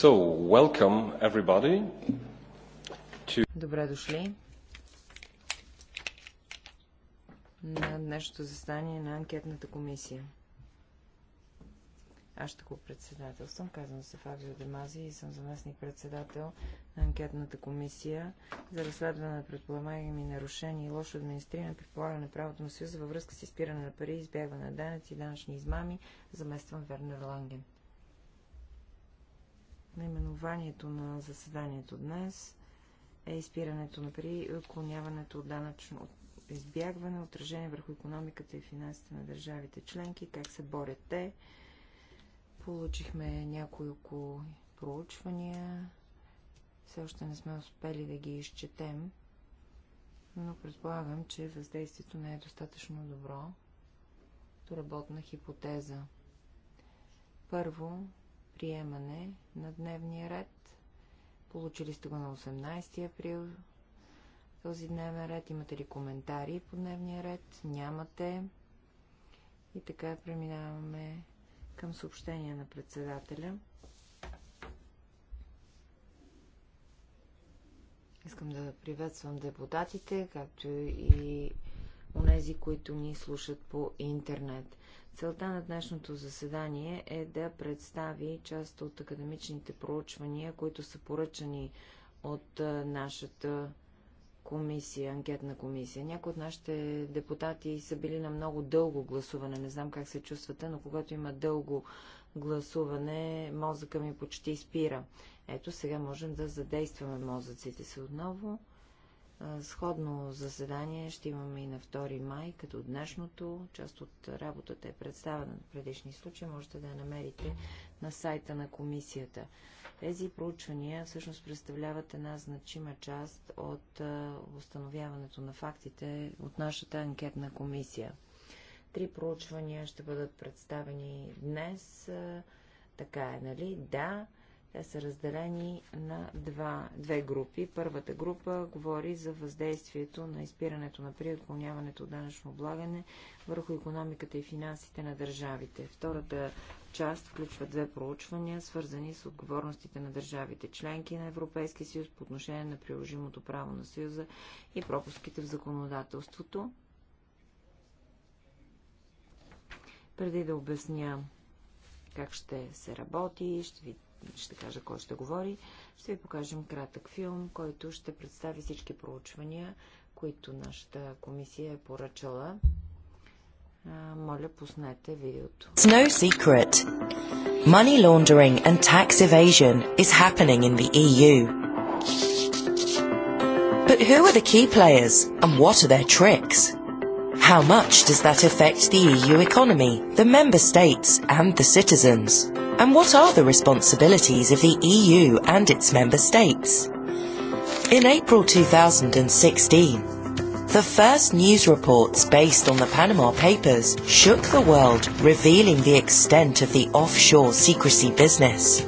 So, welcome everybody to... Добре дошли на днешното застание на анкетната комисия. Аз ще го председателствам. Казвам се Фабио Демази и съм заместник председател на анкетната комисия за разследване на предполагаеми нарушения и лошо администриране при полагане на правото на Съюза във връзка с изпиране на пари, избягване на данъци и данъчни измами. Замествам Вернер Ланген. Наименованието на заседанието днес е изпирането на при отклоняването от данъчно избягване, отражение върху економиката и финансите на държавите членки, как се борят те. Получихме няколко проучвания. Все още не сме успели да ги изчетем, но предполагам, че въздействието не е достатъчно добро. Работна хипотеза. Първо, приемане на дневния ред. Получили сте го на 18 април. Този дневен ред. Имате ли коментари по дневния ред? Нямате. И така преминаваме към съобщение на председателя. Искам да приветствам депутатите, както и онези, които ни слушат по интернет. Целта на днешното заседание е да представи част от академичните проучвания, които са поръчани от нашата комисия, анкетна комисия. Някои от нашите депутати са били на много дълго гласуване. Не знам как се чувствате, но когато има дълго гласуване, мозъка ми почти спира. Ето сега можем да задействаме мозъците си отново. Сходно заседание ще имаме и на 2 май, като днешното. Част от работата е представена в предишни случаи. Можете да я намерите на сайта на комисията. Тези проучвания всъщност представляват една значима част от установяването на фактите от нашата анкетна комисия. Три проучвания ще бъдат представени днес. Така е, нали? Да. Те са разделени на два, две групи. Първата група говори за въздействието на изпирането на при от данъчно облагане върху економиката и финансите на държавите. Втората част включва две проучвания, свързани с отговорностите на държавите членки на Европейския съюз по отношение на приложимото право на съюза и пропуските в законодателството. Преди да обясня как ще се работи, ще ви ще кажа кой ще говори, ще ви покажем кратък филм, който ще представи всички проучвания, които нашата комисия е поръчала. А, моля, пуснете видеото. It's no secret. Money laundering and tax evasion is happening in the EU. But who are the key players and what are their tricks? How much does that affect the EU economy, the member states and the citizens? And what are the responsibilities of the EU and its member states? In April 2016, the first news reports based on the Panama Papers shook the world, revealing the extent of the offshore secrecy business.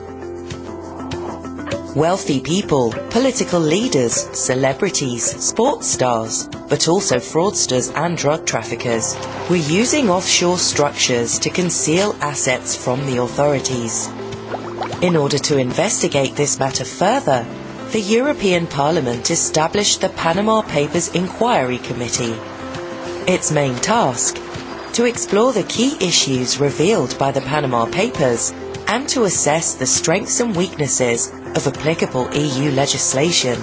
Wealthy people, political leaders, celebrities, sports stars, but also fraudsters and drug traffickers were using offshore structures to conceal assets from the authorities. In order to investigate this matter further, the European Parliament established the Panama Papers Inquiry Committee. Its main task to explore the key issues revealed by the Panama Papers and to assess the strengths and weaknesses of applicable EU legislation.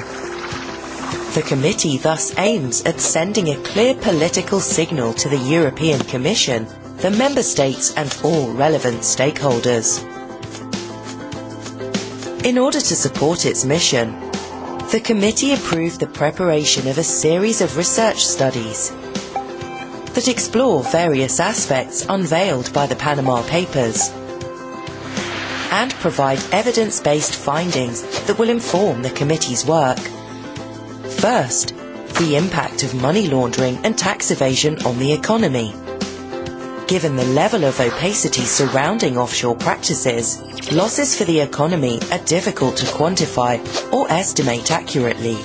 The committee thus aims at sending a clear political signal to the European Commission, the Member States and all relevant stakeholders. In order to support its mission, the committee approved the preparation of a series of research studies that explore various aspects unveiled by the Panama Papers and provide evidence-based findings that will inform the committee's work. First, the impact of money laundering and tax evasion on the economy. Given the level of opacity surrounding offshore practices, losses for the economy are difficult to quantify or estimate accurately.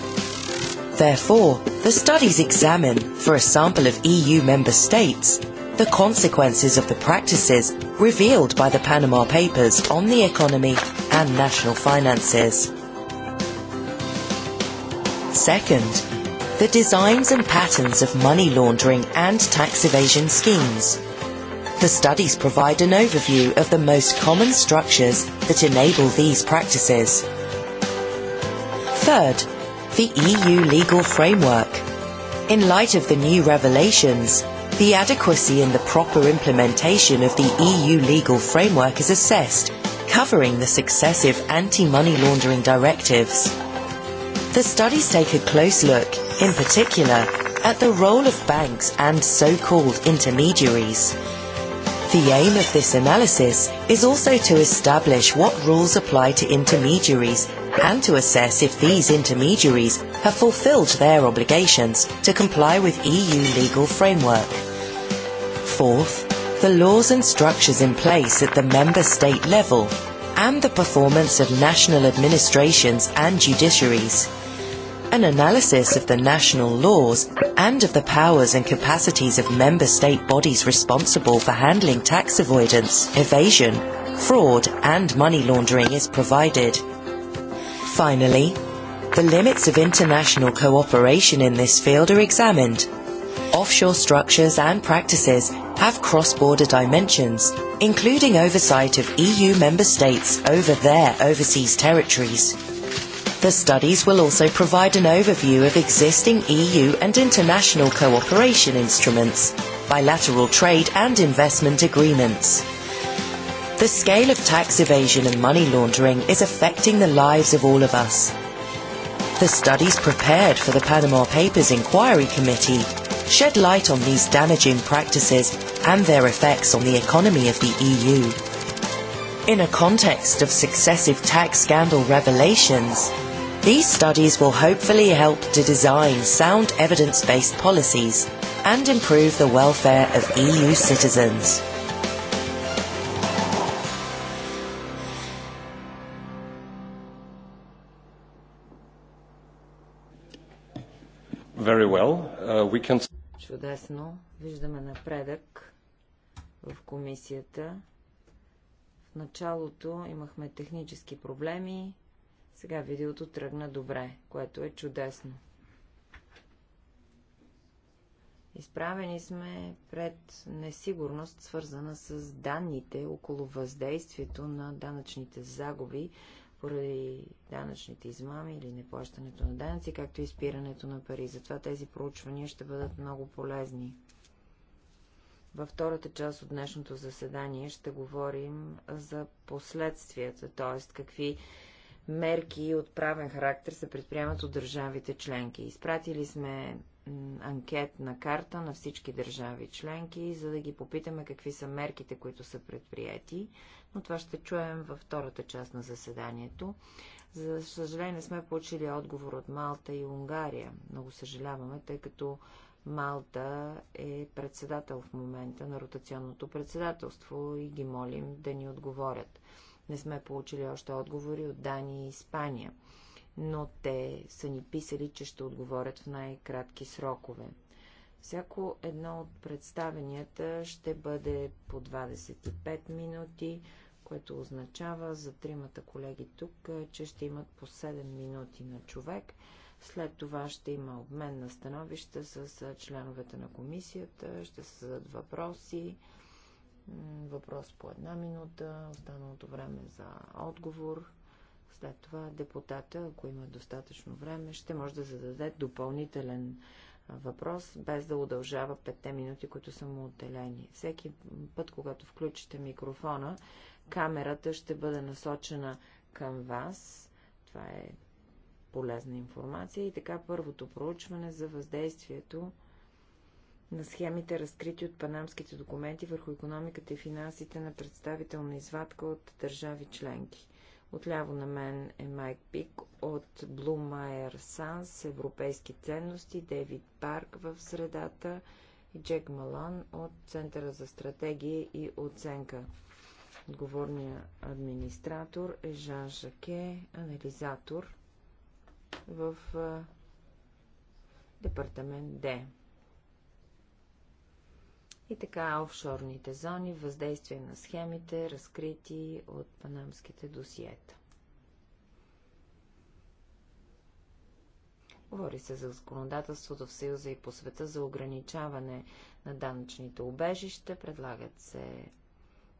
Therefore, the studies examine, for a sample of EU member states, the consequences of the practices revealed by the Panama Papers on the economy and national finances. Second, the designs and patterns of money laundering and tax evasion schemes. The studies provide an overview of the most common structures that enable these practices. Third, the EU legal framework. In light of the new revelations, the adequacy and the proper implementation of the EU legal framework is assessed, covering the successive anti-money laundering directives. The studies take a close look, in particular, at the role of banks and so-called intermediaries. The aim of this analysis is also to establish what rules apply to intermediaries and to assess if these intermediaries have fulfilled their obligations to comply with EU legal framework. Fourth, the laws and structures in place at the member state level and the performance of national administrations and judiciaries. An analysis of the national laws and of the powers and capacities of member state bodies responsible for handling tax avoidance, evasion, fraud and money laundering is provided. Finally, the limits of international cooperation in this field are examined. Offshore structures and practices have cross border dimensions, including oversight of EU member states over their overseas territories. The studies will also provide an overview of existing EU and international cooperation instruments, bilateral trade and investment agreements. The scale of tax evasion and money laundering is affecting the lives of all of us. The studies prepared for the Panama Papers Inquiry Committee shed light on these damaging practices and their effects on the economy of the EU. In a context of successive tax scandal revelations, these studies will hopefully help to design sound evidence-based policies and improve the welfare of EU citizens. Very well. Uh, we can Чудесно. Виждаме напредък в комисията. В началото имахме технически проблеми. Сега видеото тръгна добре, което е чудесно. Изправени сме пред несигурност, свързана с данните около въздействието на данъчните загуби поради данъчните измами или неплащането на данъци, както и спирането на пари. Затова тези проучвания ще бъдат много полезни. Във втората част от днешното заседание ще говорим за последствията, т.е. какви мерки от правен характер се предприемат от държавите членки. Изпратили сме анкетна карта на всички държави членки, за да ги попитаме какви са мерките, които са предприяти, но това ще чуем във втората част на заседанието. За съжаление сме получили отговор от Малта и Унгария. Много съжаляваме, тъй като Малта е председател в момента на ротационното председателство и ги молим да ни отговорят. Не сме получили още отговори от Дания и Испания, но те са ни писали, че ще отговорят в най-кратки срокове. Всяко едно от представенията ще бъде по 25 минути което означава за тримата колеги тук, е, че ще имат по 7 минути на човек. След това ще има обмен на становища с е, членовете на комисията, ще се зададат въпроси, въпрос по една минута, останалото време за отговор. След това депутата, ако има достатъчно време, ще може да зададе допълнителен е, въпрос, без да удължава петте минути, които са му отделени. Всеки път, когато включите микрофона, Камерата ще бъде насочена към вас. Това е полезна информация. И така първото проучване за въздействието на схемите, разкрити от панамските документи върху економиката и финансите на представителна извадка от държави членки. Отляво на мен е Майк Пик от Blue Meyer Sans, Европейски ценности, Дейвид Парк в средата и Джек Малон от Центъра за стратегия и оценка. Отговорният администратор е Жан Жаке, анализатор в департамент Д. И така офшорните зони, въздействие на схемите, разкрити от панамските досиета. Говори се за законодателството в Съюза и по света за ограничаване на данъчните убежища, предлагат се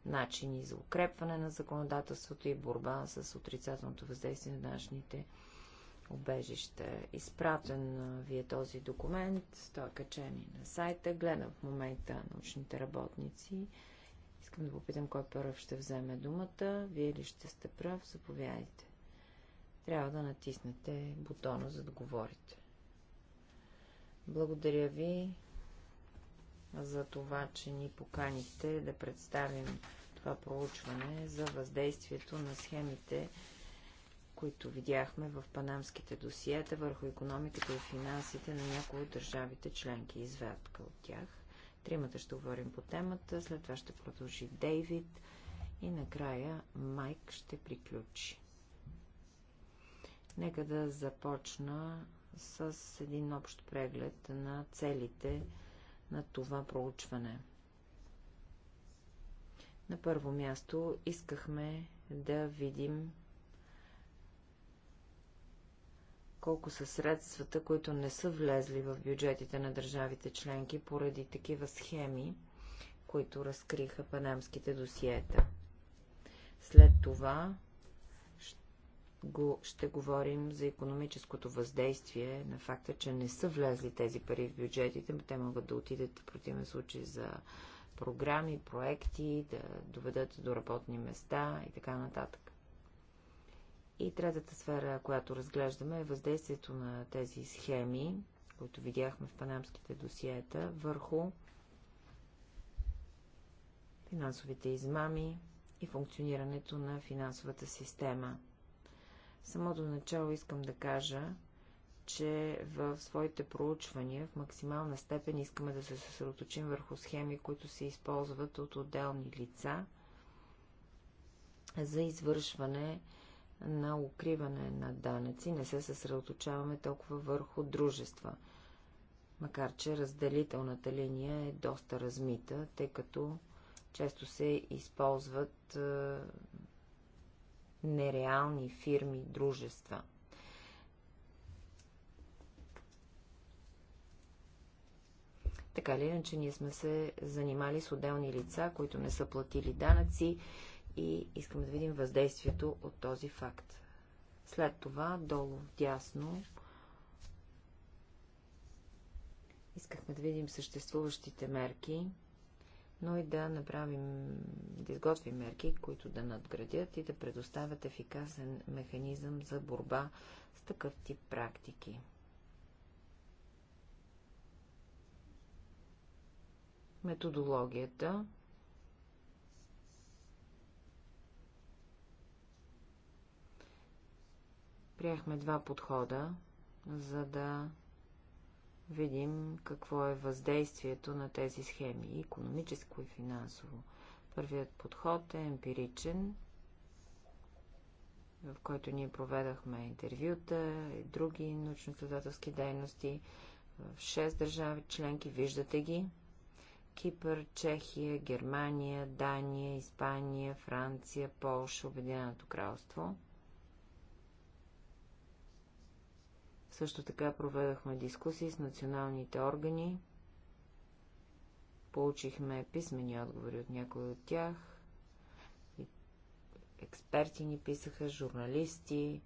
начини за укрепване на законодателството и борба с отрицателното въздействие на данъчните обежища. Изпратен ви е този документ, той е качен и на сайта, гледам в момента научните работници. Искам да попитам кой първ ще вземе думата. Вие ли ще сте прав? Заповядайте. Трябва да натиснете бутона, за да говорите. Благодаря ви за това, че ни поканихте да представим това проучване за въздействието на схемите, които видяхме в панамските досиета върху економиката и финансите на някои от държавите членки. Извадка от тях. Тримата ще говорим по темата, след това ще продължи Дейвид и накрая Майк ще приключи. Нека да започна с един общ преглед на целите на това проучване. На първо място искахме да видим колко са средствата, които не са влезли в бюджетите на държавите членки поради такива схеми, които разкриха панамските досиета. След това го, ще говорим за економическото въздействие на факта, че не са влезли тези пари в бюджетите, те могат да отидат в противен случай за програми, проекти, да доведат до работни места и така нататък. И третата сфера, която разглеждаме е въздействието на тези схеми, които видяхме в панамските досиета, върху финансовите измами и функционирането на финансовата система – самото начало искам да кажа, че в своите проучвания в максимална степен искаме да се съсредоточим върху схеми, които се използват от отделни лица за извършване на укриване на данъци. Не се съсредоточаваме толкова върху дружества, макар че разделителната линия е доста размита, тъй като често се използват е, нереални фирми, дружества. Така ли иначе ние сме се занимали с отделни лица, които не са платили данъци и искаме да видим въздействието от този факт. След това, долу дясно, искахме да видим съществуващите мерки но и да направим, да изготвим мерки, които да надградят и да предоставят ефикасен механизъм за борба с такъв тип практики. Методологията Приехме два подхода, за да видим какво е въздействието на тези схеми, економическо и финансово. Първият подход е емпиричен, в който ние проведахме интервюта и други научно-изследователски дейности в 6 държави членки, виждате ги. Кипър, Чехия, Германия, Дания, Испания, Франция, Полша, Обединеното кралство – Също така проведахме дискусии с националните органи. Получихме писмени отговори от някои от тях. Експерти ни писаха, журналисти,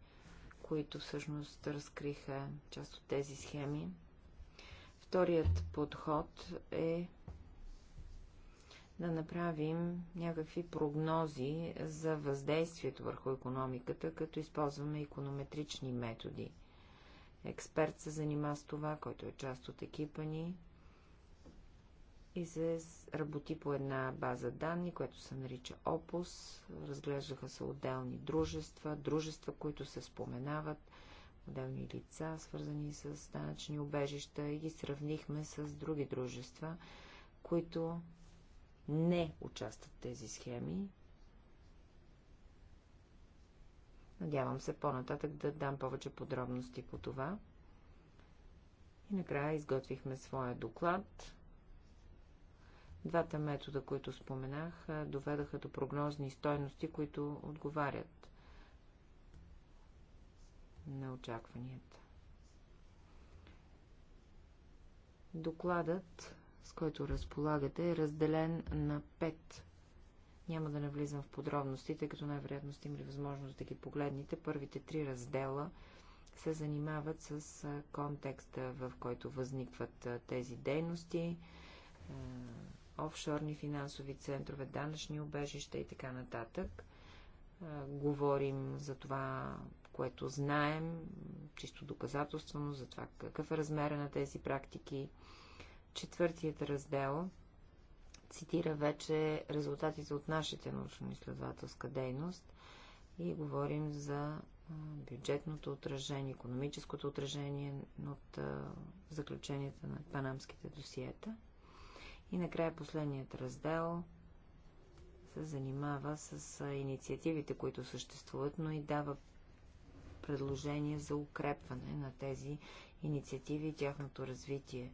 които всъщност разкриха част от тези схеми. Вторият подход е да направим някакви прогнози за въздействието върху економиката, като използваме иконометрични методи – експерт се занима с това, който е част от екипа ни и се работи по една база данни, която се нарича ОПУС. Разглеждаха се отделни дружества, дружества, които се споменават, отделни лица, свързани с данъчни обежища и ги сравнихме с други дружества, които не участват в тези схеми Надявам се по-нататък да дам повече подробности по това. И накрая изготвихме своя доклад. Двата метода, които споменах, доведаха до прогнозни стойности, които отговарят на очакванията. Докладът, с който разполагате, е разделен на пет няма да навлизам в подробности, тъй като най-вероятно сте имали възможност да ги погледнете. Първите три раздела се занимават с контекста, в който възникват тези дейности, офшорни финансови центрове, данъчни обежища и така нататък. Говорим за това, което знаем, чисто доказателствено, за това какъв е размера на тези практики. Четвъртият раздел – цитира вече резултатите от нашите научно-изследователска дейност и говорим за бюджетното отражение, економическото отражение от заключенията на панамските досиета. И накрая последният раздел се занимава с инициативите, които съществуват, но и дава предложения за укрепване на тези инициативи и тяхното развитие.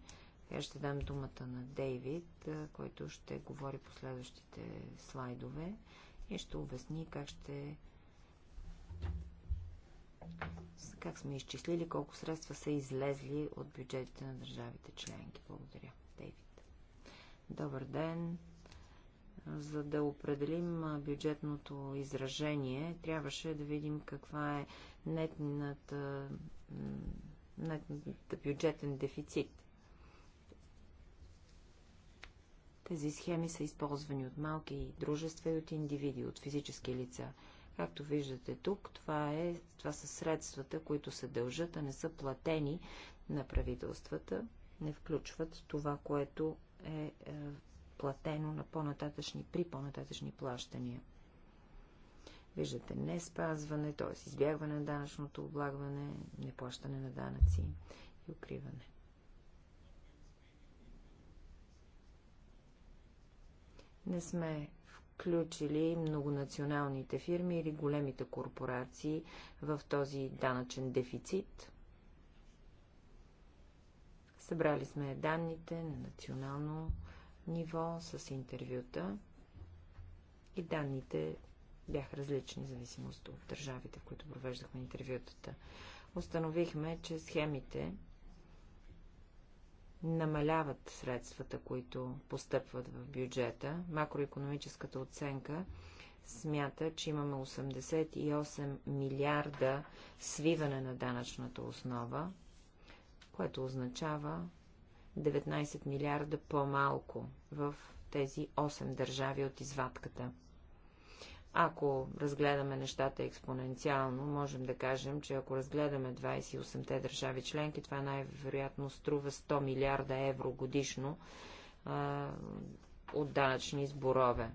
Сега ще дам думата на Дейвид, който ще говори по следващите слайдове и ще обясни как ще как сме изчислили, колко средства са излезли от бюджетите на държавите членки. Благодаря, Дейвид. Добър ден! За да определим бюджетното изражение, трябваше да видим каква е нетната, нетната бюджетен дефицит. Тези схеми са използвани от малки дружества и от индивиди, от физически лица. Както виждате тук, това, е, това са средствата, които се дължат, а не са платени на правителствата, не включват това, което е, е платено на по-нататъчни, при по-нататъчни плащания. Виждате не спазване, т.е. избягване на данъчното облагване, неплащане на данъци и укриване. Не сме включили многонационалните фирми или големите корпорации в този данъчен дефицит. Събрали сме данните на национално ниво с интервюта и данните бяха различни, в зависимост от държавите, в които провеждахме интервютата. Установихме, че схемите намаляват средствата, които постъпват в бюджета. Макроекономическата оценка смята, че имаме 88 милиарда свиване на данъчната основа, което означава 19 милиарда по-малко в тези 8 държави от извадката. Ако разгледаме нещата експоненциално, можем да кажем, че ако разгледаме 28-те държави членки, това най-вероятно струва 100 милиарда евро годишно а, от данъчни сборове.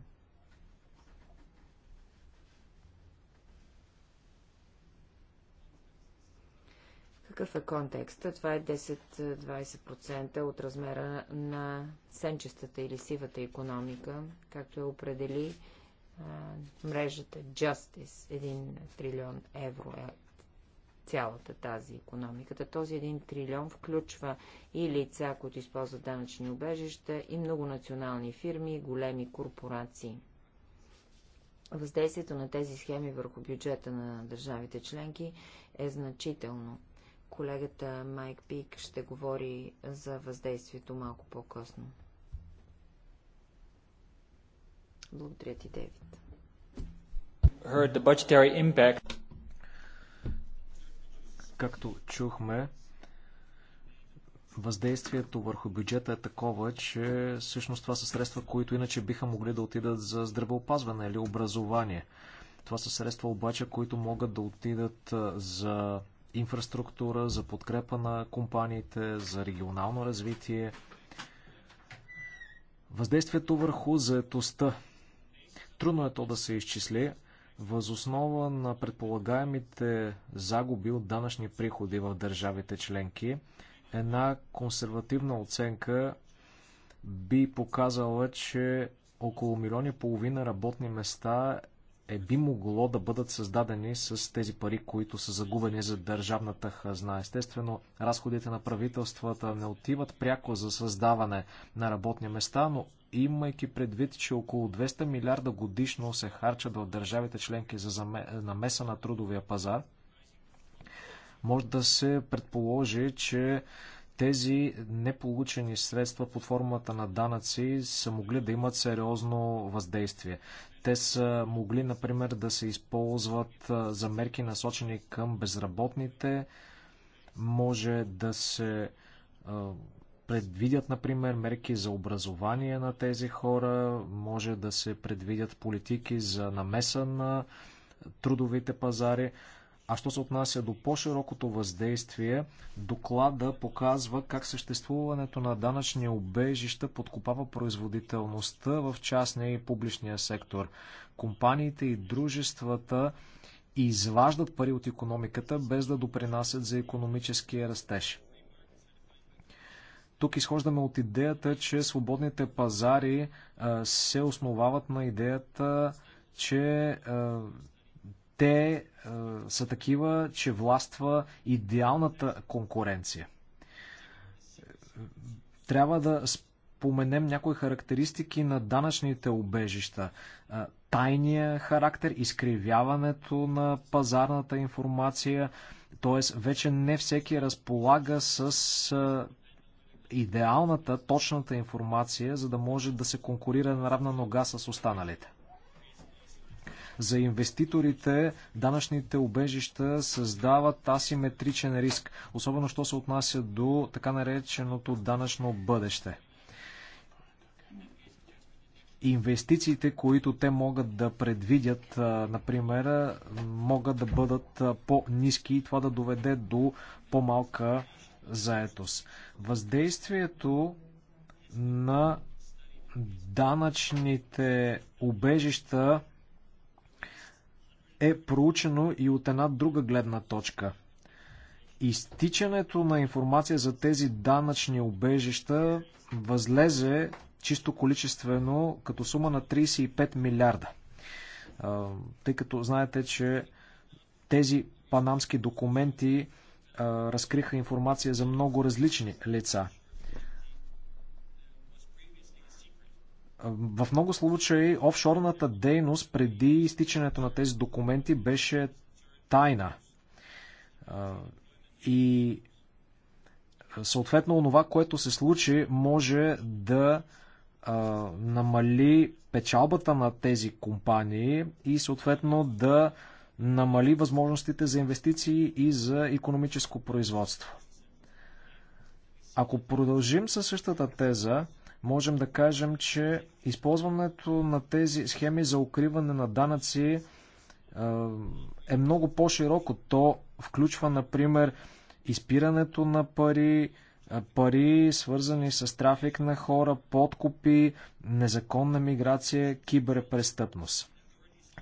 Какъв е контекста? Това е 10-20% от размера на сенчестата или сивата економика, както я определи мрежата Justice, 1 трилион евро е цялата тази економиката. Този 1 трилион включва и лица, които използват данъчни убежища, и многонационални фирми, и големи корпорации. Въздействието на тези схеми върху бюджета на държавите членки е значително. Колегата Майк Пик ще говори за въздействието малко по-късно. Благодаря ти, Дейвид. Heard the budgetary impact. Както чухме, въздействието върху бюджета е такова, че всъщност това са средства, които иначе биха могли да отидат за здравеопазване или образование. Това са средства обаче, които могат да отидат за инфраструктура, за подкрепа на компаниите, за регионално развитие. Въздействието върху заетостта Трудно е то да се изчисли. Възоснова на предполагаемите загуби от данъчни приходи в държавите членки, една консервативна оценка би показала, че около милион и половина работни места е би могло да бъдат създадени с тези пари, които са загубени за държавната хазна. Естествено, разходите на правителствата не отиват пряко за създаване на работни места, но имайки предвид, че около 200 милиарда годишно се харчат в държавите членки за намеса на трудовия пазар, може да се предположи, че тези неполучени средства под формата на данъци са могли да имат сериозно въздействие. Те са могли, например, да се използват за мерки насочени към безработните, може да се предвидят, например, мерки за образование на тези хора, може да се предвидят политики за намеса на трудовите пазари. А що се отнася до по-широкото въздействие, доклада показва как съществуването на данъчни обежища подкопава производителността в частния и публичния сектор. Компаниите и дружествата изваждат пари от економиката без да допринасят за економическия растеж. Тук изхождаме от идеята, че свободните пазари се основават на идеята, че те са такива, че властва идеалната конкуренция. Трябва да споменем някои характеристики на данъчните убежища. Тайния характер, изкривяването на пазарната информация, т.е. вече не всеки разполага с идеалната, точната информация, за да може да се конкурира на равна нога с останалите. За инвеститорите данъчните обежища създават асиметричен риск, особено що се отнася до така нареченото данъчно бъдеще. Инвестициите, които те могат да предвидят, например, могат да бъдат по-низки и това да доведе до по-малка заетост. Въздействието на данъчните убежища е проучено и от една друга гледна точка. Изтичането на информация за тези данъчни убежища възлезе чисто количествено като сума на 35 милиарда. Тъй като знаете, че тези панамски документи разкриха информация за много различни лица. В много случаи офшорната дейност преди изтичането на тези документи беше тайна. И съответно онова, което се случи, може да намали печалбата на тези компании и съответно да намали възможностите за инвестиции и за економическо производство. Ако продължим със същата теза, можем да кажем, че използването на тези схеми за укриване на данъци е, е много по-широко. То включва, например, изпирането на пари, е, пари свързани с трафик на хора, подкупи, незаконна миграция, киберпрестъпност.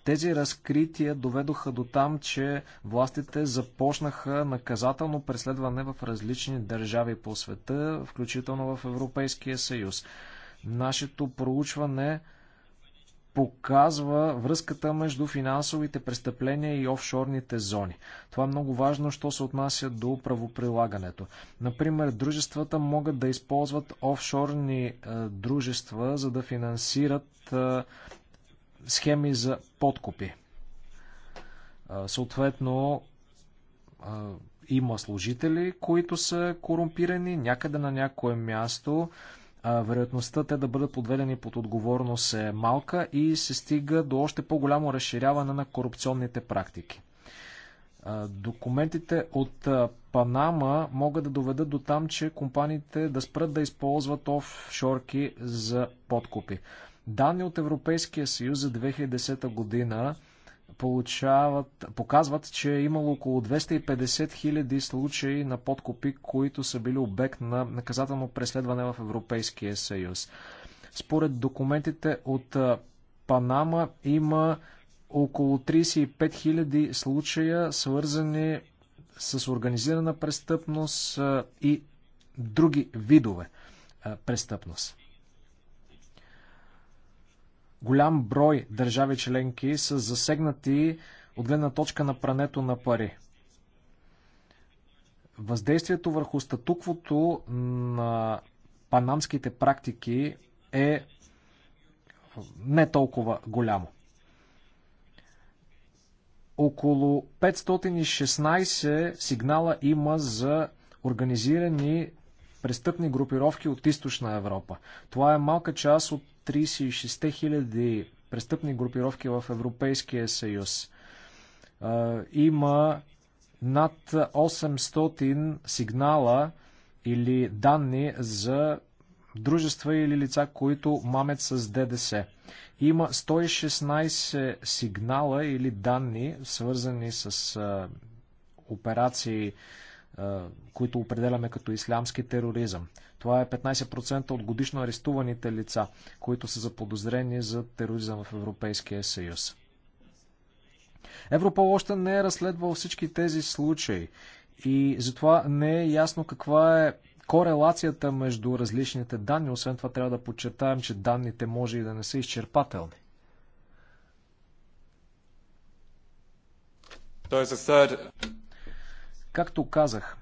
Тези разкрития доведоха до там, че властите започнаха наказателно преследване в различни държави по света, включително в Европейския съюз. Нашето проучване показва връзката между финансовите престъпления и офшорните зони. Това е много важно, що се отнася до правоприлагането. Например, дружествата могат да използват офшорни е, дружества, за да финансират е, схеми за подкупи. Съответно, има служители, които са корумпирани някъде на някое място. Вероятността те да бъдат подведени под отговорност е малка и се стига до още по-голямо разширяване на корупционните практики. Документите от Панама могат да доведат до там, че компаниите да спрат да използват офшорки за подкупи. Данни от Европейския съюз за 2010 година получават, показват, че е имало около 250 хиляди случаи на подкупи, които са били обект на наказателно преследване в Европейския съюз. Според документите от Панама има около 35 000 случая, свързани с организирана престъпност и други видове престъпност голям брой държави членки са засегнати от гледна точка на прането на пари. Въздействието върху статуквото на панамските практики е не толкова голямо. Около 516 сигнала има за организирани престъпни групировки от източна Европа. Това е малка част от 36 000 престъпни групировки в Европейския съюз. Има над 800 сигнала или данни за дружества или лица, които мамят с ДДС. Има 116 сигнала или данни, свързани с операции които определяме като ислямски тероризъм. Това е 15% от годишно арестуваните лица, които са заподозрени за тероризъм в Европейския съюз. Европол още не е разследвал всички тези случаи и затова не е ясно каква е корелацията между различните данни. Освен това трябва да подчертаем, че данните може и да не са изчерпателни. There's a third Както казах,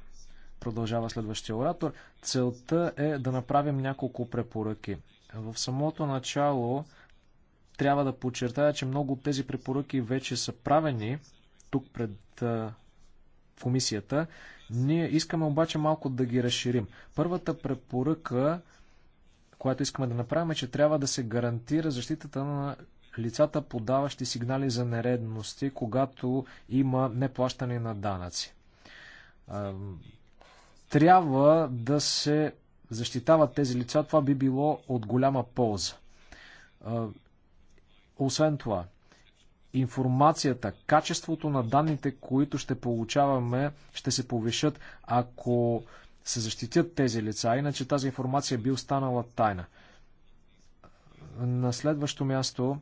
продължава следващия оратор, целта е да направим няколко препоръки. В самото начало трябва да подчертая, че много от тези препоръки вече са правени тук пред комисията. Ние искаме обаче малко да ги разширим. Първата препоръка, която искаме да направим е, че трябва да се гарантира защитата на лицата, подаващи сигнали за нередности, когато има неплащане на данъци трябва да се защитават тези лица, това би било от голяма полза. Освен това, информацията, качеството на данните, които ще получаваме, ще се повишат, ако се защитят тези лица, иначе тази информация би останала тайна. На следващо място,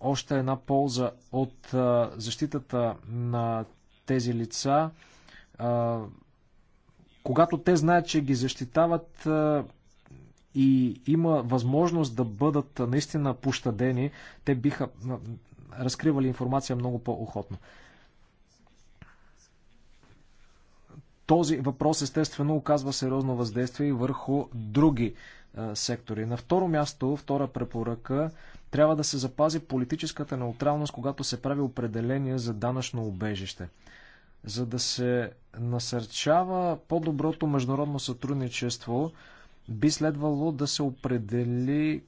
още една полза от защитата на тези лица когато те знаят, че ги защитават и има възможност да бъдат наистина пощадени, те биха разкривали информация много по-охотно. Този въпрос естествено оказва сериозно въздействие и върху други сектори. На второ място, втора препоръка, трябва да се запази политическата неутралност, когато се прави определение за данъчно убежище. За да се насърчава по-доброто международно сътрудничество, би следвало да се определи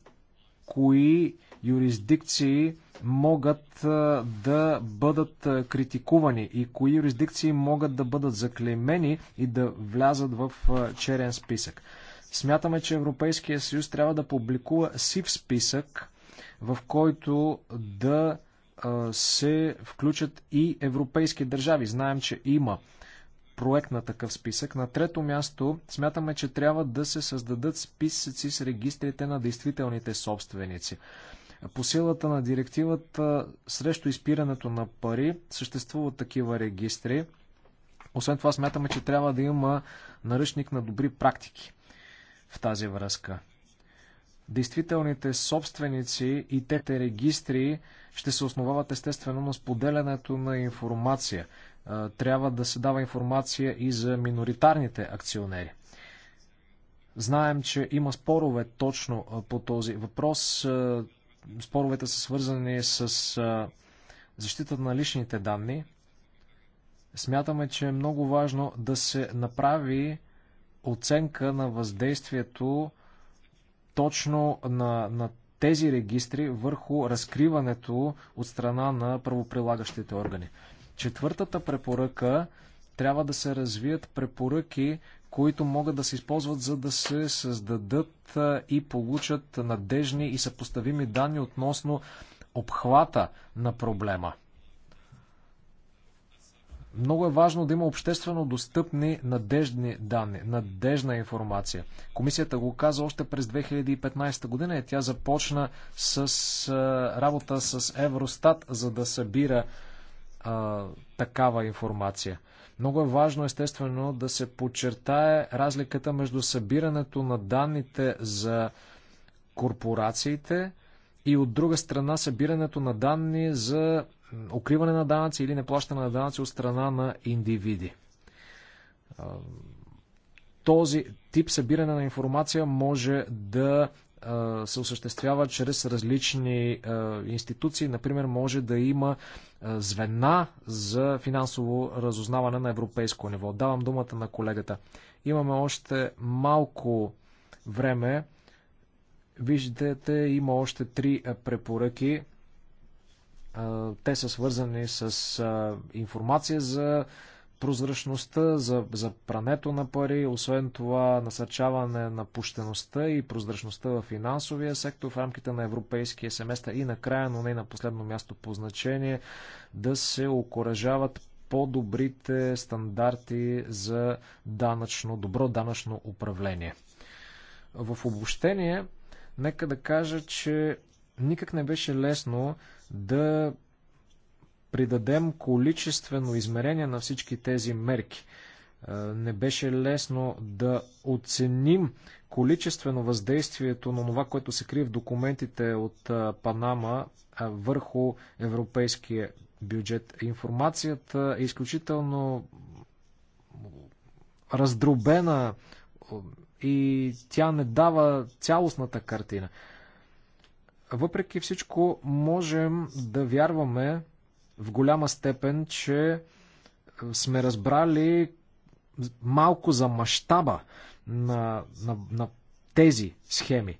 кои юрисдикции могат да бъдат критикувани и кои юрисдикции могат да бъдат заклеймени и да влязат в черен списък. Смятаме, че Европейския съюз трябва да публикува сив списък, в който да се включат и европейски държави. Знаем, че има проект на такъв списък. На трето място смятаме, че трябва да се създадат списъци с регистрите на действителните собственици. По силата на директивата срещу изпирането на пари съществуват такива регистри. Освен това смятаме, че трябва да има наръчник на добри практики в тази връзка действителните собственици и тете регистри ще се основават естествено на споделянето на информация. Трябва да се дава информация и за миноритарните акционери. Знаем, че има спорове точно по този въпрос. Споровете са свързани с защитата на личните данни. Смятаме, че е много важно да се направи оценка на въздействието точно на, на тези регистри върху разкриването от страна на правоприлагащите органи. Четвъртата препоръка трябва да се развият препоръки, които могат да се използват за да се създадат и получат надежни и съпоставими данни относно обхвата на проблема – много е важно да има обществено достъпни надеждни данни, надежна информация. Комисията го каза още през 2015 година и тя започна с а, работа с Евростат, за да събира а, такава информация. Много е важно, естествено, да се подчертае разликата между събирането на данните за корпорациите и от друга страна събирането на данни за укриване на данъци или неплащане на данъци от страна на индивиди. Този тип събиране на информация може да се осъществява чрез различни институции. Например, може да има звена за финансово разузнаване на европейско ниво. Давам думата на колегата. Имаме още малко време. Виждате, има още три препоръки те са свързани с информация за прозрачността, за, за прането на пари, освен това насърчаване на пущеността и прозрачността в финансовия сектор в рамките на европейския семестър и накрая, но не на последно място по значение, да се окоръжават по-добрите стандарти за данъчно, добро данъчно управление. В обобщение, нека да кажа, че никак не беше лесно да придадем количествено измерение на всички тези мерки. Не беше лесно да оценим количествено въздействието на това, което се крие в документите от Панама върху европейския бюджет. Информацията е изключително раздробена и тя не дава цялостната картина. Въпреки всичко, можем да вярваме в голяма степен, че е, сме разбрали малко за мащаба на, на, на тези схеми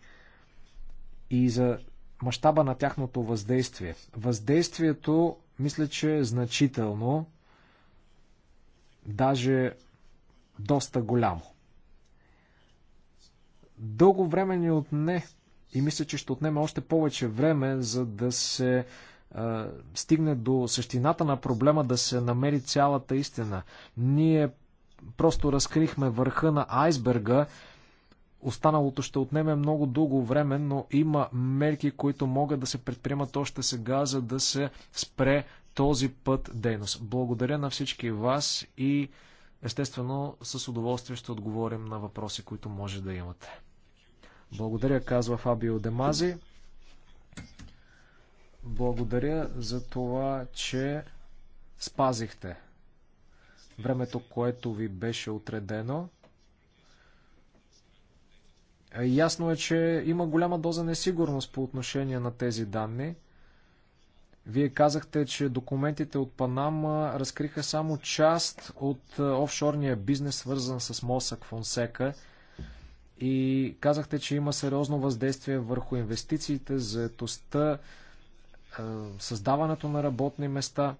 и за мащаба на тяхното въздействие. Въздействието, мисля, че е значително, даже доста голямо. Дълго време ни отне и мисля, че ще отнеме още повече време, за да се а, стигне до същината на проблема, да се намери цялата истина. Ние просто разкрихме върха на айсберга, Останалото ще отнеме много дълго време, но има мерки, които могат да се предприемат още сега, за да се спре този път дейност. Благодаря на всички вас и естествено с удоволствие ще отговорим на въпроси, които може да имате. Благодаря, казва Фабио Демази. Благодаря за това, че спазихте времето, което ви беше отредено. Ясно е, че има голяма доза несигурност по отношение на тези данни. Вие казахте, че документите от Панама разкриха само част от е, офшорния бизнес, свързан с Мосък Фонсека – и казахте, че има сериозно въздействие върху инвестициите, заетостта, е, създаването на работни места.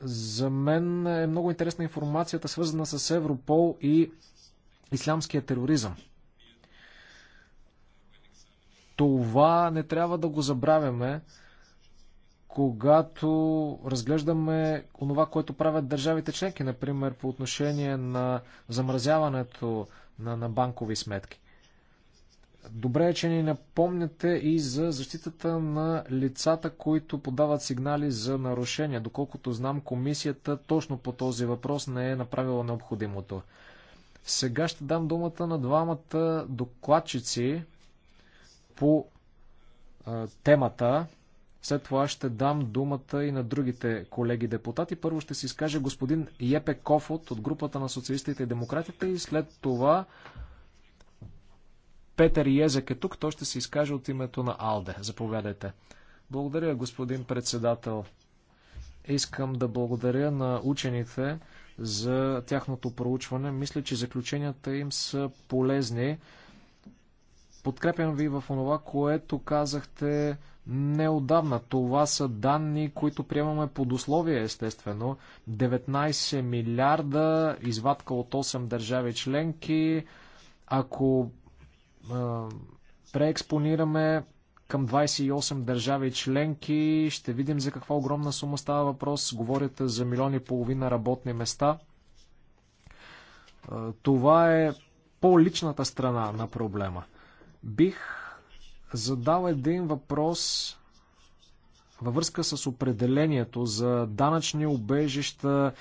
За мен е много интересна информацията, свързана с Европол и ислямския тероризъм. Това не трябва да го забравяме когато разглеждаме онова, което правят държавите членки, например по отношение на замразяването на, на банкови сметки. Добре е, че ни напомняте и за защитата на лицата, които подават сигнали за нарушения. Доколкото знам, комисията точно по този въпрос не е направила необходимото. Сега ще дам думата на двамата докладчици по а, темата след това ще дам думата и на другите колеги депутати. Първо ще си изкаже господин Епе Кофот от групата на социалистите и демократите и след това Петър Езек е тук. Той ще се изкаже от името на Алде. Заповядайте. Благодаря, господин председател. Искам да благодаря на учените за тяхното проучване. Мисля, че заключенията им са полезни Подкрепям ви в онова, което казахте неодавна. Това са данни, които приемаме под условие, естествено. 19 милиарда, извадка от 8 държави членки. Ако а, преекспонираме към 28 държави членки, ще видим за каква огромна сума става въпрос. Говорите за милиони и половина работни места. А, това е по-личната страна на проблема – Бих задал един въпрос във връзка с определението за данъчни обежища,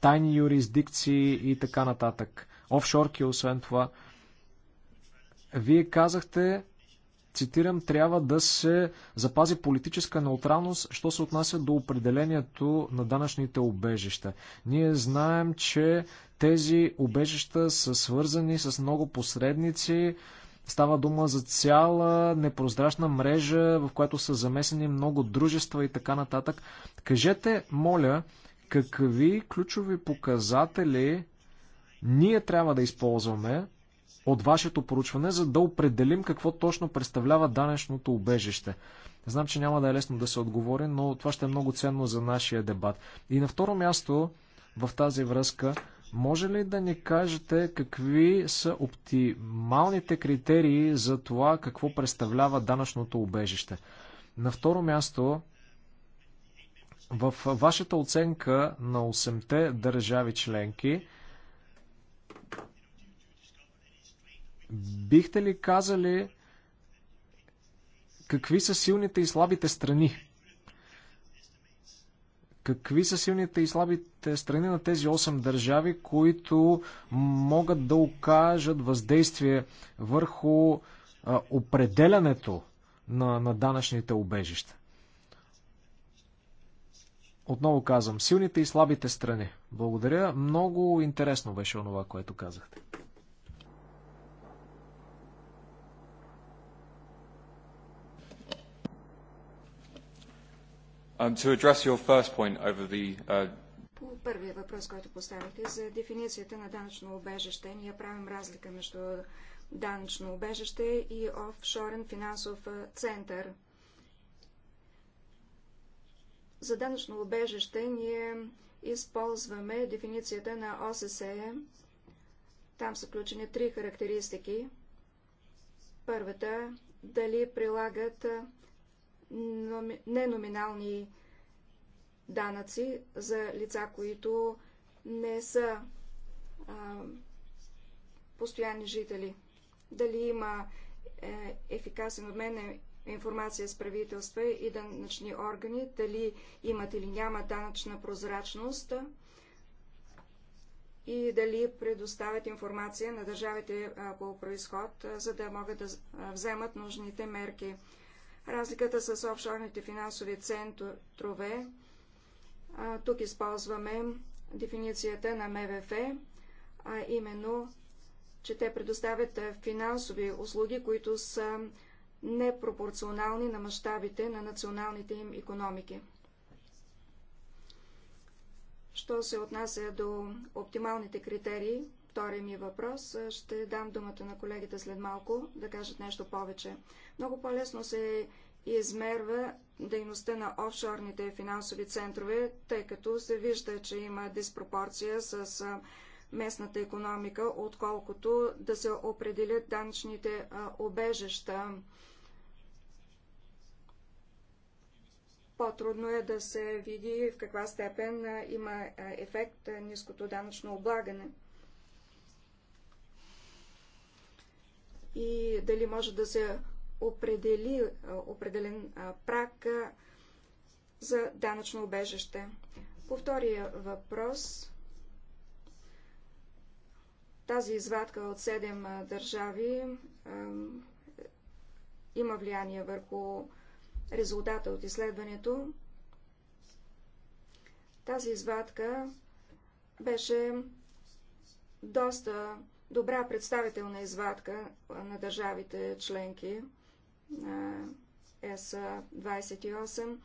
тайни юрисдикции и така нататък. Офшорки, освен това. Вие казахте, цитирам, трябва да се запази политическа неутралност, що се отнася до определението на данъчните обежища. Ние знаем, че тези обежища са свързани с много посредници, Става дума за цяла непрозрачна мрежа, в която са замесени много дружества и така нататък. Кажете, моля, какви ключови показатели ние трябва да използваме от вашето поручване, за да определим какво точно представлява данешното убежище. Знам, че няма да е лесно да се отговори, но това ще е много ценно за нашия дебат. И на второ място, в тази връзка. Може ли да ни кажете какви са оптималните критерии за това какво представлява данъчното убежище? На второ място, в вашата оценка на 8-те държави членки, бихте ли казали какви са силните и слабите страни Какви са силните и слабите страни на тези 8 държави, които могат да окажат въздействие върху а, определянето на, на данъчните убежища? Отново казвам, силните и слабите страни. Благодаря. Много интересно беше онова, което казахте. Um, uh, Първият въпрос, който поставихте за дефиницията на данъчно убежище, ние правим разлика между данъчно убежище и офшорен финансов център. За данъчно убежище ние използваме дефиницията на ОССЕ. Там са включени три характеристики. Първата – дали прилагат неноминални данъци за лица, които не са а, постоянни жители. Дали има е, ефикасен обмен на информация с правителства и данъчни органи, дали имат или нямат данъчна прозрачност и дали предоставят информация на държавите по происход, за да могат да вземат нужните мерки. Разликата с офшорните финансови центрове, тук използваме дефиницията на МВФ, а именно, че те предоставят финансови услуги, които са непропорционални на мащабите на националните им економики. Що се отнася до оптималните критерии, втория ми въпрос, ще дам думата на колегите след малко да кажат нещо повече. Много по-лесно се измерва дейността на офшорните финансови центрове, тъй като се вижда, че има диспропорция с местната економика, отколкото да се определят данъчните обежища. По-трудно е да се види в каква степен има ефект ниското данъчно облагане. И дали може да се определи определен прак за данъчно убежище. По втория въпрос, тази извадка от 7 държави има влияние върху резултата от изследването. Тази извадка беше доста добра представителна извадка на държавите членки. С-28.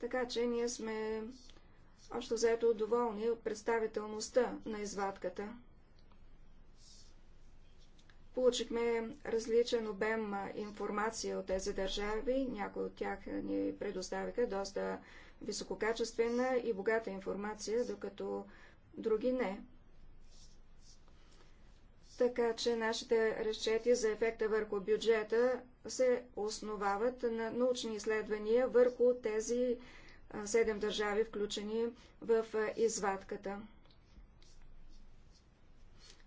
Така че ние сме общо заето доволни от представителността на извадката. Получихме различен обем информация от тези държави. Някои от тях ни предоставиха доста висококачествена и богата информация, докато други не така че нашите разчети за ефекта върху бюджета се основават на научни изследвания върху тези седем държави, включени в извадката.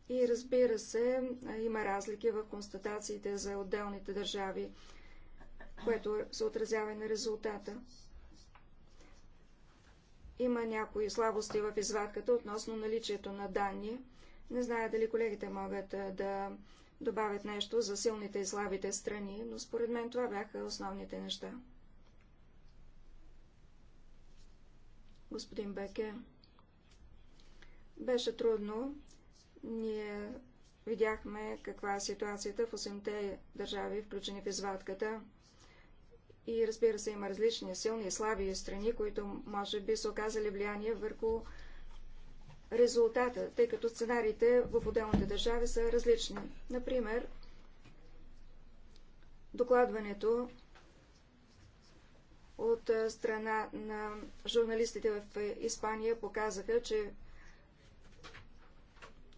И разбира се, има разлики в констатациите за отделните държави, което се отразява на резултата. Има някои слабости в извадката относно наличието на данни – не зная дали колегите могат да добавят нещо за силните и слабите страни, но според мен това бяха основните неща. Господин Беке, беше трудно. Ние видяхме каква е ситуацията в 8-те държави, включени в извадката. И разбира се, има различни силни и слаби страни, които може би са оказали влияние върху резултата, тъй като сценариите в отделните държави са различни. Например, докладването от страна на журналистите в Испания показаха, че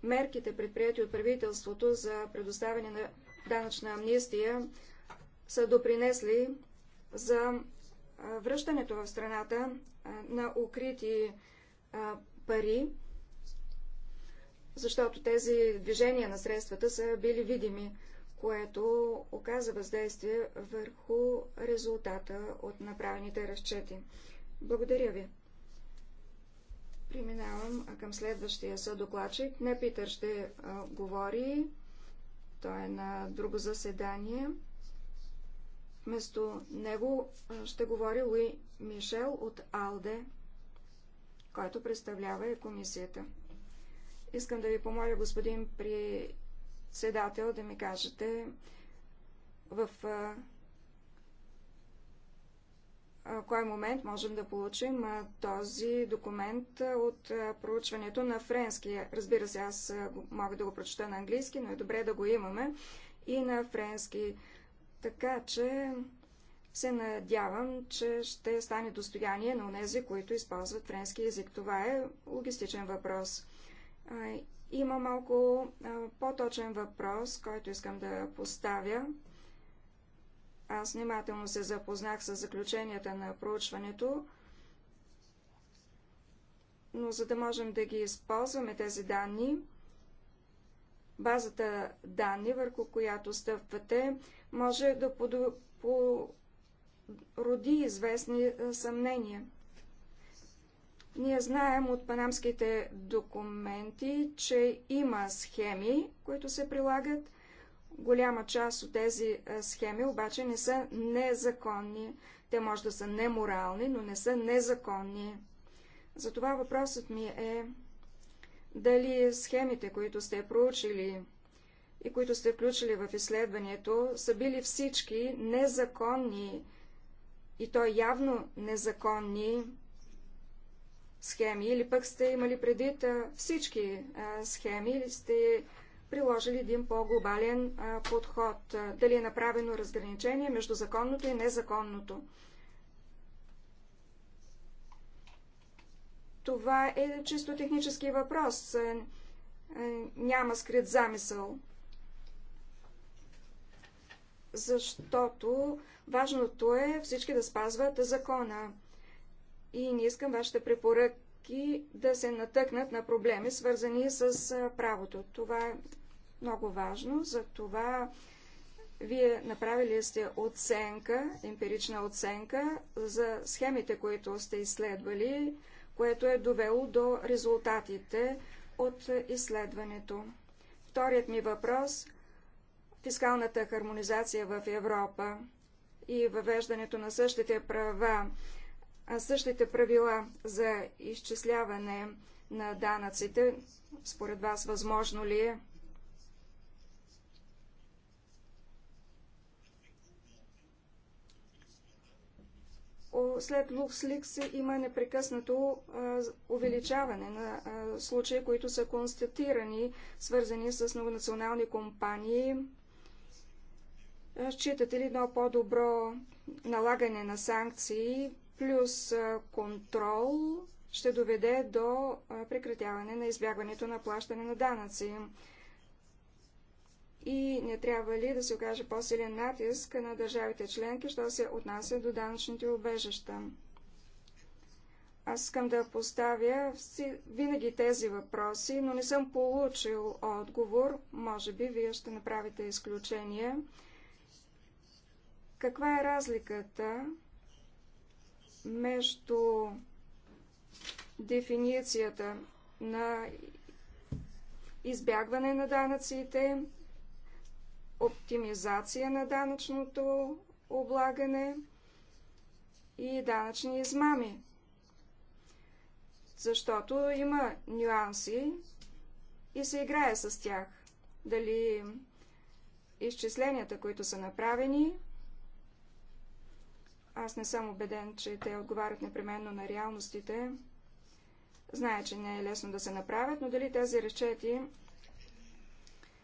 мерките, предприяти от правителството за предоставяне на данъчна амнистия, са допринесли за връщането в страната на укрити пари защото тези движения на средствата са били видими, което оказа въздействие върху резултата от направените разчети. Благодаря ви. Преминавам към следващия съдокладчик. Не Питър ще а, говори. Той е на друго заседание. Вместо него ще говори Луи Мишел от АЛДЕ, който представлява и комисията. Искам да ви помоля, господин председател, да ми кажете в кой момент можем да получим този документ от проучването на френски. Разбира се, аз мога да го прочета на английски, но е добре да го имаме и на френски. Така че се надявам, че ще стане достояние на тези, които използват френски язик. Това е логистичен въпрос. Има малко по-точен въпрос, който искам да поставя. Аз внимателно се запознах с заключенията на проучването, но за да можем да ги използваме тези данни, базата данни, върху която стъпвате, може да породи известни съмнения. Ние знаем от панамските документи, че има схеми, които се прилагат. Голяма част от тези схеми обаче не са незаконни. Те може да са неморални, но не са незаконни. Затова въпросът ми е дали схемите, които сте проучили и които сте включили в изследването, са били всички незаконни и то явно незаконни схеми или пък сте имали предвид всички схеми или сте приложили един по-глобален подход. Дали е направено разграничение между законното и незаконното. Това е чисто технически въпрос. Няма скрит замисъл. Защото важното е всички да спазват закона и не искам вашите препоръки да се натъкнат на проблеми, свързани с правото. Това е много важно, за това вие направили сте оценка, емпирична оценка за схемите, които сте изследвали, което е довело до резултатите от изследването. Вторият ми въпрос – фискалната хармонизация в Европа и въвеждането на същите права същите правила за изчисляване на данъците, според вас възможно ли е? След Луксликс има непрекъснато увеличаване на случаи, които са констатирани, свързани с многонационални компании. Считате ли едно по-добро налагане на санкции плюс контрол ще доведе до прекратяване на избягването на плащане на данъци. И не трябва ли да се окаже по-силен натиск на държавите членки, що се отнася до данъчните убежища? Аз искам да поставя винаги тези въпроси, но не съм получил отговор. Може би вие ще направите изключение. Каква е разликата между дефиницията на избягване на данъците, оптимизация на данъчното облагане и данъчни измами. Защото има нюанси и се играе с тях. Дали изчисленията, които са направени, аз не съм убеден, че те отговарят непременно на реалностите. Зная, че не е лесно да се направят, но дали тези речети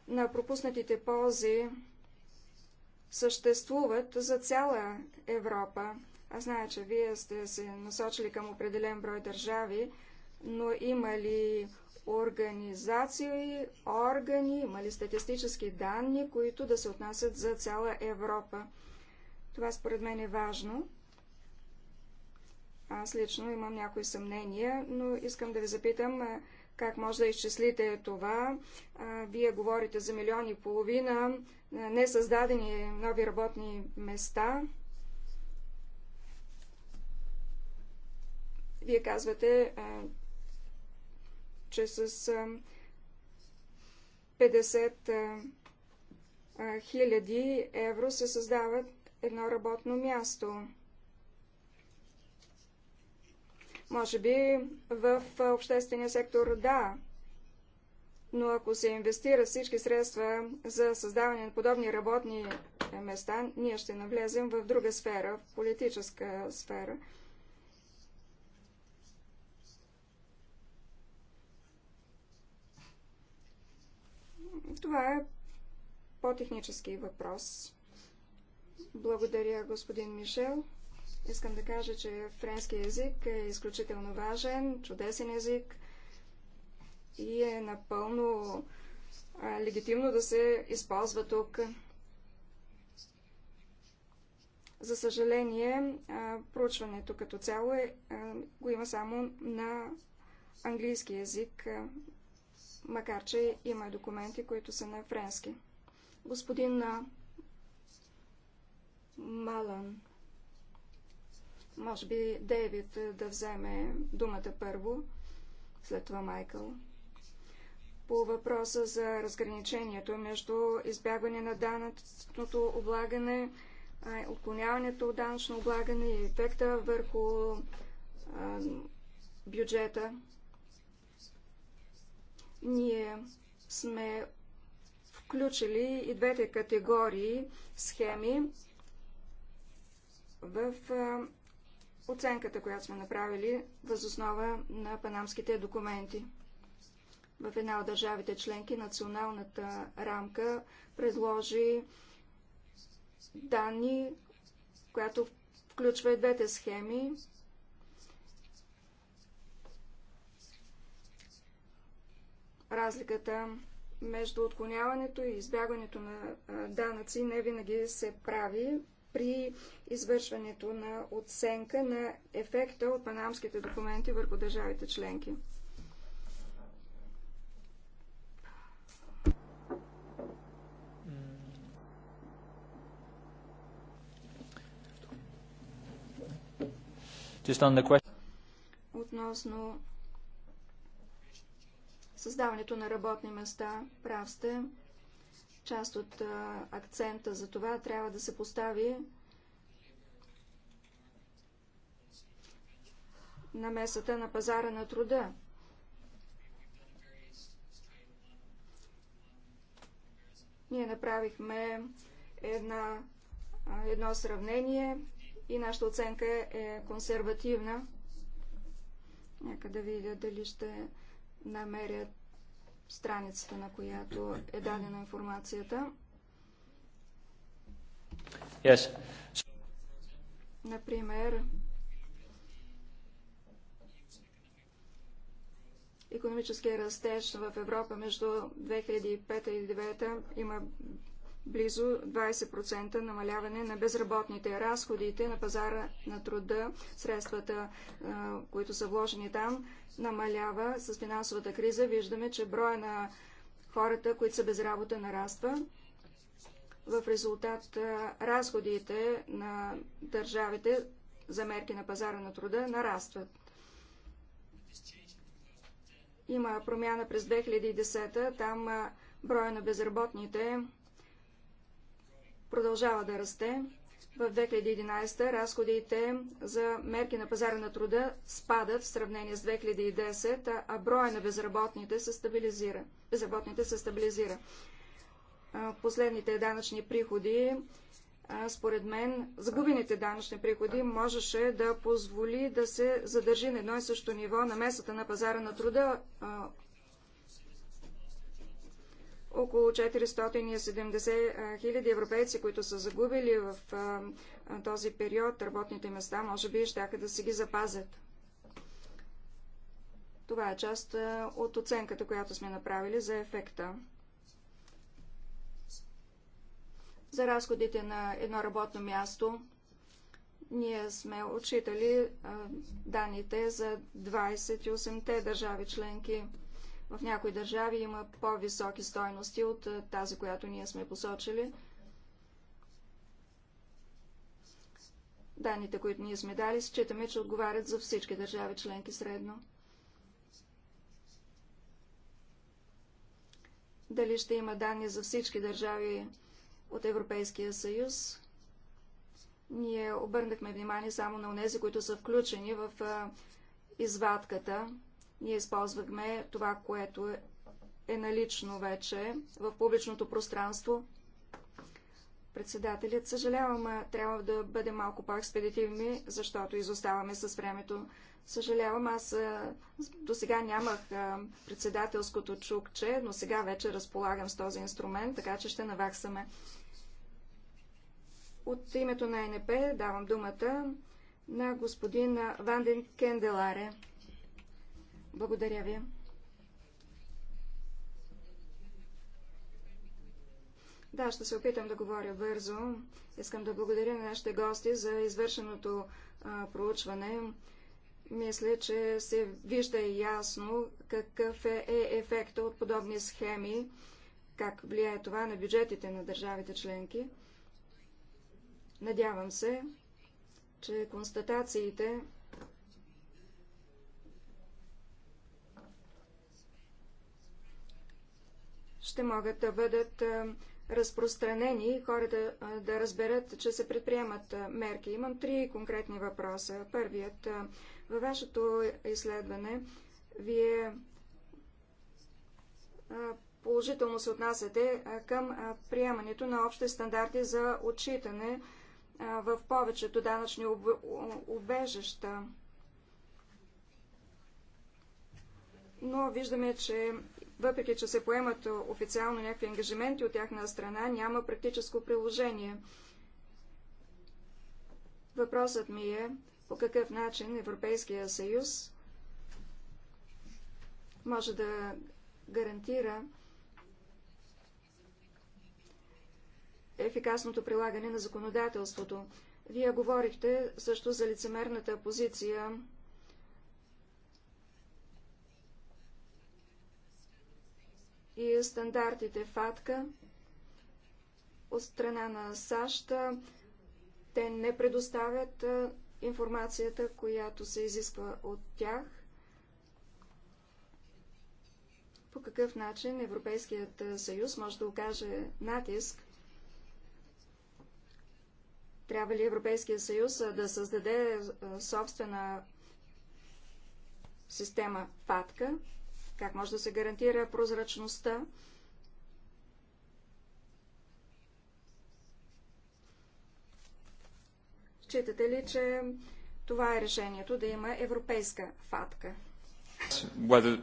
на пропуснатите ползи съществуват за цяла Европа. Аз зная, че вие сте се насочили към определен брой държави, но има ли организации, органи, има ли статистически данни, които да се отнасят за цяла Европа? Това според мен е важно. Аз лично имам някои съмнения, но искам да ви запитам как може да изчислите това. Вие говорите за милиони и половина несъздадени нови работни места. Вие казвате, че с 50 хиляди евро се създават едно работно място. Може би в обществения сектор да, но ако се инвестира всички средства за създаване на подобни работни места, ние ще навлезем в друга сфера, в политическа сфера. Това е по-технически въпрос. Благодаря, господин Мишел. Искам да кажа, че френски език е изключително важен, чудесен език и е напълно а, легитимно да се използва тук. За съжаление, а, проучването като цяло е, а, го има само на английски язик, а, макар че има документи, които са на френски. Господин Малан. Може би Дейвид е, да вземе думата първо, след това Майкъл. По въпроса за разграничението между избягване на данъчното облагане, отклоняването от данъчно облагане и ефекта върху а, бюджета. Ние сме включили и двете категории схеми в оценката, която сме направили възоснова на панамските документи. В една от държавите членки националната рамка предложи данни, която включва и двете схеми. Разликата между отклоняването и избягването на данъци не винаги се прави при извършването на оценка на ефекта от панамските документи върху държавите членки. Относно създаването на работни места, прав сте, Част от акцента за това трябва да се постави на месата на пазара на труда. Ние направихме една, едно сравнение и нашата оценка е консервативна. Нека да видя дали ще намерят страницата, на която е дадена информацията. Yes. Например, економическия растеж в Европа между 2005 и 2009 има близо 20% намаляване на безработните, разходите на пазара на труда, средствата, които са вложени там, намалява с финансовата криза. Виждаме, че броя на хората, които са без работа, нараства. В резултат разходите на държавите за мерки на пазара на труда нарастват. Има промяна през 2010. Там броя на безработните продължава да расте. В 2011 разходите за мерки на пазара на труда спадат в сравнение с 2010, а броя на безработните се стабилизира. Безработните се стабилизира. Последните данъчни приходи, според мен, загубените данъчни приходи можеше да позволи да се задържи на едно и също ниво на месата на пазара на труда около 470 хиляди европейци, които са загубили в този период работните места, може би ще да си ги запазят. Това е част от оценката, която сме направили за ефекта. За разходите на едно работно място ние сме отчитали данните за 28-те държави членки – в някои държави има по-високи стойности от е, тази, която ние сме посочили. Данните, които ние сме дали, считаме, че отговарят за всички държави членки средно. Дали ще има данни за всички държави от Европейския съюз? Ние обърнахме внимание само на тези, които са включени в е, извадката ние използвахме това, което е, е налично вече в публичното пространство. Председателят, съжалявам, трябва да бъдем малко по-експедитивни, защото изоставаме с времето. Съжалявам, аз до сега нямах председателското чукче, но сега вече разполагам с този инструмент, така че ще наваксаме. От името на НП давам думата на господин Ванден Кенделаре. Благодаря ви. Да, ще се опитам да говоря бързо. Искам да благодаря на нашите гости за извършеното а, проучване. Мисля, че се вижда ясно какъв е, е ефекта от подобни схеми, как влияе това на бюджетите на държавите членки. Надявам се, че констатациите ще могат да бъдат разпространени и хората да, разберат, че се предприемат мерки. Имам три конкретни въпроса. Първият. Във вашето изследване вие положително се отнасяте към приемането на общи стандарти за отчитане в повечето данъчни убежища. Но виждаме, че въпреки че се поемат официално някакви ангажименти от тяхна страна, няма практическо приложение. Въпросът ми е по какъв начин Европейския съюз може да гарантира ефикасното прилагане на законодателството. Вие говорихте също за лицемерната позиция и стандартите ФАТКА от страна на САЩ. Те не предоставят информацията, която се изисква от тях. По какъв начин Европейският съюз може да окаже натиск? Трябва ли Европейският съюз да създаде собствена система ФАТКА? как може да се гарантира прозрачността. Считате ли, че това е решението да има европейска фатка? E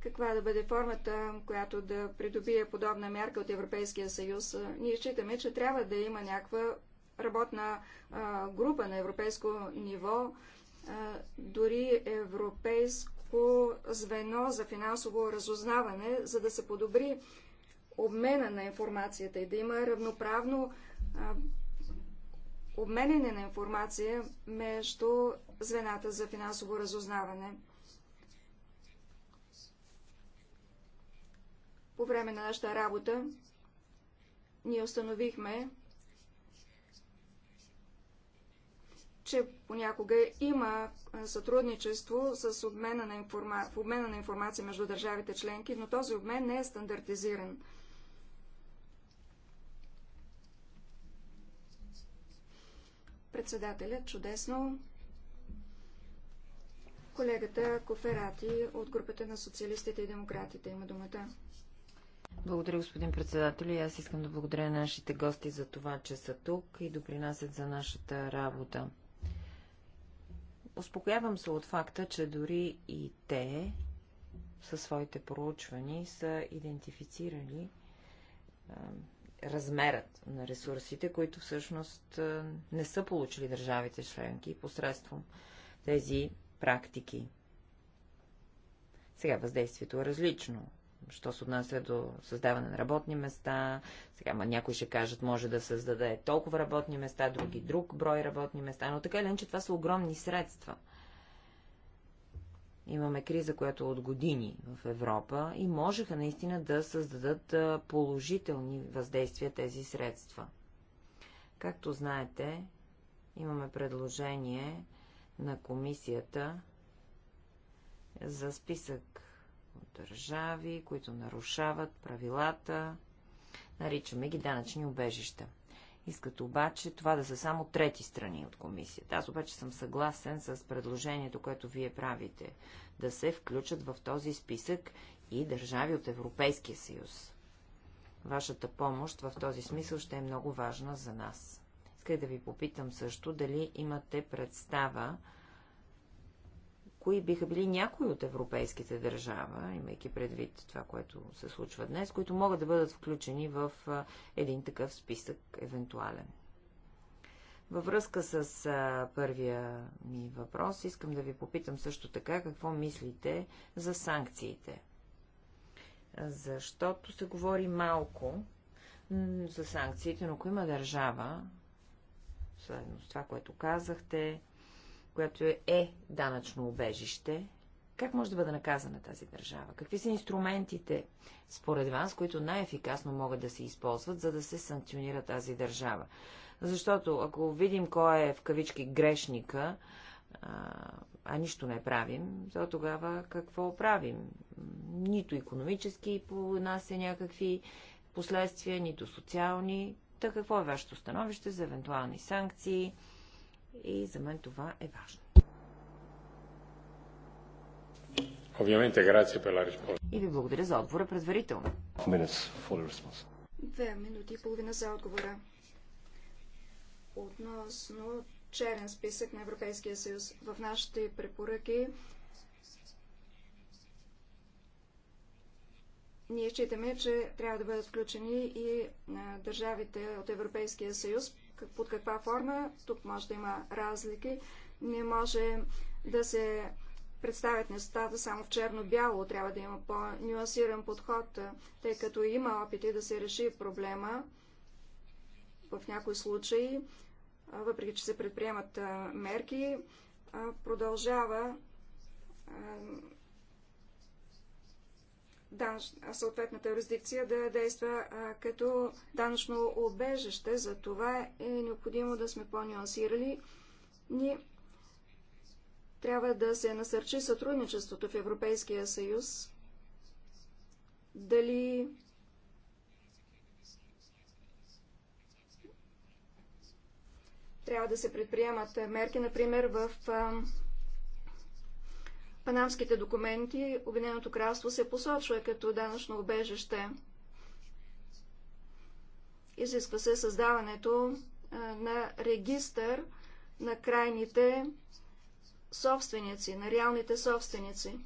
Каква да бъде формата, която да придобие подобна мярка от Европейския съюз? Ние считаме, че трябва да има някаква работна група на европейско ниво, дори европейско звено за финансово разузнаване, за да се подобри обмена на информацията и да има равноправно обменене на информация между звената за финансово разузнаване. По време на нашата работа ние установихме, че понякога има е, сътрудничество с обмена на информа... обмена на информация между държавите членки, но този обмен не е стандартизиран. Председателят чудесно. Колегата Коферати от групата на социалистите и демократите има думата. Благодаря, господин председател. И аз искам да благодаря нашите гости за това, че са тук и допринасят за нашата работа. Успокоявам се от факта, че дори и те със своите проучвания са идентифицирали а, размерът на ресурсите, които всъщност а, не са получили държавите членки посредством тези практики. Сега въздействието е различно що се отнася до създаване на работни места. Сега ма, някои ще кажат, може да създаде толкова работни места, други друг брой работни места, но така или иначе това са огромни средства. Имаме криза, която е от години в Европа и можеха наистина да създадат положителни въздействия тези средства. Както знаете, имаме предложение на комисията за списък държави, които нарушават правилата. Наричаме ги данъчни убежища. Искат обаче това да са само трети страни от комисията. Аз обаче съм съгласен с предложението, което вие правите, да се включат в този списък и държави от Европейския съюз. Вашата помощ в този смисъл ще е много важна за нас. Исках да ви попитам също дали имате представа кои биха били някои от европейските държава, имайки предвид това, което се случва днес, които могат да бъдат включени в един такъв списък, евентуален. Във връзка с първия ми въпрос, искам да ви попитам също така какво мислите за санкциите. Защото се говори малко за санкциите, но ако има държава, следно с това, което казахте, която е данъчно убежище, как може да бъде наказана тази държава? Какви са инструментите, според вас, които най-ефикасно могат да се използват, за да се санкционира тази държава? Защото ако видим кой е в кавички грешника, а, а нищо не правим, то тогава какво правим? Нито економически понася някакви последствия, нито социални. Та какво е вашето становище за евентуални санкции? и за мен това е важно. grazie per la risposta. И ви благодаря за отговора предварително. Две минути и половина за отговора. Относно черен списък на Европейския съюз. В нашите препоръки ние считаме, че трябва да бъдат включени и на държавите от Европейския съюз, под каква форма. Тук може да има разлики. Не може да се представят нещата само в черно-бяло. Трябва да има по-нюансиран подход, тъй като има опити да се реши проблема в някои случаи, въпреки че се предприемат мерки, продължава съответната юрисдикция да действа а, като данъчно обежище. За това е необходимо да сме по-нюансирали. Ни трябва да се насърчи сътрудничеството в Европейския съюз. Дали трябва да се предприемат мерки, например, в панамските документи Обединеното кралство се посочва като данъчно убежище. Изисква се създаването на регистър на крайните собственици, на реалните собственици.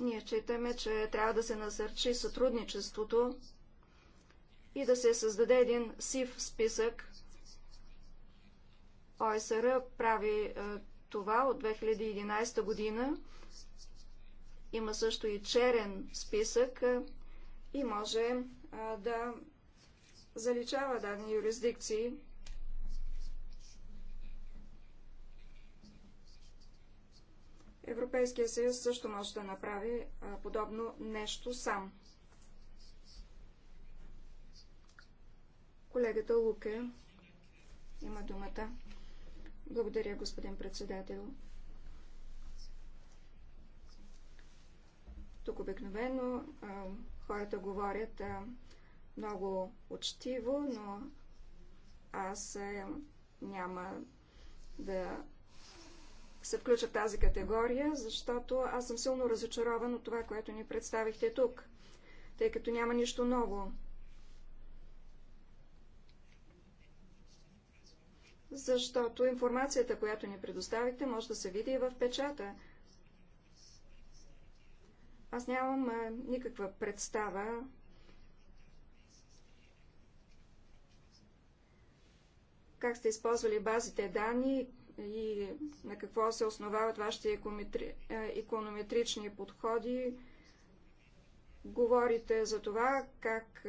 Ние четаме, че трябва да се насърчи сътрудничеството и да се създаде един сив списък ОСР прави е, това от 2011 година. Има също и черен списък е, и може е, да заличава дадени юрисдикции. Европейския съюз също може да направи подобно нещо сам. Колегата Луке има думата. Благодаря, господин председател. Тук обикновено а, хората говорят а, много учтиво, но аз а, няма да се включа в тази категория, защото аз съм силно разочарован от това, което ни представихте тук, тъй като няма нищо ново. защото информацията, която ни предоставихте, може да се види и в печата. Аз нямам а, никаква представа как сте използвали базите данни и на какво се основават вашите економетрични подходи. Говорите за това как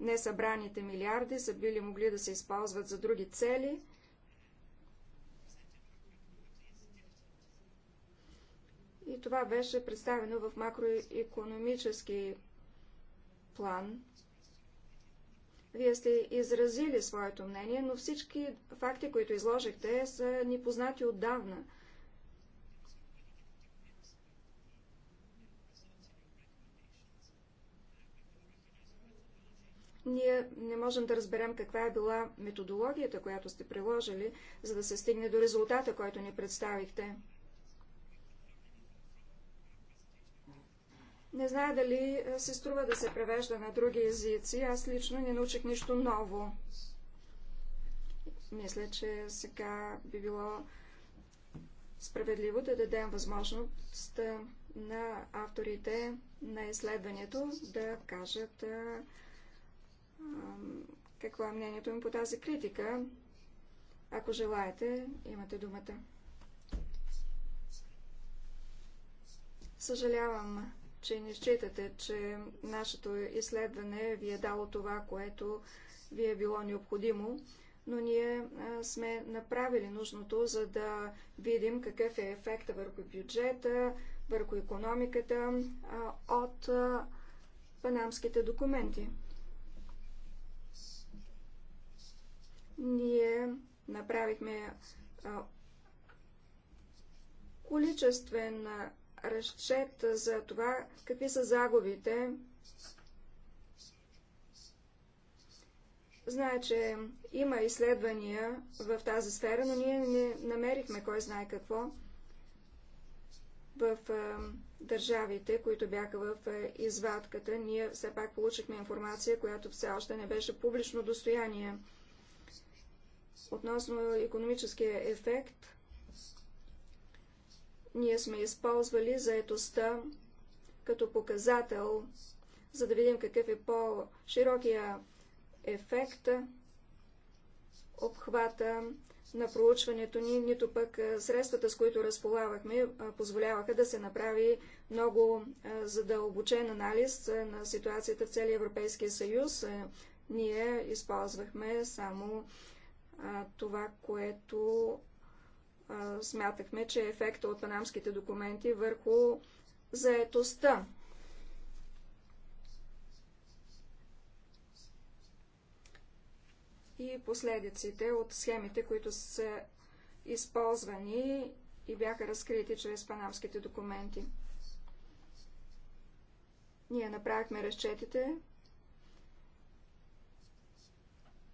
несъбраните милиарди са били могли да се използват за други цели – това беше представено в макроекономически план. Вие сте изразили своето мнение, но всички факти, които изложихте, са ни познати отдавна. ние не можем да разберем каква е била методологията, която сте приложили, за да се стигне до резултата, който ни представихте. Не знае дали се струва да се превежда на други езици. Аз лично не научих нищо ново. Мисля, че сега би било справедливо да дадем възможност на авторите на изследването да кажат а, а, какво е мнението им по тази критика. Ако желаете, имате думата. Съжалявам, че не считате, че нашето изследване ви е дало това, което ви е било необходимо, но ние сме направили нужното, за да видим какъв е ефекта върху бюджета, върху економиката от панамските документи. Ние направихме количествен разчет за това, какви са загубите. Знае, че има изследвания в тази сфера, но ние не намерихме кой знае какво в държавите, които бяха в извадката. Ние все пак получихме информация, която все още не беше публично достояние. Относно економическия ефект, ние сме използвали заетостта като показател, за да видим какъв е по-широкия ефект, обхвата на проучването ни, нито пък средствата, с които разполагахме, позволяваха да се направи много задълбочен анализ на ситуацията в целия Европейския съюз. Ние използвахме само това, което смятахме, че е ефекта от панамските документи върху заетостта. И последиците от схемите, които са използвани и бяха разкрити чрез панамските документи. Ние направихме разчетите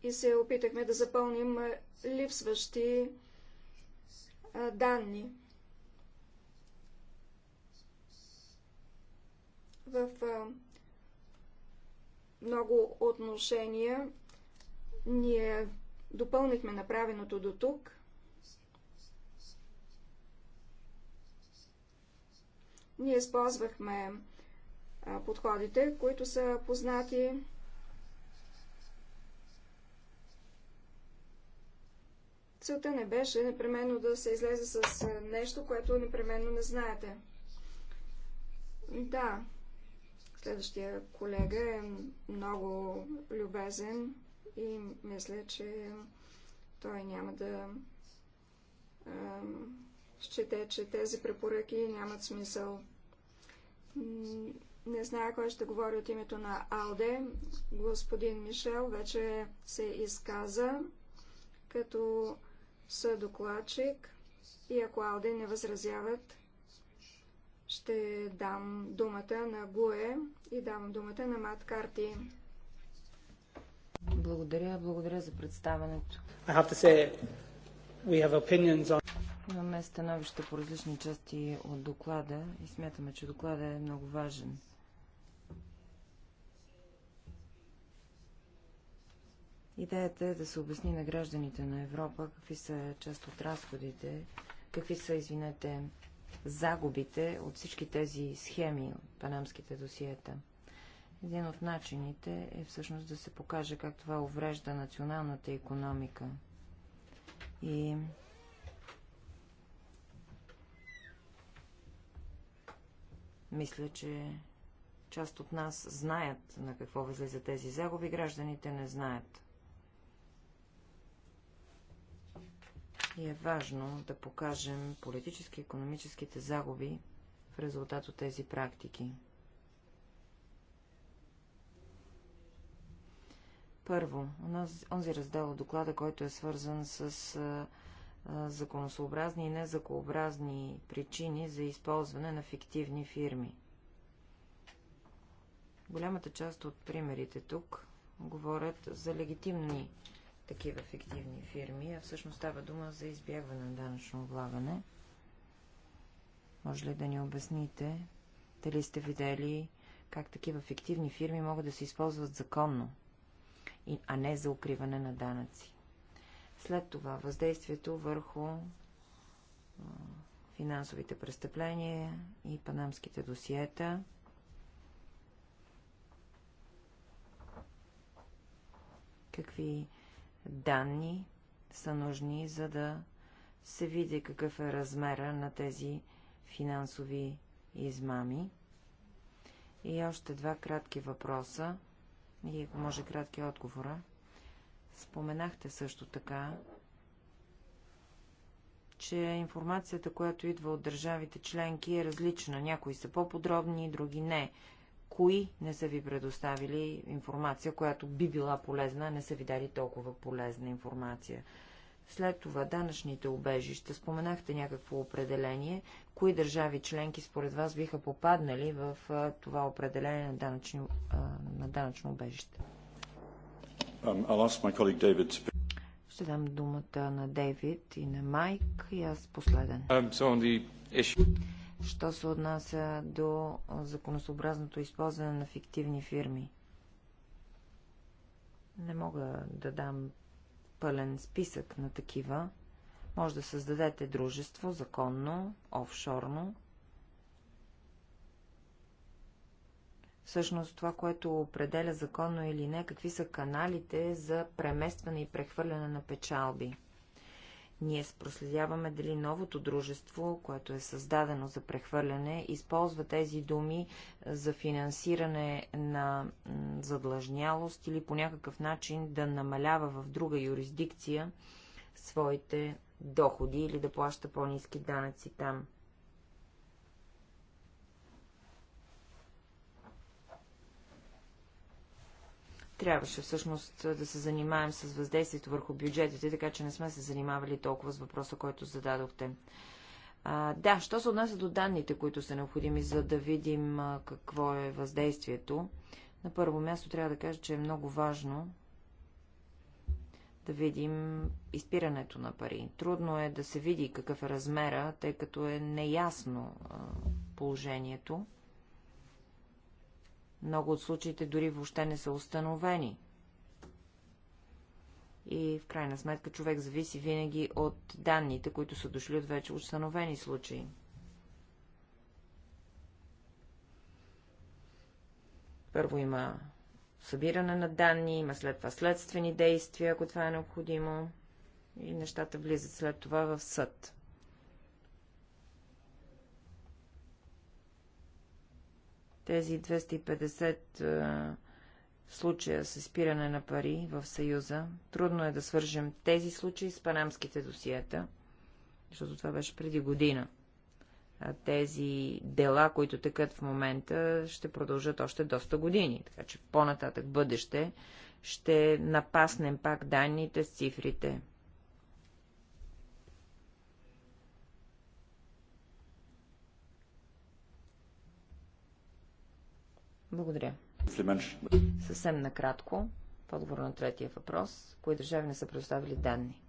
и се опитахме да запълним липсващи данни. В много отношения ние допълнихме направеното до тук. Ние използвахме подходите, които са познати Целта не беше непременно да се излезе с е, нещо, което непременно не знаете. Да, следващия колега е много любезен и мисля, че той няма да е, счете, че тези препоръки нямат смисъл. Не зная кой ще говори от името на Алде. Господин Мишел вече се изказа като са докладчик и ако Алди не възразяват, ще дам думата на Гуе и давам думата на Мат Карти. Благодаря, благодаря за представането. On... Имаме становище по различни части от доклада и смятаме, че докладът е много важен. Идеята е да се обясни на гражданите на Европа какви са част от разходите, какви са, извинете, загубите от всички тези схеми от панамските досиета. Един от начините е всъщност да се покаже как това уврежда националната економика. И мисля, че част от нас знаят на какво възлиза тези загуби, гражданите не знаят. И е важно да покажем политически и економическите загуби в резултат от тези практики. Първо, онзи раздел от доклада, който е свързан с законосообразни и незакообразни причини за използване на фиктивни фирми. Голямата част от примерите тук говорят за легитимни такива фиктивни фирми, а всъщност става дума за избягване на данъчно облагане. Може ли да ни обясните, дали сте видели как такива фиктивни фирми могат да се използват законно, а не за укриване на данъци? След това въздействието върху финансовите престъпления и панамските досиета. Какви данни са нужни, за да се види какъв е размера на тези финансови измами. И още два кратки въпроса и ако може кратки отговора. Споменахте също така, че информацията, която идва от държавите членки е различна. Някои са по-подробни, други не кои не са ви предоставили информация, която би била полезна, а не са ви дали толкова полезна информация. След това данъчните убежища. Споменахте някакво определение. Кои държави членки според вас биха попаднали в това определение на, данъчни, на данъчно убежище? Um, ще дам думата на Дейвид и на Майк и аз последен. Um, so що се отнася до законосообразното използване на фиктивни фирми. Не мога да дам пълен списък на такива. Може да създадете дружество, законно, офшорно. Всъщност това, което определя законно или не, какви са каналите за преместване и прехвърляне на печалби – ние проследяваме дали новото дружество, което е създадено за прехвърляне, използва тези думи за финансиране на задлъжнялост или по някакъв начин да намалява в друга юрисдикция своите доходи или да плаща по-низки данъци там. Трябваше всъщност да се занимаем с въздействието върху бюджетите, така че не сме се занимавали толкова с въпроса, който зададохте. А, да, що се отнася до данните, които са необходими, за да видим а, какво е въздействието, на първо място трябва да кажа, че е много важно да видим изпирането на пари. Трудно е да се види какъв е размера, тъй като е неясно а, положението. Много от случаите дори въобще не са установени. И в крайна сметка човек зависи винаги от данните, които са дошли от вече установени случаи. Първо има събиране на данни, има след това следствени действия, ако това е необходимо, и нещата влизат след това в съд. Тези 250 е, случая с изпиране на пари в Съюза. Трудно е да свържем тези случаи с панамските досиета, защото това беше преди година. А тези дела, които текат в момента, ще продължат още доста години. Така че по-нататък бъдеще ще напаснем пак данните с цифрите. Благодаря. Съвсем накратко, в отговор на третия въпрос, кои държави не са предоставили данни?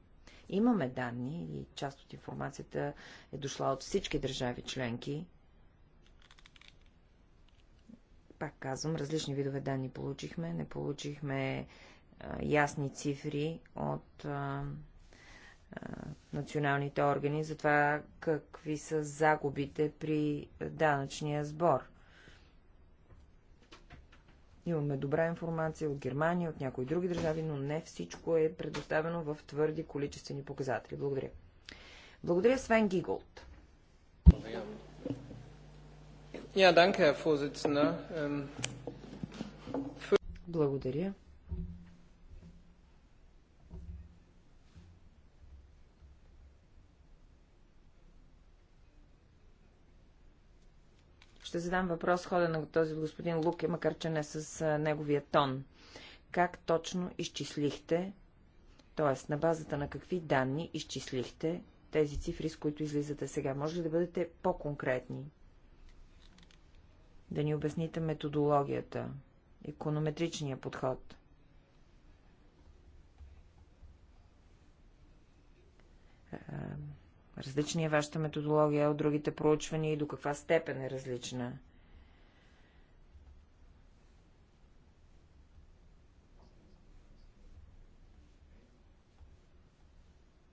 Имаме данни и част от информацията е дошла от всички държави членки. Пак казвам, различни видове данни получихме. Не получихме а, ясни цифри от а, националните органи за това какви са загубите при данъчния сбор. Имаме добра информация от Германия, от някои други държави, но не всичко е предоставено в твърди количествени показатели. Благодаря. Благодаря, Свен Гиголд. Yeah, danke, ähm, Благодаря. Ще задам въпрос хода на този господин Луке, макар че не с неговия тон. Как точно изчислихте, т.е. на базата на какви данни изчислихте тези цифри, с които излизате сега? Може ли да бъдете по-конкретни? Да ни обясните методологията, иконометричния подход. Различна е вашата методология от другите проучвания и до каква степен е различна?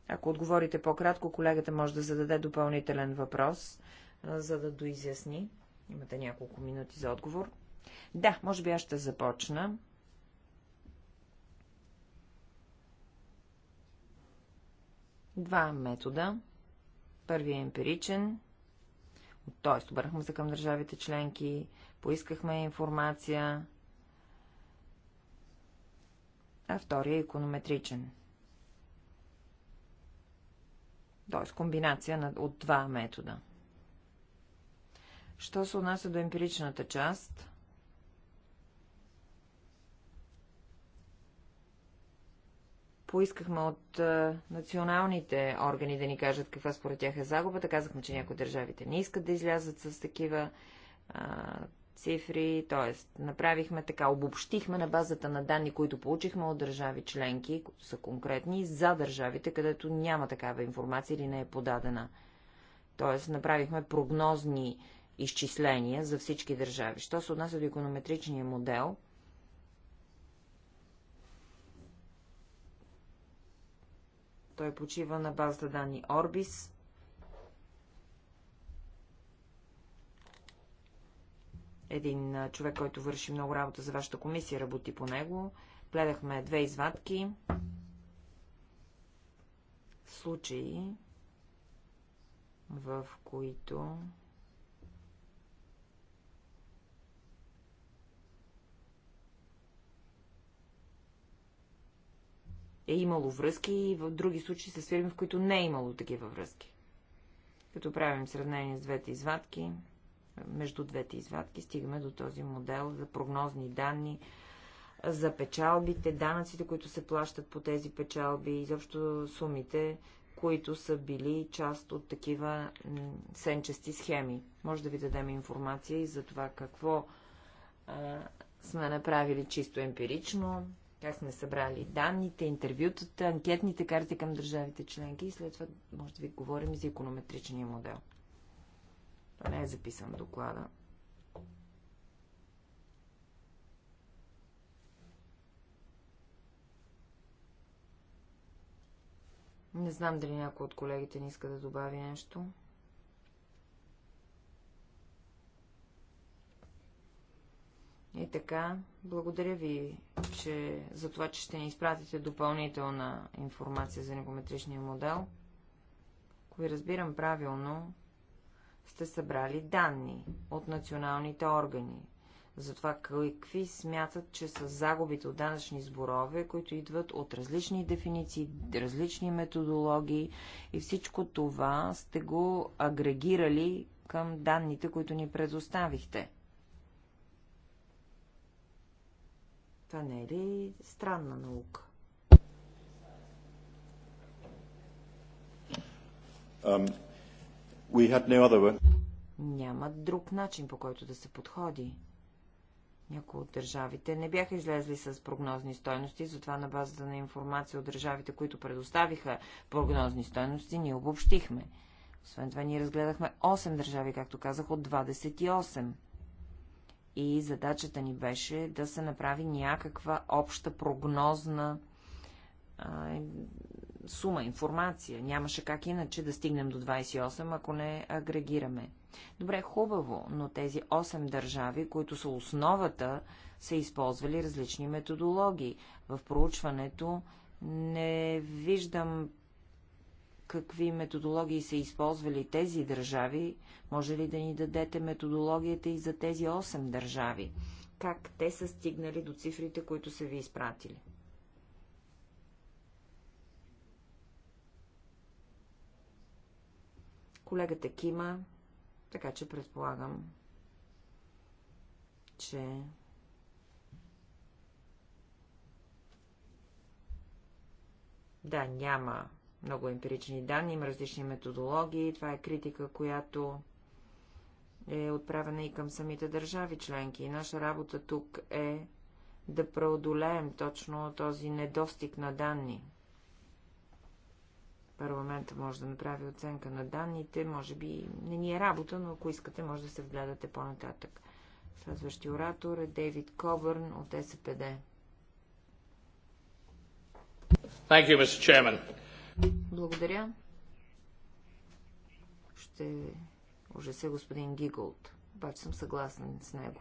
Ако отговорите по-кратко, колегата може да зададе допълнителен въпрос, за да доизясни. Имате няколко минути за отговор. Да, може би аз ще започна. Два метода Първият е емпиричен, т.е. обърнахме се към държавите членки, поискахме информация, а втория е иконометричен. Т.е. комбинация на, от два метода. Що се отнася до емпиричната част – поискахме от националните органи да ни кажат каква според тях е загубата. Казахме, че някои държавите не искат да излязат с такива а, цифри, Тоест, направихме така, обобщихме на базата на данни, които получихме от държави членки, които са конкретни, за държавите, където няма такава информация или не е подадена. Тоест, направихме прогнозни изчисления за всички държави. Що се отнася до економетричния модел, Той почива на базата данни Орбис. Един човек, който върши много работа за вашата комисия, работи по него. Гледахме две извадки. Случаи, в които е имало връзки и в други случаи с фирми, в които не е имало такива връзки. Като правим сравнение с двете извадки, между двете извадки стигаме до този модел за прогнозни данни, за печалбите, данъците, които се плащат по тези печалби, и изобщо сумите, които са били част от такива сенчести схеми. Може да ви дадем информация и за това какво а, сме направили чисто емпирично, как сме събрали данните, интервютата, анкетните карти към държавите членки и след това може да ви говорим за економетричния модел. Това не е записан в доклада. Не знам дали някой от колегите не иска да добави нещо. И така, благодаря ви че, за това, че ще ни изпратите допълнителна информация за негометричния модел. Ако ви разбирам правилно, сте събрали данни от националните органи за това какви смятат, че са загубите от данъчни сборове, които идват от различни дефиниции, различни методологии и всичко това сте го агрегирали към данните, които ни предоставихте. Това не е ли странна наука? Um, we had no other way. Няма друг начин, по който да се подходи. Някои от държавите не бяха излезли с прогнозни стойности, затова на базата на информация от държавите, които предоставиха прогнозни стойности, ние обобщихме. Освен това, ние разгледахме 8 държави, както казах, от 28. И задачата ни беше да се направи някаква обща прогнозна а, сума, информация. Нямаше как иначе да стигнем до 28, ако не агрегираме. Добре, хубаво, но тези 8 държави, които са основата, са използвали различни методологии. В проучването не виждам какви методологии са използвали тези държави, може ли да ни дадете методологията и за тези 8 държави? Как те са стигнали до цифрите, които са ви изпратили? Колегата Кима, така че предполагам, че Да, няма много емпирични данни, има различни методологии. Това е критика, която е отправена и към самите държави членки. И наша работа тук е да преодолеем точно този недостиг на данни. Парламента може да направи оценка на данните, може би не ни е работа, но ако искате, може да се вгледате по-нататък. Следващия оратор е Дейвид Кобърн от СПД. Thank you, Mr. Chairman. Благодаря. Ще ужасе господин Гиголд. Обаче съм съгласен с него.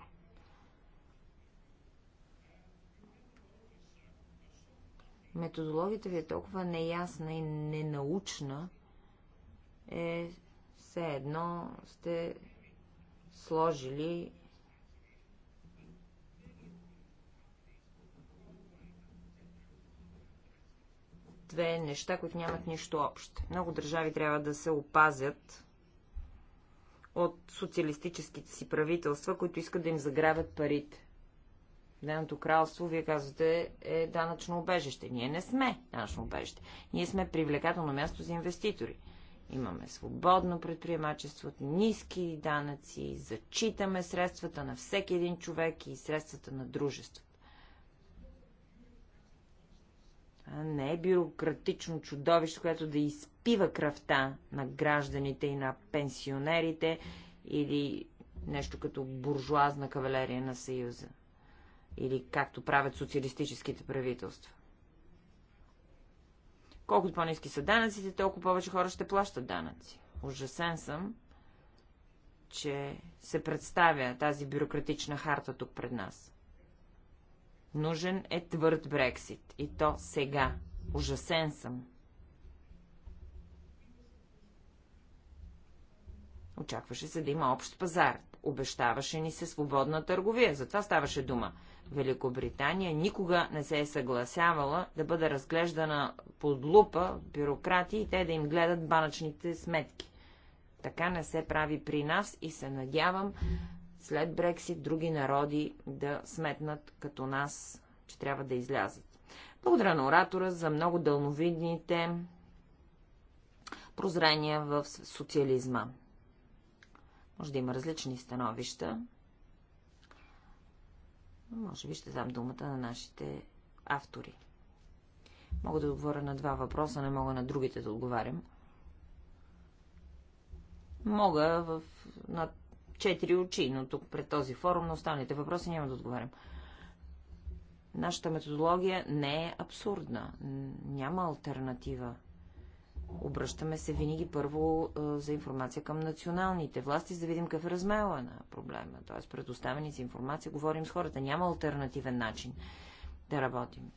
Методологията ви е толкова неясна и ненаучна, е все едно сте сложили две неща, които нямат нищо общо. Много държави трябва да се опазят от социалистическите си правителства, които искат да им заграбят парите. Деното кралство, вие казвате, е данъчно убежище. Ние не сме данъчно убежище. Ние сме привлекателно място за инвеститори. Имаме свободно предприемачество, ниски данъци, зачитаме средствата на всеки един човек и средствата на дружеството. Това не е бюрократично чудовище, което да изпива кръвта на гражданите и на пенсионерите или нещо като буржуазна кавалерия на Съюза. Или както правят социалистическите правителства. Колкото по-низки са данъците, толкова повече хора ще плащат данъци. Ужасен съм, че се представя тази бюрократична харта тук пред нас. Нужен е твърд Брексит. И то сега. Ужасен съм. Очакваше се да има общ пазар. Обещаваше ни се свободна търговия. За това ставаше дума. Великобритания никога не се е съгласявала да бъде разглеждана под лупа бюрократи и те да им гледат банъчните сметки. Така не се прави при нас и се надявам след Брексит други народи да сметнат като нас, че трябва да излязат. Благодаря на оратора за много дълновидните прозрения в социализма. Може да има различни становища. Може би ще дам думата на нашите автори. Мога да отговоря на два въпроса, не мога на другите да отговарям. Мога в, на четири очи, но тук пред този форум на останалите въпроси няма да отговарям. Нашата методология не е абсурдна. Няма альтернатива. Обръщаме се винаги първо е, за информация към националните власти, за да видим какъв е размела на проблема. Тоест, предоставени за информация, говорим с хората. Няма альтернативен начин да работим.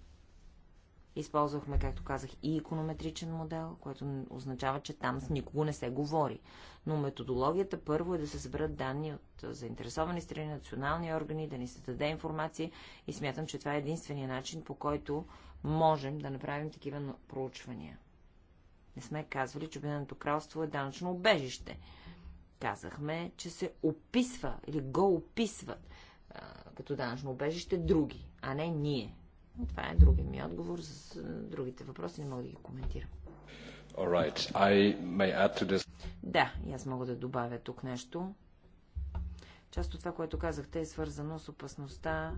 Използвахме, както казах, и иконометричен модел, което означава, че там с никого не се говори. Но методологията първо е да се съберат данни от заинтересовани страни, национални органи, да ни се даде информация и смятам, че това е единствения начин, по който можем да направим такива проучвания. Не сме казвали, че Обединеното кралство е данъчно убежище. Казахме, че се описва или го описват като данъчно убежище други, а не ние това е други ми отговор. За другите въпроси не мога да ги коментирам. Right. I may add to this. Да, и аз мога да добавя тук нещо. Част от това, което казахте, е свързано с опасността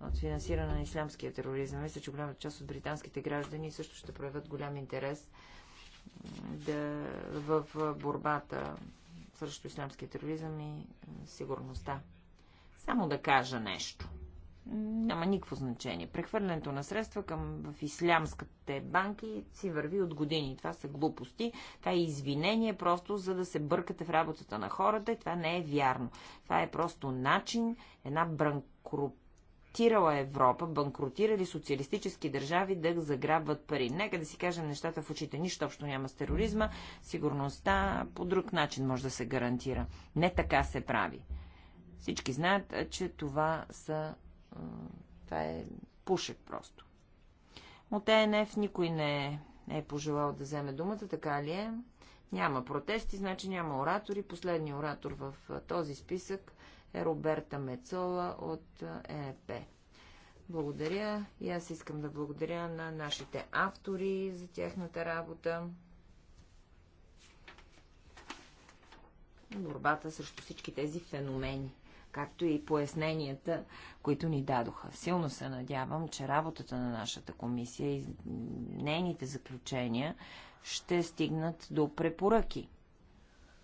от финансиране на ислямския тероризъм. Мисля, че голяма част от британските граждани също ще проявят голям интерес да, в борбата срещу ислямския тероризъм и сигурността. Само да кажа нещо – няма никакво значение. Прехвърлянето на средства към, в ислямските банки си върви от години. Това са глупости, това е извинение просто за да се бъркате в работата на хората и това не е вярно. Това е просто начин, една банкротирала Европа, банкротирали социалистически държави да заграбват пари. Нека да си кажем нещата в очите. Нищо общо няма с тероризма. Сигурността по друг начин може да се гарантира. Не така се прави. Всички знаят, че това са това е пушек просто. От ЕНФ никой не е пожелал да вземе думата, така ли е? Няма протести, значи няма оратори. Последният оратор в този списък е Роберта Мецола от ЕНП. Благодаря и аз искам да благодаря на нашите автори за тяхната работа. Борбата срещу всички тези феномени както и поясненията, които ни дадоха. Силно се надявам, че работата на нашата комисия и нейните заключения ще стигнат до препоръки.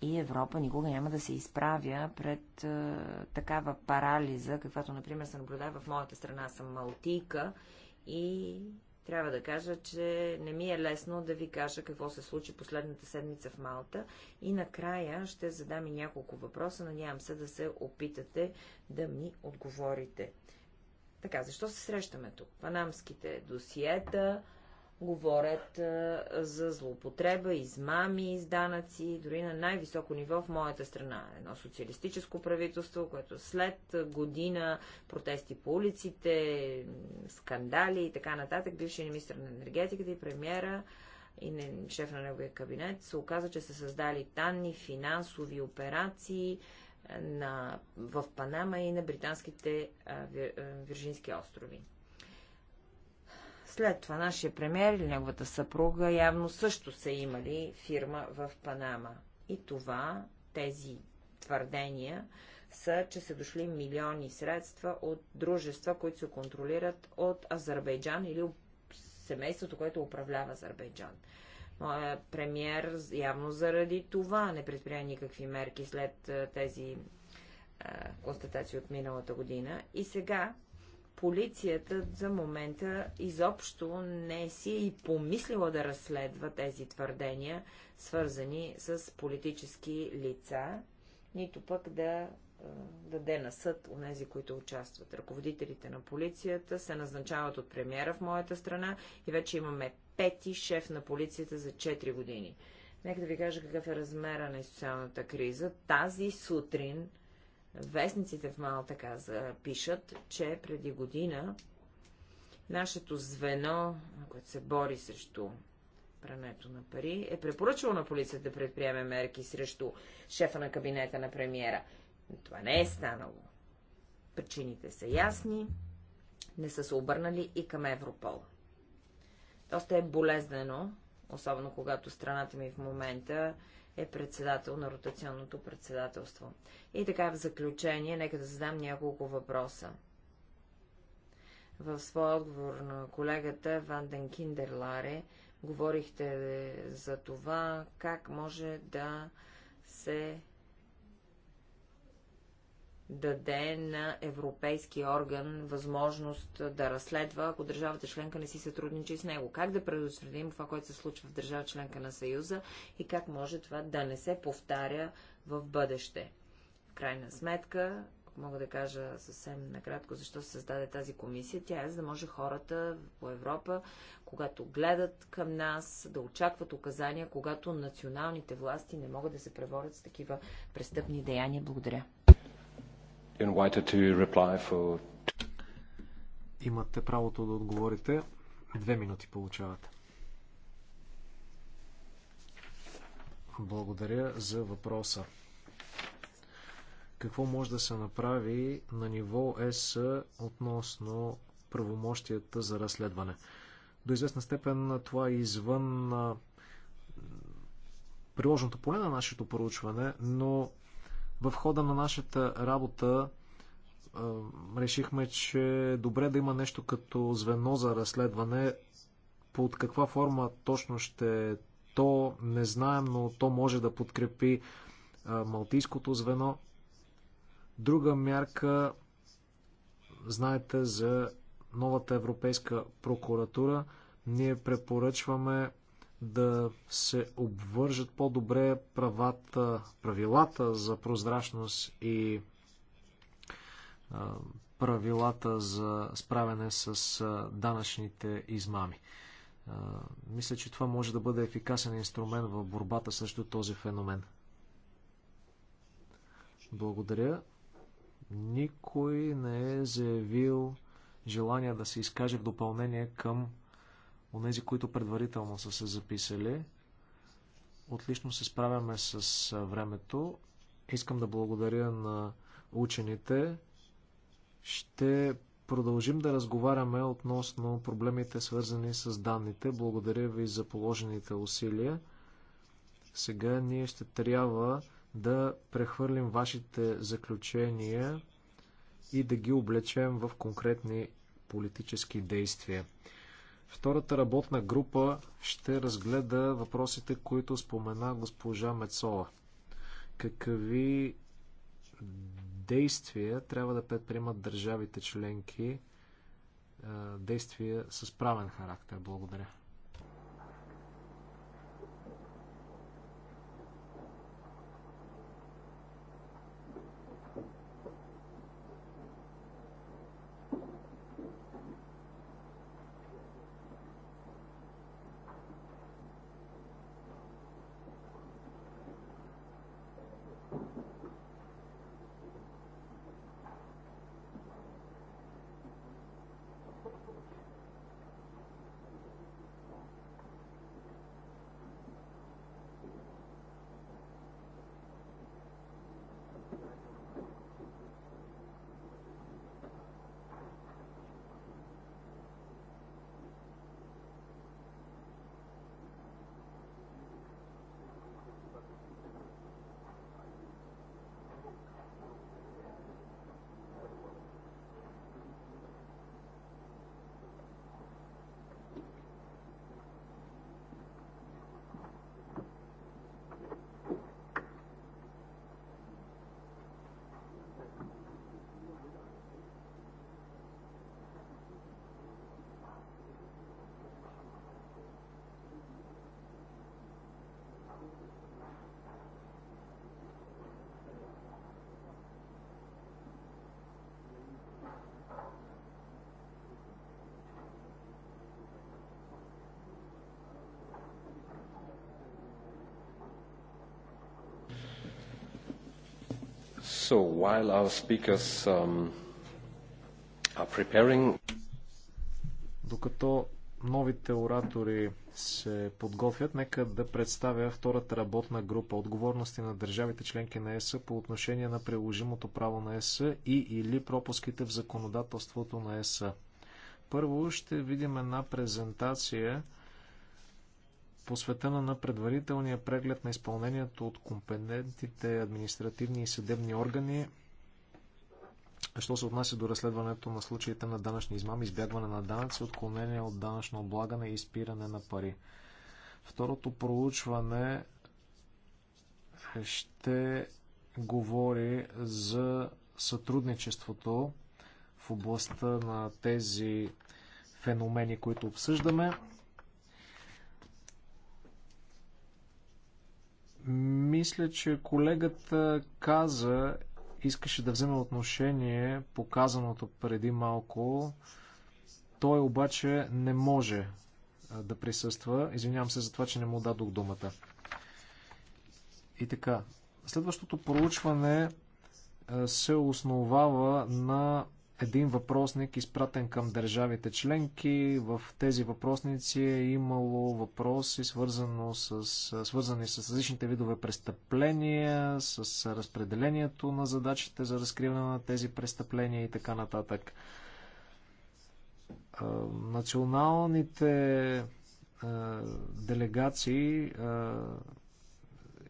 И Европа никога няма да се изправя пред е, такава парализа, каквато, например, се наблюдава в моята страна. Аз съм малтийка и трябва да кажа, че не ми е лесно да ви кажа какво се случи последната седмица в Малта и накрая ще задам и няколко въпроса. Надявам се да се опитате да ми отговорите. Така, защо се срещаме тук? Панамските досиета, говорят а, за злоупотреба, измами, изданъци, дори на най-високо ниво в моята страна. Едно социалистическо правителство, което след година протести по улиците, скандали и така нататък, бившият министр на енергетиката и премьера и не, шеф на неговия кабинет, се оказа, че са създали танни финансови операции на, в Панама и на британските а, вир, а, Виржински острови. След това нашия премьер или неговата съпруга явно също са имали фирма в Панама. И това, тези твърдения, са, че са дошли милиони средства от дружества, които се контролират от Азербайджан или семейството, което управлява Азербайджан. Моя премьер явно заради това не предприя никакви мерки след тези констатации от миналата година. И сега полицията за момента изобщо не си е и помислила да разследва тези твърдения, свързани с политически лица, нито пък да е, даде на съд у нези, които участват. Ръководителите на полицията се назначават от премиера в моята страна и вече имаме пети шеф на полицията за 4 години. Нека да ви кажа какъв е размера на социалната криза. Тази сутрин Вестниците в Малта каза, пишат, че преди година нашето звено, което се бори срещу прането на пари, е препоръчало на полицията да предприеме мерки срещу шефа на кабинета на премиера. Но това не е станало. Причините са ясни, не са се обърнали и към Европол. Доста е болезнено, особено когато страната ми в момента е председател на ротационното председателство. И така в заключение, нека да задам няколко въпроса. В своя отговор на колегата Ванден Киндерларе говорихте за това, как може да се даде на европейски орган възможност да разследва, ако държавата членка не си сътрудничи с него. Как да предотвратим това, което се случва в държава членка на Съюза и как може това да не се повтаря в бъдеще. В крайна сметка, мога да кажа съвсем накратко, защо се създаде тази комисия, тя е за да може хората по Европа, когато гледат към нас, да очакват указания, когато националните власти не могат да се преборят с такива престъпни деяния. Благодаря invited to reply for... Имате правото да отговорите. Две минути получавате. Благодаря за въпроса. Какво може да се направи на ниво ЕС относно правомощията за разследване? До известна степен това е извън приложното поле на нашето поручване, но в хода на нашата работа решихме, че е добре да има нещо като звено за разследване. Под каква форма точно ще е то, не знаем, но то може да подкрепи Малтийското звено. Друга мярка, знаете, за новата Европейска прокуратура. Ние препоръчваме да се обвържат по-добре правата, правилата за прозрачност и правилата за справяне с данъчните измами. Мисля, че това може да бъде ефикасен инструмент в борбата срещу този феномен. Благодаря. Никой не е заявил желание да се изкаже в допълнение към онези, които предварително са се записали. Отлично се справяме с времето. Искам да благодаря на учените. Ще продължим да разговаряме относно проблемите, свързани с данните. Благодаря ви за положените усилия. Сега ние ще трябва да прехвърлим вашите заключения и да ги облечем в конкретни политически действия. Втората работна група ще разгледа въпросите, които спомена госпожа Мецола. Какви действия трябва да предприемат държавите членки, действия с правен характер? Благодаря. So while our speakers um, are preparing... Докато новите оратори се подготвят, нека да представя втората работна група отговорности на държавите членки на ЕС по отношение на приложимото право на ЕС и или пропуските в законодателството на ЕС. Първо ще видим една презентация посветена на предварителния преглед на изпълнението от компетентните административни и съдебни органи, що се отнася до разследването на случаите на данъчни измами, избягване на данъци, отклонение от данъчно облагане и изпиране на пари. Второто проучване ще говори за сътрудничеството в областта на тези феномени, които обсъждаме. Мисля, че колегата каза, искаше да вземе отношение по казаното преди малко. Той обаче не може да присъства. Извинявам се за това, че не му дадох думата. И така, следващото проучване се основава на един въпросник, изпратен към държавите членки. В тези въпросници е имало въпроси, свързано с, свързани с различните видове престъпления, с разпределението на задачите за разкриване на тези престъпления и така нататък. Националните делегации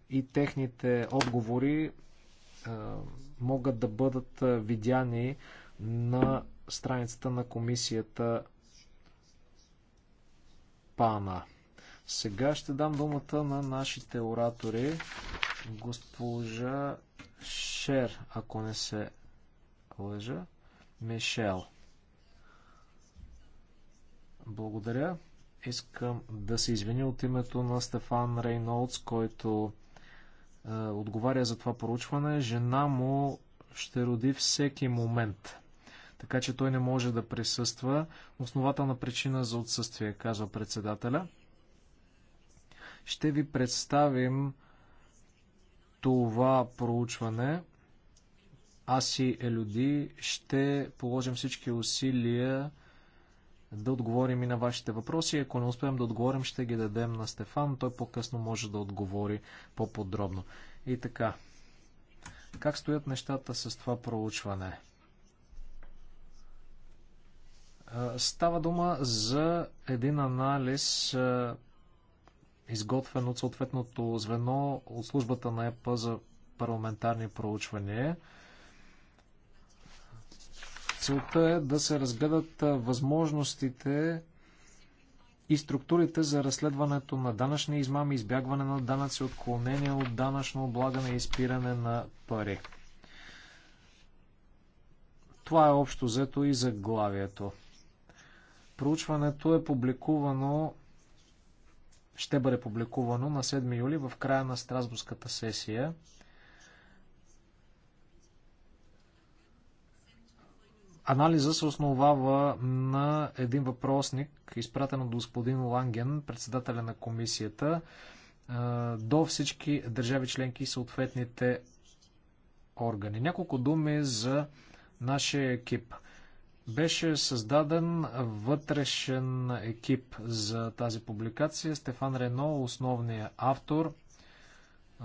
и техните отговори могат да бъдат видяни на страницата на комисията Пана. Сега ще дам думата на нашите оратори. Госпожа Шер, ако не се лъжа, Мишел. Благодаря. Искам да се извиня от името на Стефан Рейнолдс, който е, отговаря за това поручване. Жена му ще роди всеки момент така че той не може да присъства. Основателна причина за отсъствие, казва председателя. Ще ви представим това проучване. Аз и Елюди ще положим всички усилия да отговорим и на вашите въпроси. Ако не успеем да отговорим, ще ги дадем на Стефан. Той по-късно може да отговори по-подробно. И така, как стоят нещата с това проучване? Става дума за един анализ, изготвен от съответното звено от службата на ЕПА за парламентарни проучвания. Целта е да се разгледат възможностите и структурите за разследването на данъчни измами, избягване на данъци, отклонение от данъчно облагане и изпиране на пари. Това е общо взето и заглавието. Проучването е публикувано, ще бъде публикувано на 7 юли в края на Страсбургската сесия. Анализа се основава на един въпросник, изпратен от господин Ланген, председателя на комисията, до всички държави членки и съответните органи. Няколко думи за нашия екип. Беше създаден вътрешен екип за тази публикация. Стефан Рено, основният автор,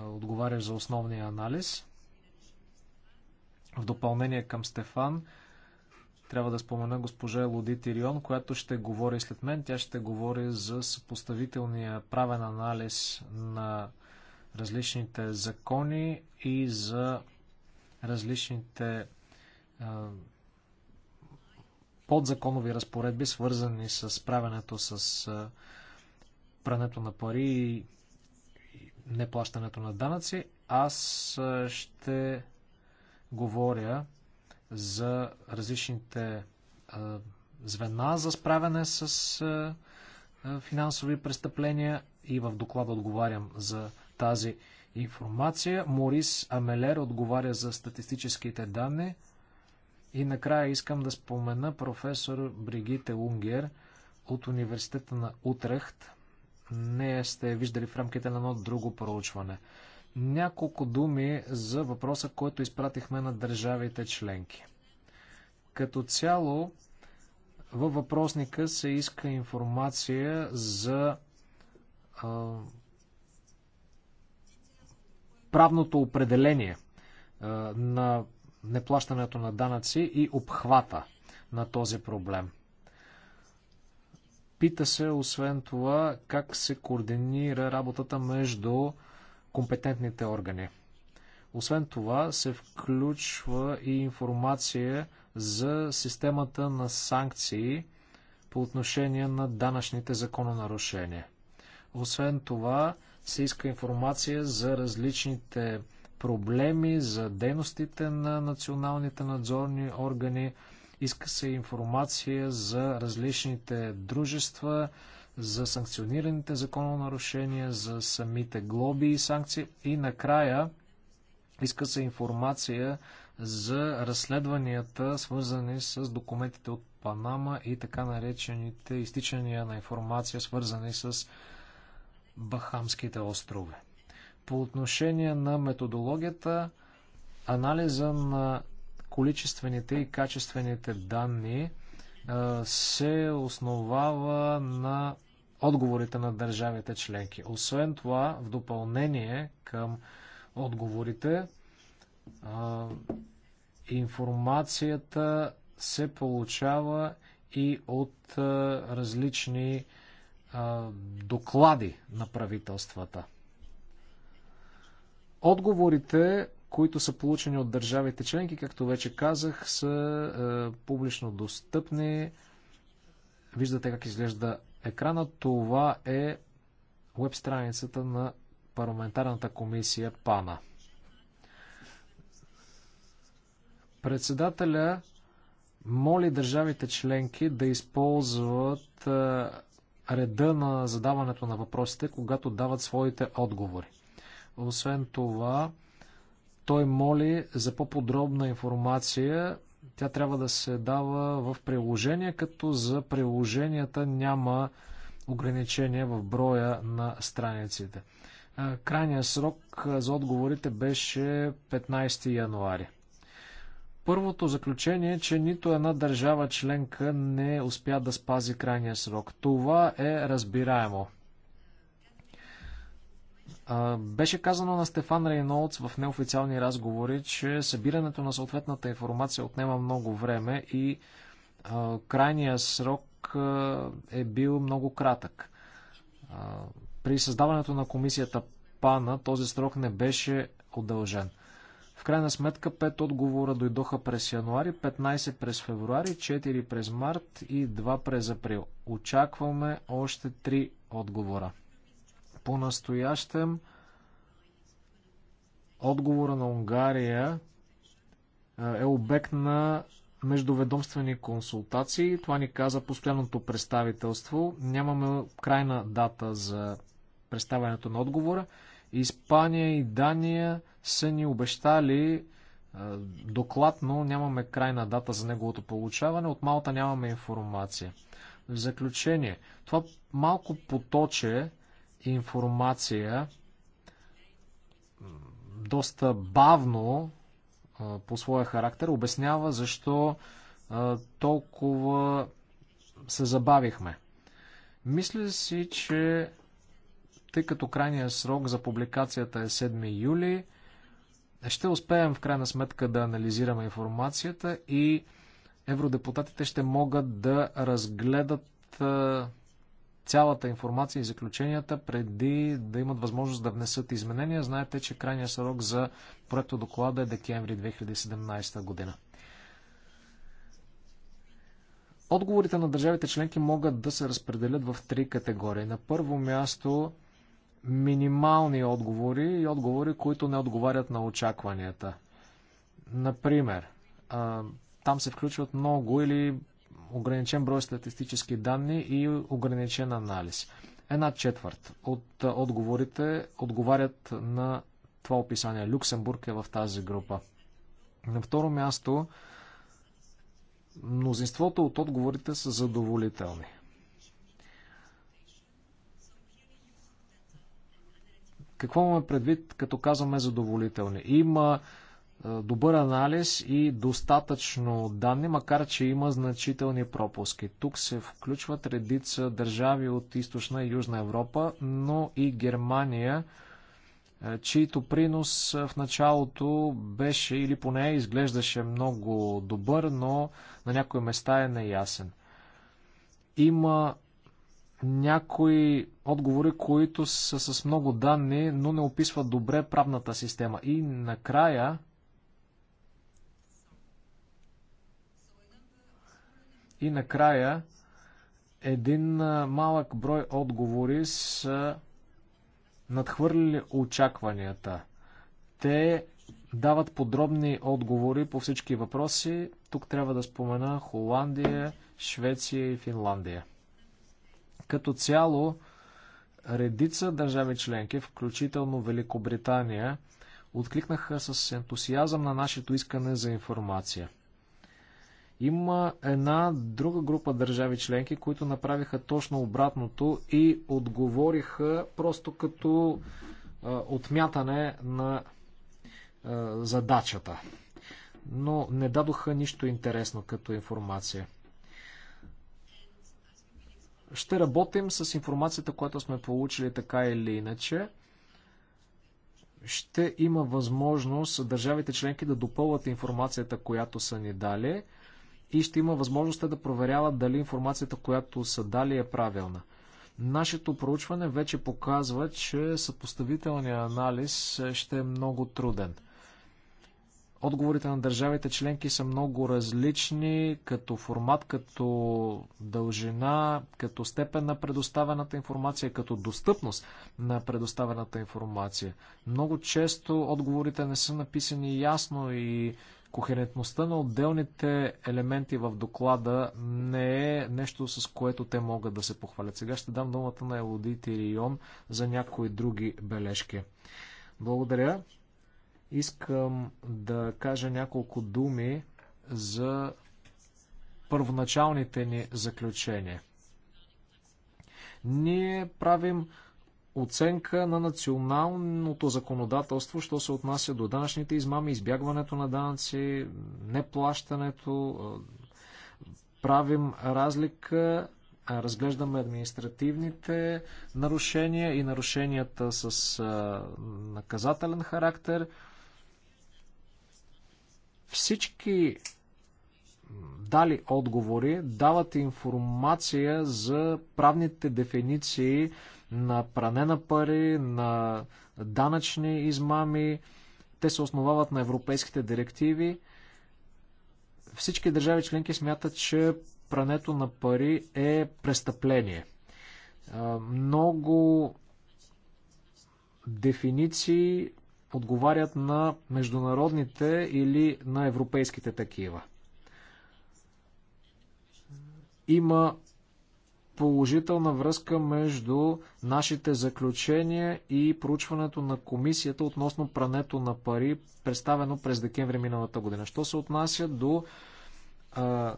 отговаря за основния анализ. В допълнение към Стефан, трябва да спомена госпожа Лоди Тирион, която ще говори след мен. Тя ще говори за съпоставителния правен анализ на различните закони и за различните подзаконови разпоредби, свързани с правенето с прането на пари и неплащането на данъци. Аз ще говоря за различните звена за справяне с финансови престъпления и в доклада отговарям за тази информация. Морис Амелер отговаря за статистическите данни. И накрая искам да спомена професор Бригите Унгер от университета на Утрехт. Не сте виждали в рамките на едно друго проучване. Няколко думи за въпроса, който изпратихме на държавите членки. Като цяло, във въпросника се иска информация за а, правното определение а, на неплащането на данъци и обхвата на този проблем. Пита се, освен това, как се координира работата между компетентните органи. Освен това, се включва и информация за системата на санкции по отношение на данъчните закононарушения. Освен това, се иска информация за различните проблеми, за дейностите на националните надзорни органи. Иска се информация за различните дружества, за санкционираните закононарушения, за самите глоби и санкции. И накрая иска се информация за разследванията, свързани с документите от Панама и така наречените изтичания на информация, свързани с Бахамските острови. По отношение на методологията, анализа на количествените и качествените данни се основава на отговорите на държавите членки. Освен това, в допълнение към отговорите, информацията се получава и от различни доклади на правителствата. Отговорите, които са получени от държавите членки, както вече казах, са е, публично достъпни. Виждате как изглежда екрана. Това е веб страницата на парламентарната комисия ПАНА. Председателя моли държавите членки да използват е, реда на задаването на въпросите, когато дават своите отговори. Освен това, той моли за по-подробна информация. Тя трябва да се дава в приложение, като за приложенията няма ограничения в броя на страниците. Крайният срок за отговорите беше 15 януари. Първото заключение е, че нито една държава членка не успя да спази крайния срок. Това е разбираемо. Беше казано на Стефан Рейнолдс в неофициални разговори, че събирането на съответната информация отнема много време и крайният срок е бил много кратък. При създаването на комисията ПАНА този срок не беше удължен. В крайна сметка 5 отговора дойдоха през януари, 15 през февруари, 4 през март и 2 през април. Очакваме още 3 отговора. По-настоящем отговора на Унгария е обект на междуведомствени консултации. Това ни каза постоянното представителство. Нямаме крайна дата за представянето на отговора. Испания и Дания са ни обещали доклад, но нямаме крайна дата за неговото получаване. От Малта нямаме информация. В заключение, това малко поточе информация доста бавно по своя характер обяснява защо толкова се забавихме. Мисля си, че тъй като крайният срок за публикацията е 7 юли, ще успеем в крайна сметка да анализираме информацията и евродепутатите ще могат да разгледат цялата информация и заключенията преди да имат възможност да внесат изменения. Знаете, че крайният срок за проекто доклада е декември 2017 година. Отговорите на държавите членки могат да се разпределят в три категории. На първо място минимални отговори и отговори, които не отговарят на очакванията. Например, там се включват много или ограничен брой статистически данни и ограничен анализ. Една четвърт от отговорите отговарят на това описание. Люксембург е в тази група. На второ място, мнозинството от отговорите са задоволителни. Какво имаме предвид, като казваме задоволителни? Има е, добър анализ и достатъчно данни, макар че има значителни пропуски. Тук се включват редица държави от източна и южна Европа, но и Германия, е, чийто принос в началото беше или поне изглеждаше много добър, но на някои места е неясен. Има някои отговори, които са с много данни, но не описват добре правната система. И накрая И накрая един малък брой отговори са надхвърлили очакванията. Те дават подробни отговори по всички въпроси. Тук трябва да спомена Холандия, Швеция и Финландия. Като цяло, редица държави членки, включително Великобритания, откликнаха с ентусиазъм на нашето искане за информация. Има една друга група държави членки, които направиха точно обратното и отговориха просто като а, отмятане на а, задачата. Но не дадоха нищо интересно като информация. Ще работим с информацията, която сме получили така или иначе ще има възможност държавите членки да допълват информацията, която са ни дали и ще има възможността да проверяват дали информацията, която са дали е правилна. Нашето проучване вече показва, че съпоставителният анализ ще е много труден. Отговорите на държавите членки са много различни като формат, като дължина, като степен на предоставената информация, като достъпност на предоставената информация. Много често отговорите не са написани ясно и Кохерентността на отделните елементи в доклада не е нещо, с което те могат да се похвалят. Сега ще дам думата на Елоди и за някои други бележки. Благодаря. Искам да кажа няколко думи за първоначалните ни заключения. Ние правим оценка на националното законодателство, що се отнася до данъчните измами, избягването на данъци, неплащането. Правим разлика, разглеждаме административните нарушения и нарушенията с наказателен характер. Всички дали отговори, дават информация за правните дефиниции на пране на пари, на данъчни измами. Те се основават на европейските директиви. Всички държави членки смятат, че прането на пари е престъпление. Много дефиниции отговарят на международните или на европейските такива. Има положителна връзка между нашите заключения и проучването на комисията относно прането на пари, представено през декември миналата година. Що се отнася до а,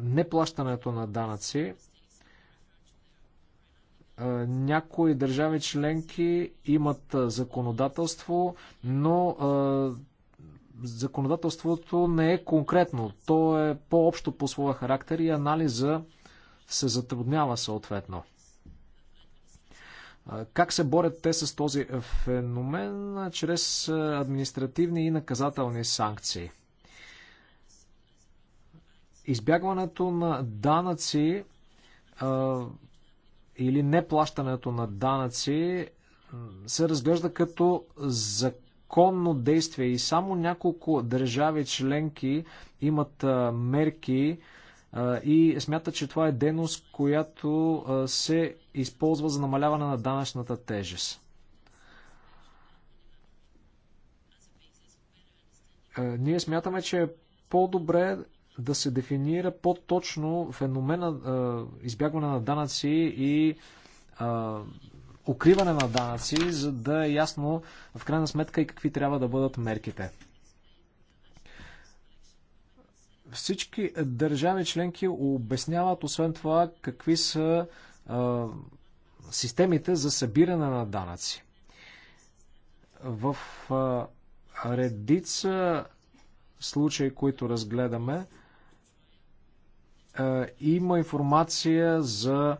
неплащането на данъци, някои държави членки имат законодателство, но законодателството не е конкретно. То е по-общо по своя характер и анализа се затруднява съответно. Как се борят те с този феномен? Чрез административни и наказателни санкции. Избягването на данъци или неплащането на данъци се разглежда като законно действие и само няколко държави членки имат мерки, и смята, че това е дейност, която се използва за намаляване на данъчната тежест. Ние смятаме, че е по-добре да се дефинира по-точно феномена избягване на данъци и укриване на данъци, за да е ясно в крайна сметка и какви трябва да бъдат мерките. Всички държави членки обясняват, освен това, какви са а, системите за събиране на данъци. В а, редица случаи, които разгледаме, а, има информация за а,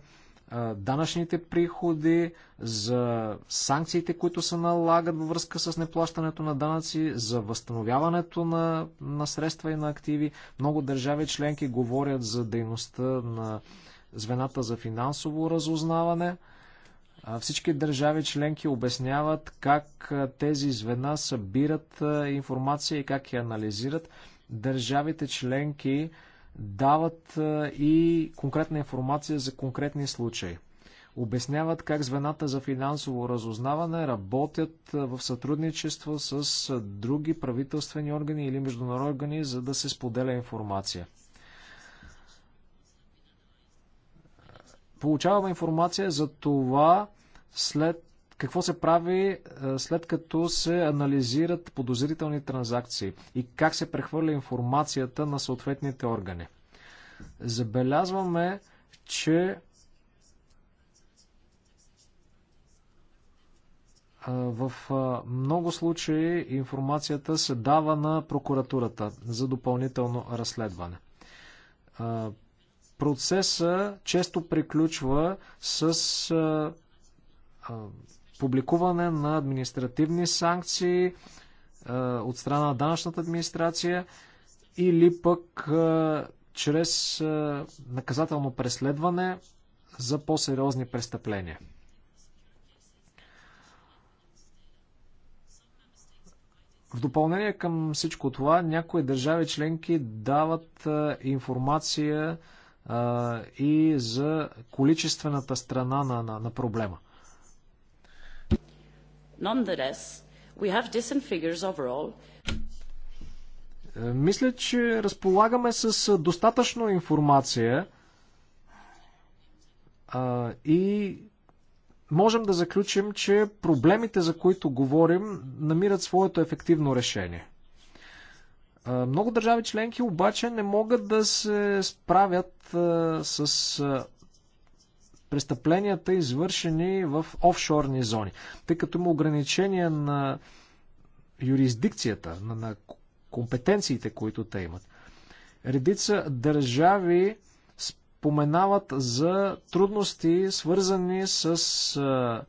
данъчните приходи, за санкциите, които се налагат във връзка с неплащането на данъци, за възстановяването на, на средства и на активи. Много държави членки говорят за дейността на звената за финансово разузнаване. Всички държави членки обясняват как тези звена събират информация и как я анализират. Държавите членки дават и конкретна информация за конкретни случаи. Обясняват как звената за финансово разузнаване работят в сътрудничество с други правителствени органи или международни органи, за да се споделя информация. Получаваме информация за това след какво се прави е, след като се анализират подозрителни транзакции и как се прехвърля информацията на съответните органи. Забелязваме, че е, в е, много случаи информацията се дава на прокуратурата за допълнително разследване. Процеса често приключва с публикуване на административни санкции е, от страна на данъчната администрация или пък е, чрез е, наказателно преследване за по-сериозни престъпления. В допълнение към всичко това, някои държави членки дават информация и за количествената страна на, на, на проблема. Nonetheless, we have decent figures overall. Е, мисля, че разполагаме с достатъчно информация а, и можем да заключим, че проблемите, за които говорим, намират своето ефективно решение. Много държави членки обаче не могат да се справят с престъпленията, извършени в офшорни зони, тъй като има ограничения на юрисдикцията, на, на компетенциите, които те имат. Редица държави споменават за трудности, свързани с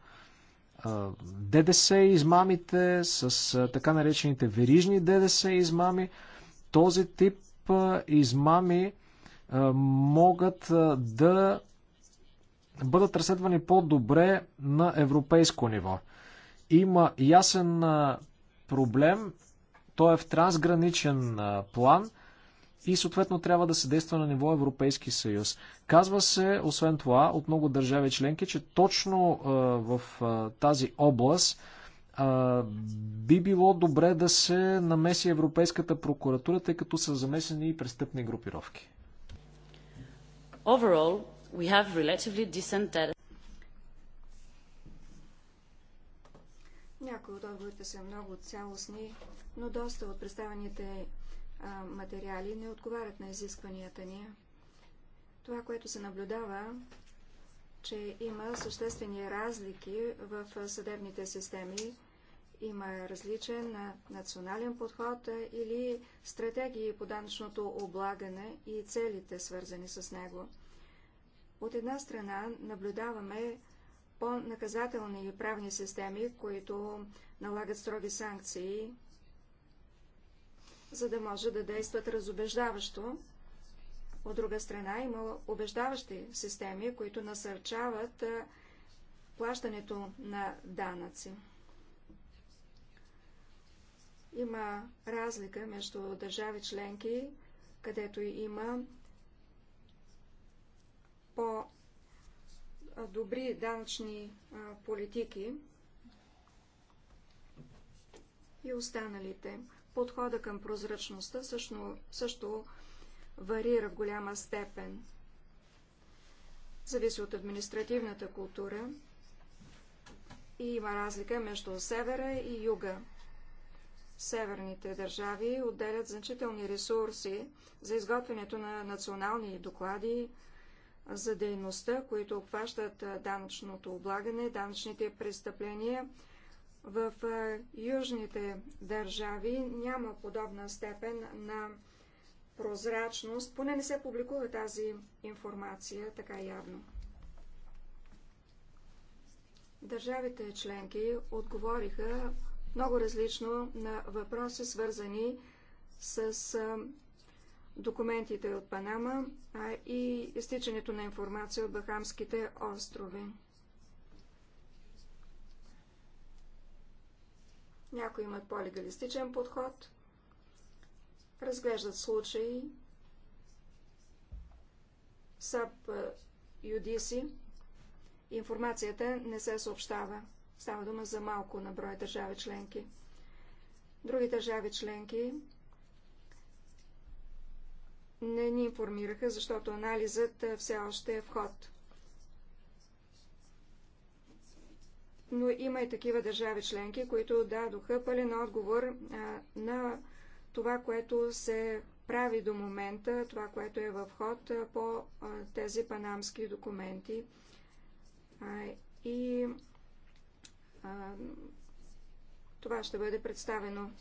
ДДС измамите, с така наречените верижни ДДС измами. Този тип измами могат да бъдат разследвани по-добре на европейско ниво. Има ясен проблем, той е в трансграничен план и съответно трябва да се действа на ниво Европейски съюз. Казва се, освен това, от много държави членки, че точно в тази област би било добре да се намеси Европейската прокуратура, тъй като са замесени и престъпни групировки. Overall, we have relatively decent data. Някои от отговорите са много цялостни, но доста от представените а, материали не отговарят на изискванията ни. Това, което се наблюдава, че има съществени разлики в съдебните системи. Има различен национален подход или стратегии по данъчното облагане и целите, свързани с него. От една страна наблюдаваме по-наказателни и правни системи, които налагат строги санкции, за да може да действат разобеждаващо. От друга страна има обеждаващи системи, които насърчават плащането на данъци. Има разлика между държави членки, където има по-добри данъчни политики и останалите. Подхода към прозрачността също, също варира в голяма степен. Зависи от административната култура и има разлика между севера и юга. Северните държави отделят значителни ресурси за изготвянето на национални доклади, за дейността, които обхващат данъчното облагане, данъчните престъпления. В южните държави няма подобна степен на прозрачност, поне не се публикува тази информация така явно. Държавите членки отговориха много различно на въпроси, свързани с документите от Панама а, и изтичането на информация от Бахамските острови. Някои имат по-легалистичен подход, разглеждат случаи САП юдиси. Информацията не се съобщава. Става дума за малко на брой държави членки. Други държави членки не ни информираха, защото анализът е, все още е в ход. Но има и такива държави членки, които дадоха пълен отговор а, е, на това, което се прави до момента, това, което е в ход а, е, по а, тези панамски документи. А, и а, това ще бъде представено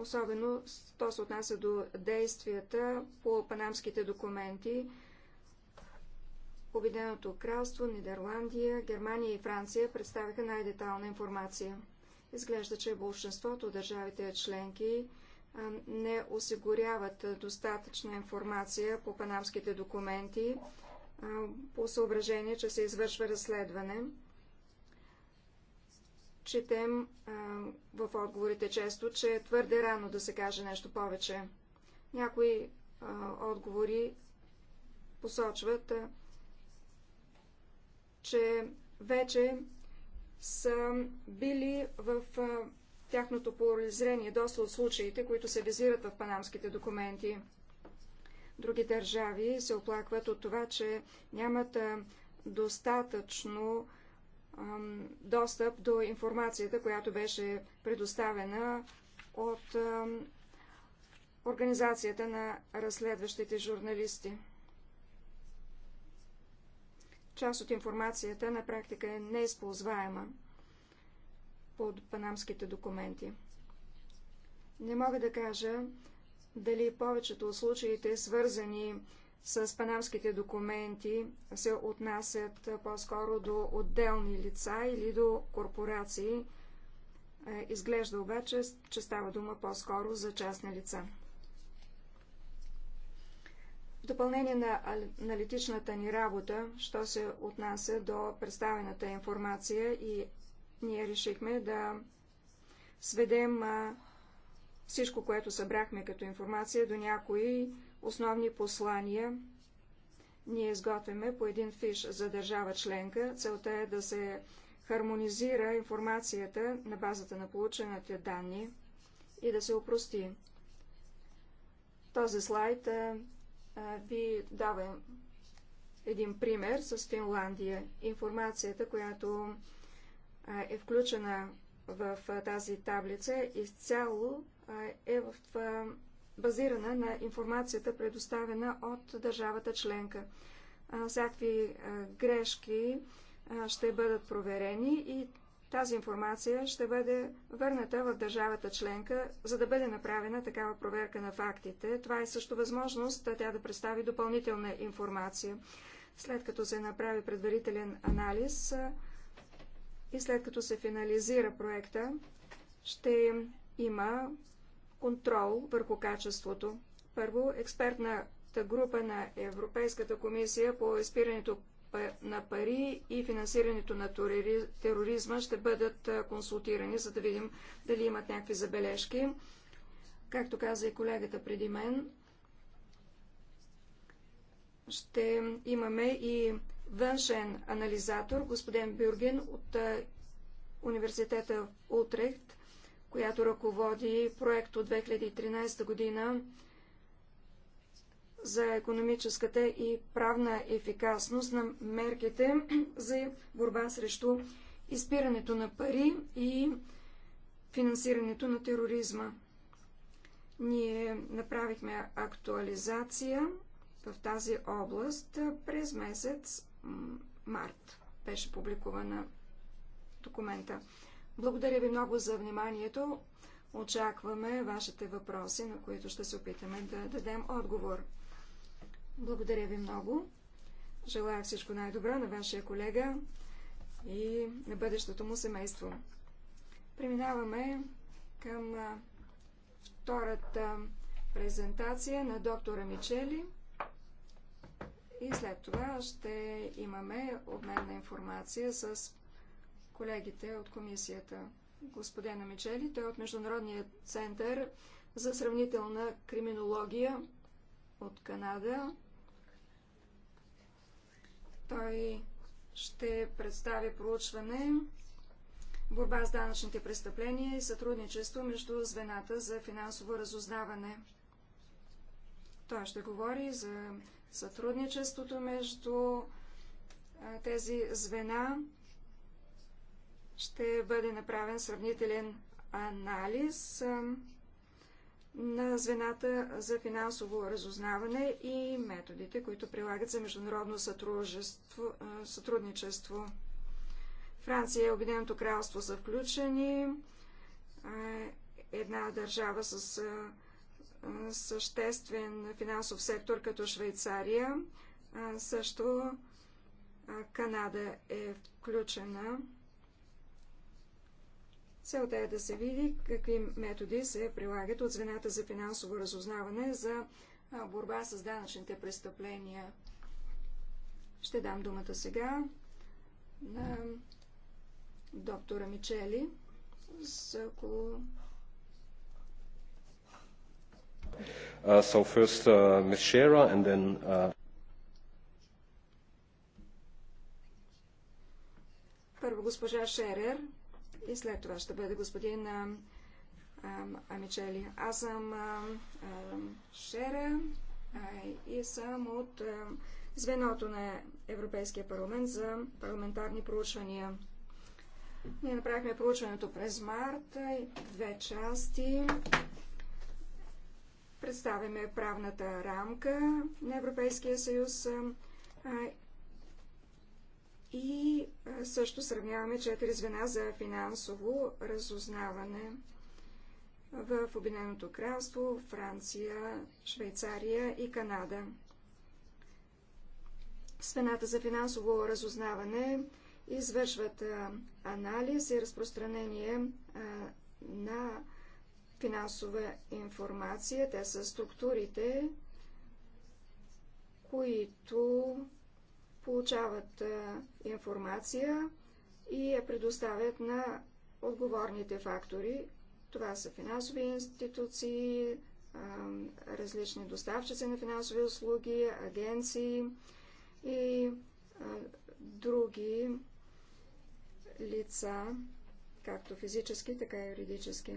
особено то се отнася до действията по панамските документи. Обединеното кралство, Нидерландия, Германия и Франция представиха най-детална информация. Изглежда, че большинството от държавите членки не осигуряват достатъчна информация по панамските документи по съображение, че се извършва разследване четем а, в отговорите често, че е твърде рано да се каже нещо повече. Някои а, отговори посочват, а, че вече са били в а, тяхното полизрение доста от случаите, които се визират в панамските документи. Други държави се оплакват от това, че нямат а, достатъчно а, достъп до информацията, която беше предоставена от Организацията на разследващите журналисти. Част от информацията на практика е неизползваема под панамските документи. Не мога да кажа дали повечето от случаите, свързани с панамските документи се отнасят по-скоро до отделни лица или до корпорации. Е, изглежда обаче, че става дума по-скоро за частни лица. В допълнение на аналитичната ни работа, що се отнася до представената информация и ние решихме да сведем всичко, което събрахме като информация до някои основни послания. Ние изготвяме по един фиш за държава членка. Целта е да се хармонизира информацията на базата на получените данни и да се опрости. Този слайд а, а, ви дава един пример с Финландия. Информацията, която а, е включена в а, тази таблица, изцяло а, е в а, базирана на информацията, предоставена от държавата членка. Всякакви грешки ще бъдат проверени и тази информация ще бъде върната в държавата членка, за да бъде направена такава проверка на фактите. Това е също възможност тя да представи допълнителна информация. След като се направи предварителен анализ и след като се финализира проекта, ще има контрол върху качеството. Първо, експертната група на Европейската комисия по изпирането на пари и финансирането на тероризма ще бъдат консултирани, за да видим дали имат някакви забележки. Както каза и колегата преди мен, ще имаме и външен анализатор, господин Бюрген от университета в Утрехт, която ръководи проект от 2013 година за економическата и правна ефикасност на мерките за борба срещу изпирането на пари и финансирането на тероризма. Ние направихме актуализация в тази област през месец март. Беше публикувана документа. Благодаря ви много за вниманието. Очакваме вашите въпроси, на които ще се опитаме да дадем отговор. Благодаря ви много. Желая всичко най-добро на вашия колега и на бъдещото му семейство. Преминаваме към втората презентация на доктора Мичели и след това ще имаме обмен на информация с колегите от комисията. господина Мичели, той е от Международния център за сравнителна криминология от Канада. Той ще представи проучване борба с данъчните престъпления и сътрудничество между звената за финансово разузнаване. Той ще говори за сътрудничеството между тези звена ще бъде направен сравнителен анализ на звената за финансово разузнаване и методите, които прилагат за международно сътрудничество. Франция и Обединеното кралство са включени. Една държава с съществен финансов сектор, като Швейцария. Също Канада е включена. Целта е да се види какви методи се прилагат от звената за финансово разузнаване за борба с данъчните престъпления. Ще дам думата сега на доктора Мичели с около... Uh, so first uh, Ms. and then uh... Първо госпожа Шерер, и след това ще бъде господин Амичели. Аз съм Шера и съм от звеното на Европейския парламент за парламентарни проучвания. Ние направихме проучването през март, две части. Представяме правната рамка на Европейския съюз и също сравняваме четири звена за финансово разузнаване в Обединеното кралство, Франция, Швейцария и Канада. Свената за финансово разузнаване извършват анализ и разпространение на финансова информация. Те са структурите, които получават е, информация и я предоставят на отговорните фактори. Това са финансови институции, е, различни доставчици на финансови услуги, агенции и е, други лица, както физически, така и юридически.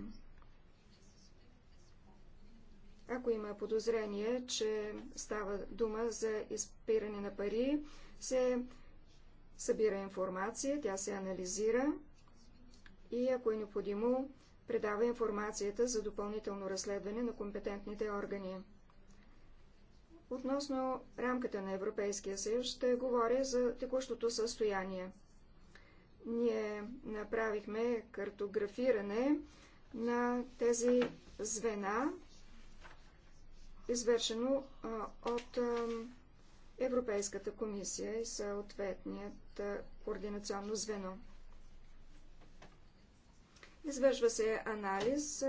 Ако има подозрение, че става дума за изпиране на пари, се събира информация, тя се анализира и, ако е необходимо, предава информацията за допълнително разследване на компетентните органи. Относно рамката на Европейския съюз ще говоря за текущото състояние. Ние направихме картографиране на тези звена, извършено от Европейската комисия и съответният координационно звено. Извършва се анализ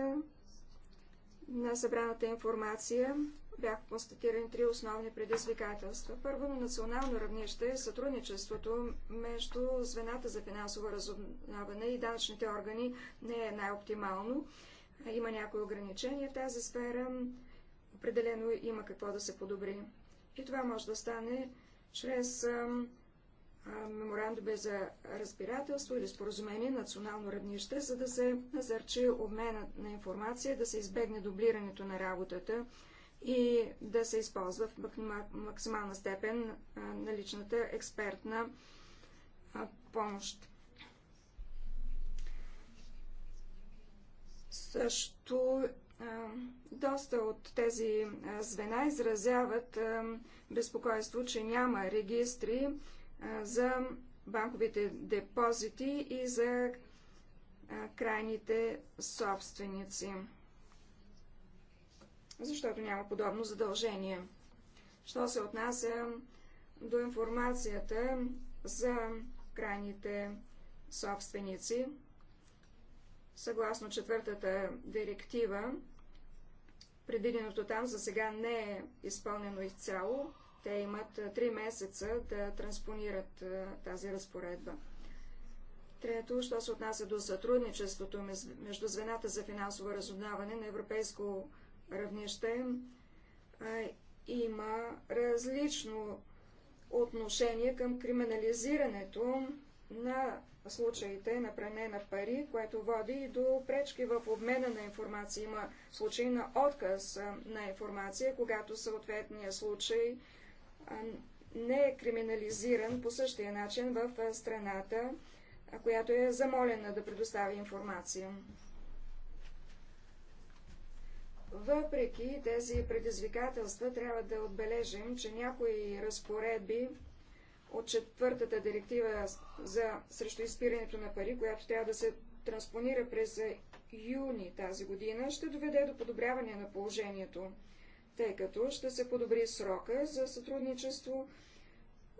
на събраната информация. Бяха констатирани три основни предизвикателства. Първо на национално равнище е сътрудничеството между звената за финансово разузнаване и данъчните органи не е най-оптимално. Има някои ограничения в тази сфера. Определено има какво да се подобри. И това може да стане чрез меморандуми за разбирателство или споразумение на национално равнище, за да се назърчи обмена на информация, да се избегне дублирането на работата и да се използва в максимална степен наличната експертна помощ. Също доста от тези звена изразяват безпокойство, че няма регистри за банковите депозити и за крайните собственици, защото няма подобно задължение. Що се отнася до информацията за крайните собственици, Съгласно четвъртата директива, предвиденото там за сега не е изпълнено изцяло. Те имат три месеца да транспонират тази разпоредба. Трето, що се отнася до сътрудничеството между звената за финансово разузнаване на европейско равнище, има различно отношение към криминализирането на случаите на пране на пари, което води и до пречки в обмена на информация. Има случаи на отказ на информация, когато съответния случай не е криминализиран по същия начин в страната, която е замолена да предостави информация. Въпреки тези предизвикателства, трябва да отбележим, че някои разпоредби от четвъртата директива за срещу изпирането на пари, която трябва да се транспонира през юни тази година, ще доведе до подобряване на положението, тъй като ще се подобри срока за сътрудничество.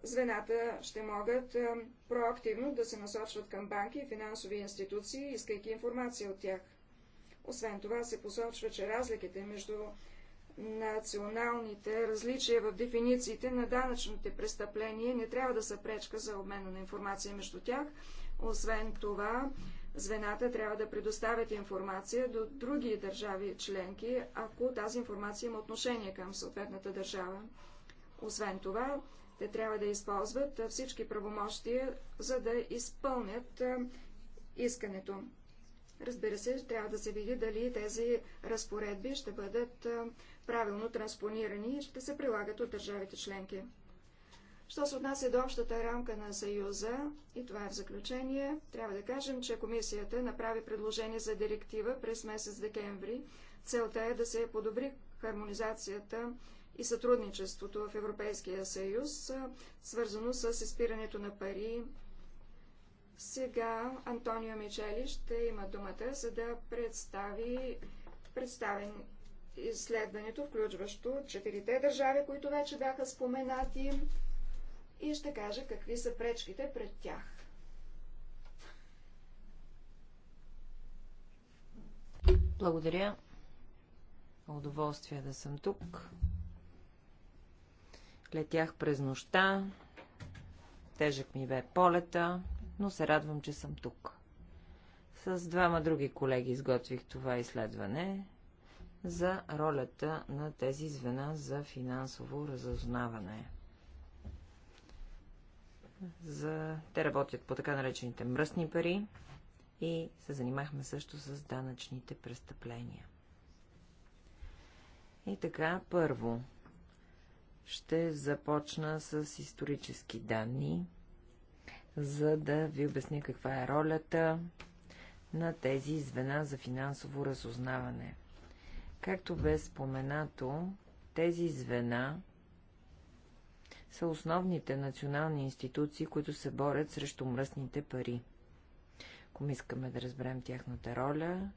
Звената ще могат е, проактивно да се насочват към банки и финансови институции, искайки информация от тях. Освен това се посочва, че разликите между националните различия в дефинициите на данъчните престъпления не трябва да са пречка за обмена на информация между тях. Освен това, звената трябва да предоставят информация до други държави членки, ако тази информация има отношение към съответната държава. Освен това, те трябва да използват всички правомощия, за да изпълнят искането. Разбира се, трябва да се види дали тези разпоредби ще бъдат правилно транспонирани и ще се прилагат от държавите членки. Що се отнася до общата рамка на Съюза, и това е в заключение, трябва да кажем, че комисията направи предложение за директива през месец декември. Целта е да се подобри хармонизацията и сътрудничеството в Европейския съюз, свързано с изпирането на пари. Сега Антонио Мичели ще има думата, за да представи представен изследването, включващо четирите държави, които вече бяха споменати и ще кажа какви са пречките пред тях. Благодаря. Удоволствие да съм тук. Летях през нощта. Тежък ми бе полета, но се радвам, че съм тук. С двама други колеги изготвих това изследване за ролята на тези звена за финансово разузнаване. За... Те работят по така наречените мръсни пари и се занимахме също с данъчните престъпления. И така, първо, ще започна с исторически данни, за да ви обясня каква е ролята на тези звена за финансово разузнаване – Както бе споменато, тези звена са основните национални институции, които се борят срещу мръсните пари. Ако искаме да разберем тяхната роля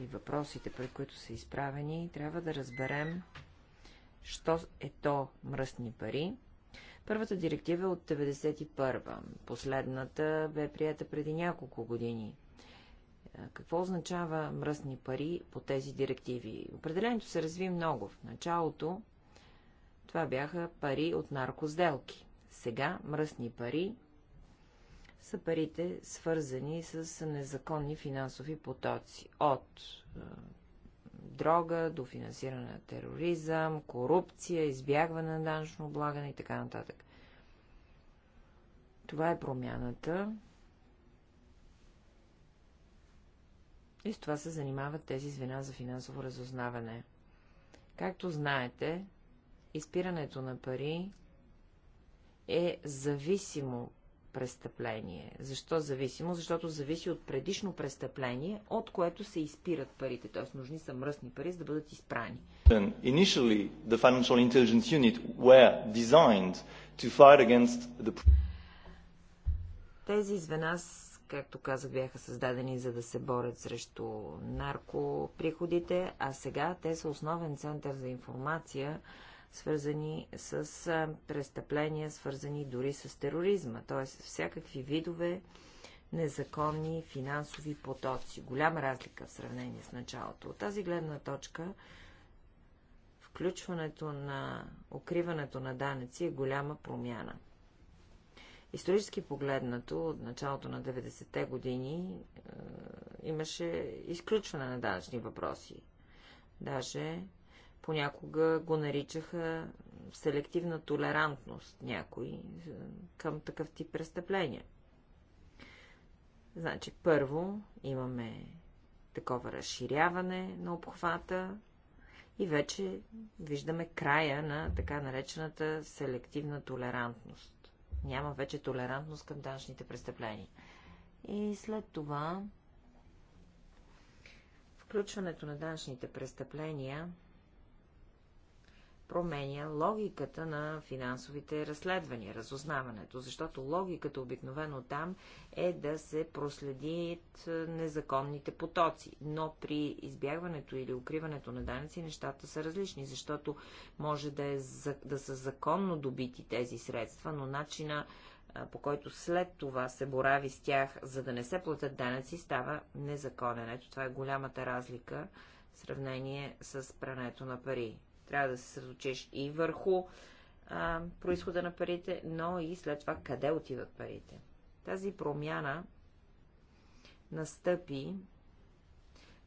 и въпросите, пред които са изправени, трябва да разберем, що е то мръсни пари. Първата директива е от 1991. Последната бе прията преди няколко години. Какво означава мръсни пари по тези директиви? Определението се разви много. В началото това бяха пари от наркозделки. Сега мръсни пари са парите свързани с незаконни финансови потоци. От е, дрога до финансиране на тероризъм, корупция, избягване на данъчно облагане и така нататък. Това е промяната. И с това се занимават тези звена за финансово разузнаване. Както знаете, изпирането на пари е зависимо престъпление. Защо зависимо? Защото зависи от предишно престъпление, от което се изпират парите. Т.е. нужни са мръсни пари, за да бъдат изпрани. Initially, the Financial Intelligence Unit were designed to fight against the... Тези звена както казах, бяха създадени за да се борят срещу наркоприходите, а сега те са основен център за информация, свързани с престъпления, свързани дори с тероризма, т.е. всякакви видове незаконни финансови потоци. Голяма разлика в сравнение с началото. От тази гледна точка включването на, укриването на данъци е голяма промяна. Исторически погледнато, от началото на 90-те години е, имаше изключване на данъчни въпроси. Даже понякога го наричаха селективна толерантност някой е, към такъв тип престъпления. Значи, първо имаме такова разширяване на обхвата и вече виждаме края на така наречената селективна толерантност. Няма вече толерантност към данъчните престъпления. И след това включването на данъчните престъпления променя логиката на финансовите разследвания, разузнаването, защото логиката обикновено там е да се проследят е, незаконните потоци, но при избягването или укриването на данъци нещата са различни, защото може да, е, да са законно добити тези средства, но начина е, по който след това се борави с тях, за да не се платят данъци, става незаконен. Ето това е голямата разлика в сравнение с прането на пари. Трябва да се съсредоточиш и върху а, происхода на парите, но и след това къде отиват парите. Тази промяна настъпи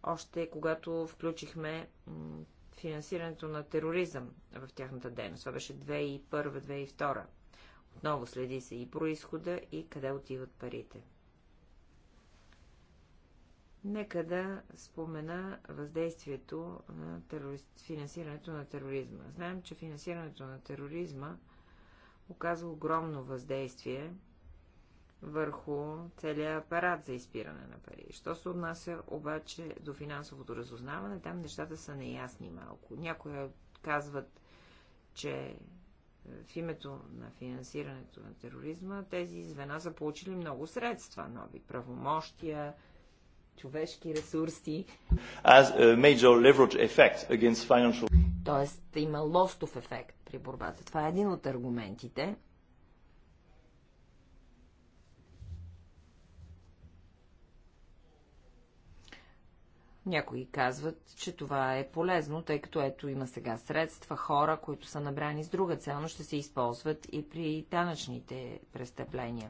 още когато включихме финансирането на тероризъм в тяхната дейност. Това беше 2001-2002. Отново следи се и происхода и къде отиват парите. Нека да спомена въздействието на терори... финансирането на тероризма. Знаем, че финансирането на тероризма оказва огромно въздействие върху целия апарат за изпиране на пари. Що се отнася обаче до финансовото разузнаване, там нещата са неясни малко. Някои казват, че е, в името на финансирането на тероризма тези звена са получили много средства, нови правомощия, човешки ресурси. As a major leverage effect against financial... Тоест има лостов ефект при борбата. Това е един от аргументите. Някои казват, че това е полезно, тъй като ето има сега средства, хора, които са набрани с друга цел, но ще се използват и при данъчните престъпления.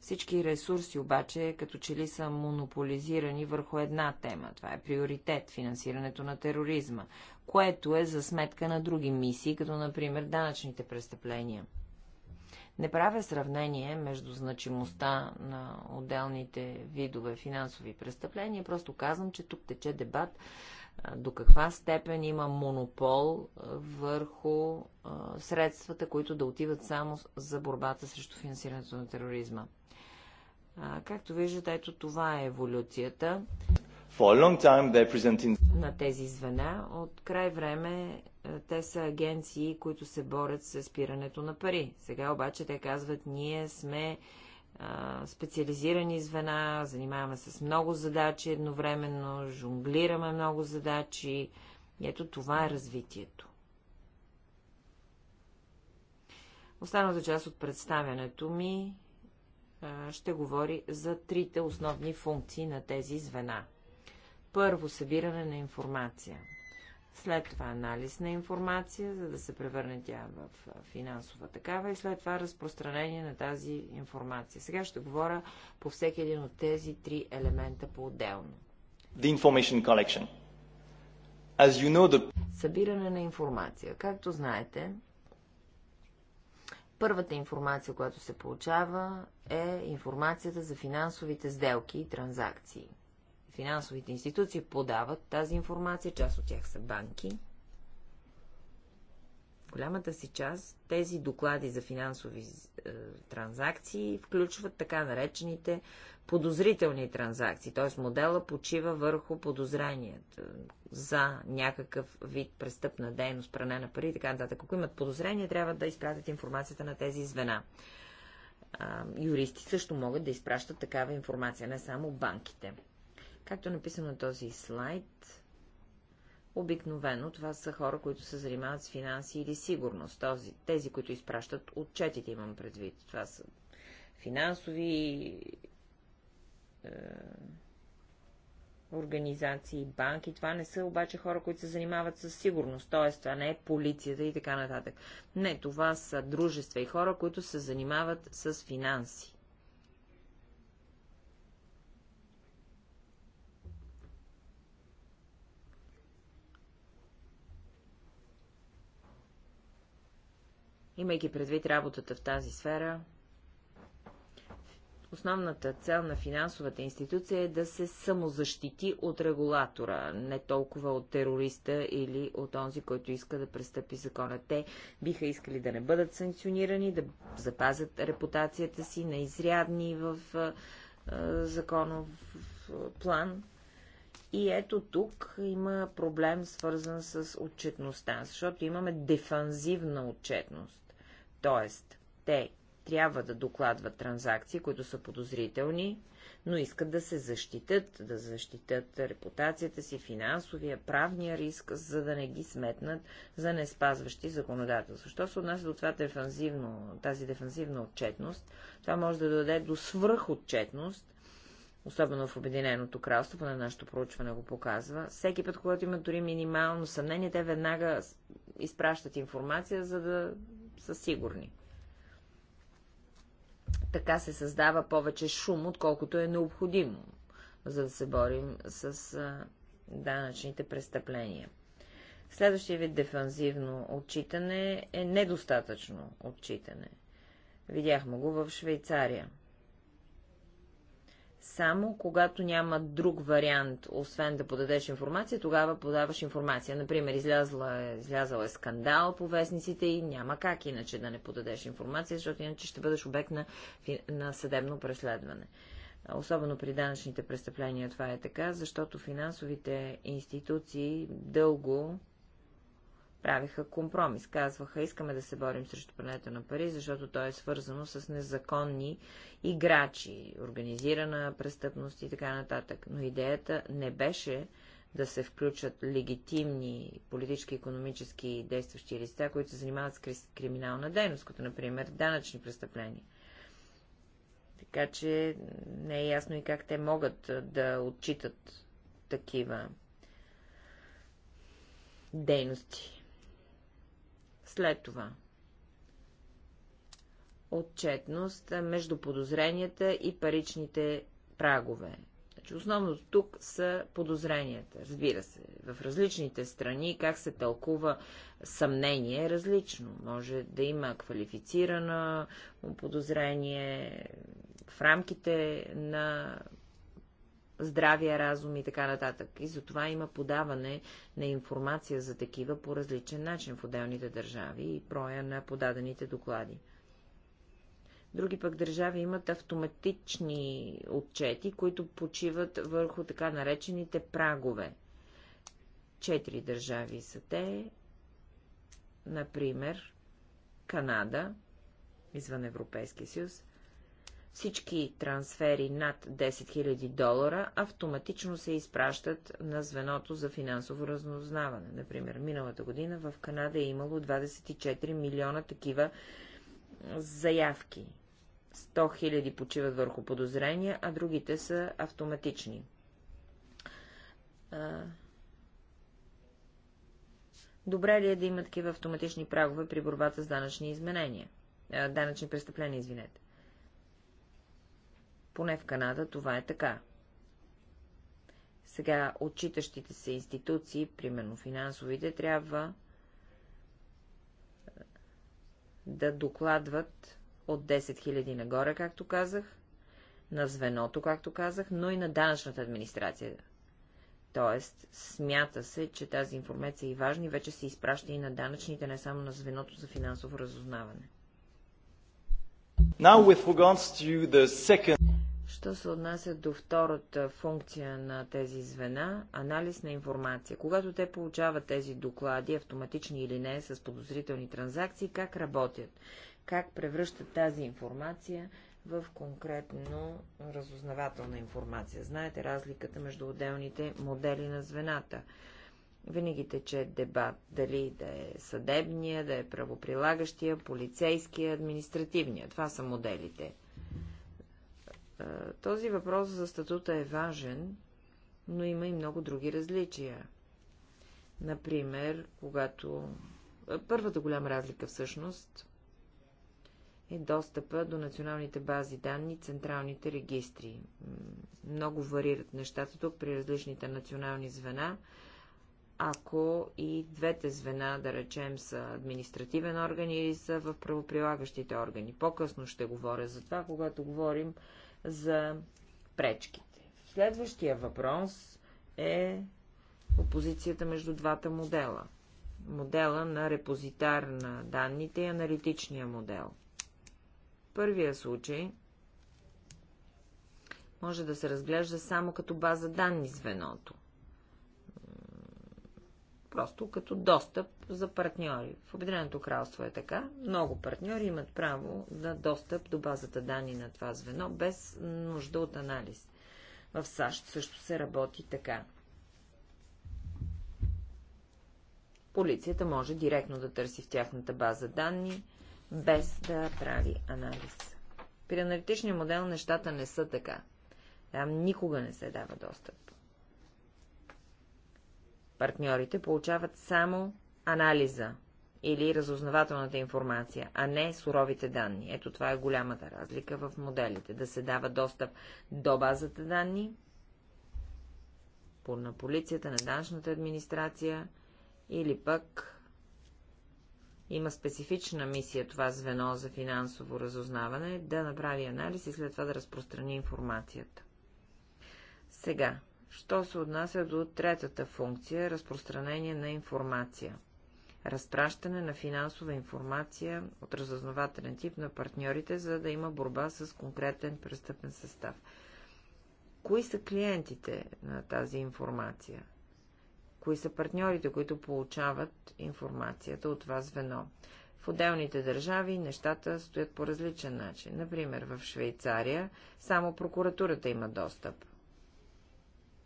Всички ресурси обаче като че ли са монополизирани върху една тема. Това е приоритет – финансирането на тероризма, което е за сметка на други мисии, като например данъчните престъпления. Не правя сравнение между значимостта на отделните видове финансови престъпления, просто казвам, че тук тече дебат до каква степен има монопол върху средствата, които да отиват само за борбата срещу финансирането на тероризма както виждате, ето това е еволюцията presenting... на тези звена. От край време те са агенции, които се борят с спирането на пари. Сега обаче те казват, ние сме а, специализирани звена, занимаваме се с много задачи едновременно, жонглираме много задачи. Ето това е развитието. Останалата част от представянето ми ще говори за трите основни функции на тези звена. Първо, събиране на информация. След това анализ на информация, за да се превърне тя в финансова такава и след това разпространение на тази информация. Сега ще говоря по всеки един от тези три елемента по-отделно. The information collection. As you know the... Събиране на информация. Както знаете, Първата информация, която се получава, е информацията за финансовите сделки и транзакции. Финансовите институции подават тази информация, част от тях са банки. Голямата си част тези доклади за финансови е, транзакции включват така наречените подозрителни транзакции, т.е. модела почива върху подозренията е, за някакъв вид престъпна дейност, пране на пари и така нататък. Ако имат подозрения, трябва да изпратят информацията на тези звена. А, юристи също могат да изпращат такава информация, не само банките. Както е написано на този слайд, обикновено това са хора, които се занимават с финанси или сигурност. Този, тези, които изпращат отчетите, имам предвид. Това са финансови е, организации, банки. Това не са обаче хора, които се занимават с сигурност, т.е. това не е полицията и така нататък. Не, това са дружества и хора, които се занимават с финанси. Имайки предвид работата в тази сфера, Основната цел на финансовата институция е да се самозащити от регулатора, не толкова от терориста или от онзи, който иска да престъпи закона. Те биха искали да не бъдат санкционирани, да запазят репутацията си на изрядни в законов план. И ето тук има проблем свързан с отчетността, защото имаме дефанзивна отчетност. Тоест, те трябва да докладват транзакции, които са подозрителни, но искат да се защитят, да защитят репутацията си, финансовия, правния риск, за да не ги сметнат за не спазващи законодателство. Що се отнася до това дефанзивно, тази дефанзивна отчетност, това може да даде до свръхотчетност, особено в Обединеното кралство, поне нашето проучване го показва. Всеки път, когато имат дори минимално съмнение, те веднага изпращат информация, за да са сигурни. Така се създава повече шум, отколкото е необходимо, за да се борим с данъчните престъпления. Следващия вид дефанзивно отчитане е недостатъчно отчитане. Видяхме го в Швейцария. Само когато няма друг вариант, освен да подадеш информация, тогава подаваш информация. Например, излязла, е, излязъл е скандал по вестниците и няма как иначе да не подадеш информация, защото иначе ще бъдеш обект на, на съдебно преследване. Особено при данъчните престъпления това е така, защото финансовите институции дълго правиха компромис. Казваха, искаме да се борим срещу прането на пари, защото то е свързано с незаконни играчи, организирана престъпност и така нататък. Но идеята не беше да се включат легитимни политически, економически действащи лица, които се занимават с криминална дейност, като например данъчни престъпления. Така че не е ясно и как те могат да отчитат такива дейности. След това отчетност между подозренията и паричните прагове. Значи основното тук са подозренията. Разбира се, в различните страни как се тълкува съмнение е различно. Може да има квалифицирано подозрение в рамките на здравия разум и така нататък. И затова има подаване на информация за такива по различен начин в отделните държави и проя на подадените доклади. Други пък държави имат автоматични отчети, които почиват върху така наречените прагове. Четири държави са те, например Канада, извън Европейския съюз, всички трансфери над 10 000 долара автоматично се изпращат на звеното за финансово разнознаване. Например, миналата година в Канада е имало 24 милиона такива заявки. 100 000 почиват върху подозрения, а другите са автоматични. Добре ли е да има такива автоматични прагове при борбата с данъчни изменения? Данъчни престъпления, извинете. Поне в Канада това е така. Сега отчитащите се институции, примерно финансовите, трябва е, да докладват от 10 000 нагоре, както казах, на звеното, както казах, но и на данъчната администрация. Тоест, смята се, че тази информация е важна и вече се изпраща и на данъчните, не само на звеното за финансово разузнаване. Now with regards to the second... Що се отнася до втората функция на тези звена – анализ на информация. Когато те получават тези доклади, автоматични или не, с подозрителни транзакции, как работят? Как превръщат тази информация в конкретно разузнавателна информация? Знаете разликата между отделните модели на звената. Винаги тече дебат, дали да е съдебния, да е правоприлагащия, полицейския, административния. Това са моделите. Този въпрос за статута е важен, но има и много други различия. Например, когато... Първата голяма разлика всъщност е достъпа до националните бази данни, централните регистри. Много варират нещата тук при различните национални звена. Ако и двете звена, да речем, са административен орган или са в правоприлагащите органи. По-късно ще говоря за това, когато говорим за пречките. Следващия въпрос е опозицията между двата модела. Модела на репозитар на данните и аналитичния модел. Първия случай може да се разглежда само като база данни звеното. Просто като достъп за партньори. В Обединеното кралство е така. Много партньори имат право на достъп до базата данни на това звено, без нужда от анализ. В САЩ също се работи така. Полицията може директно да търси в тяхната база данни, без да прави анализ. При аналитичния модел нещата не са така. Там никога не се дава достъп. Партньорите получават само анализа или разузнавателната информация, а не суровите данни. Ето това е голямата разлика в моделите. Да се дава достъп до базата данни на полицията, на данъчната администрация или пък има специфична мисия това звено за финансово разузнаване, да направи анализ и след това да разпространи информацията. Сега, Що се отнася до третата функция – разпространение на информация. Разпращане на финансова информация от разъзнавателен тип на партньорите, за да има борба с конкретен престъпен състав. Кои са клиентите на тази информация? Кои са партньорите, които получават информацията от това звено? В отделните държави нещата стоят по различен начин. Например, в Швейцария само прокуратурата има достъп.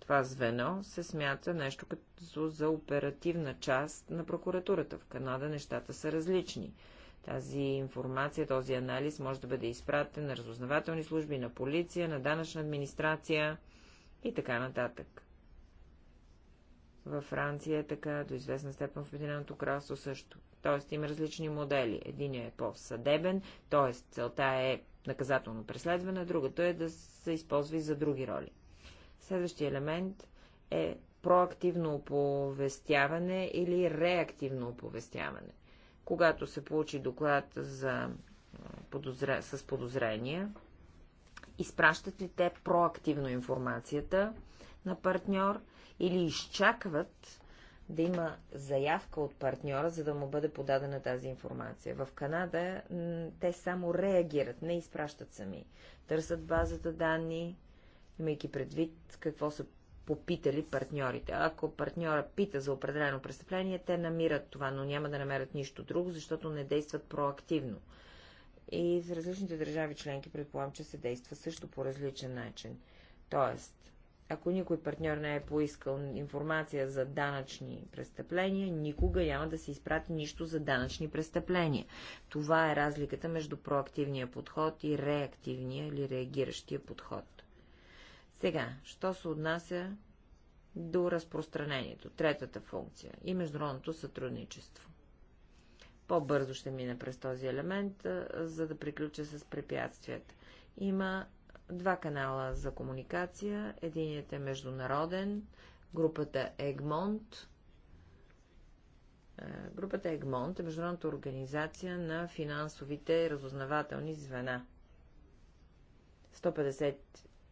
Това звено се смята нещо като за оперативна част на прокуратурата. В Канада нещата са различни. Тази информация, този анализ може да бъде изпратен на разузнавателни служби, на полиция, на данъчна администрация и така нататък. Във Франция е така, до известна степен в Обединеното кралство също. Тоест има различни модели. Единият е по-съдебен, т.е. целта е наказателно преследване, другата е да се използва и за други роли. Следващия елемент е проактивно оповестяване или реактивно оповестяване. Когато се получи доклад за подозре... с подозрения, изпращат ли те проактивно информацията на партньор или изчакват да има заявка от партньора, за да му бъде подадена тази информация. В Канада те само реагират, не изпращат сами. Търсят базата данни, имайки предвид какво са попитали партньорите. Ако партньора пита за определено престъпление, те намират това, но няма да намерят нищо друго, защото не действат проактивно. И за различните държави членки предполагам, че се действа също по различен начин. Тоест, ако никой партньор не е поискал информация за данъчни престъпления, никога няма да се изпрати нищо за данъчни престъпления. Това е разликата между проактивния подход и реактивния или реагиращия подход. Сега, що се отнася до разпространението, третата функция и международното сътрудничество. По-бързо ще мина през този елемент, за да приключа с препятствията. Има два канала за комуникация. Единият е международен, групата Егмонт. Групата Егмонт е международната организация на финансовите разузнавателни звена. 150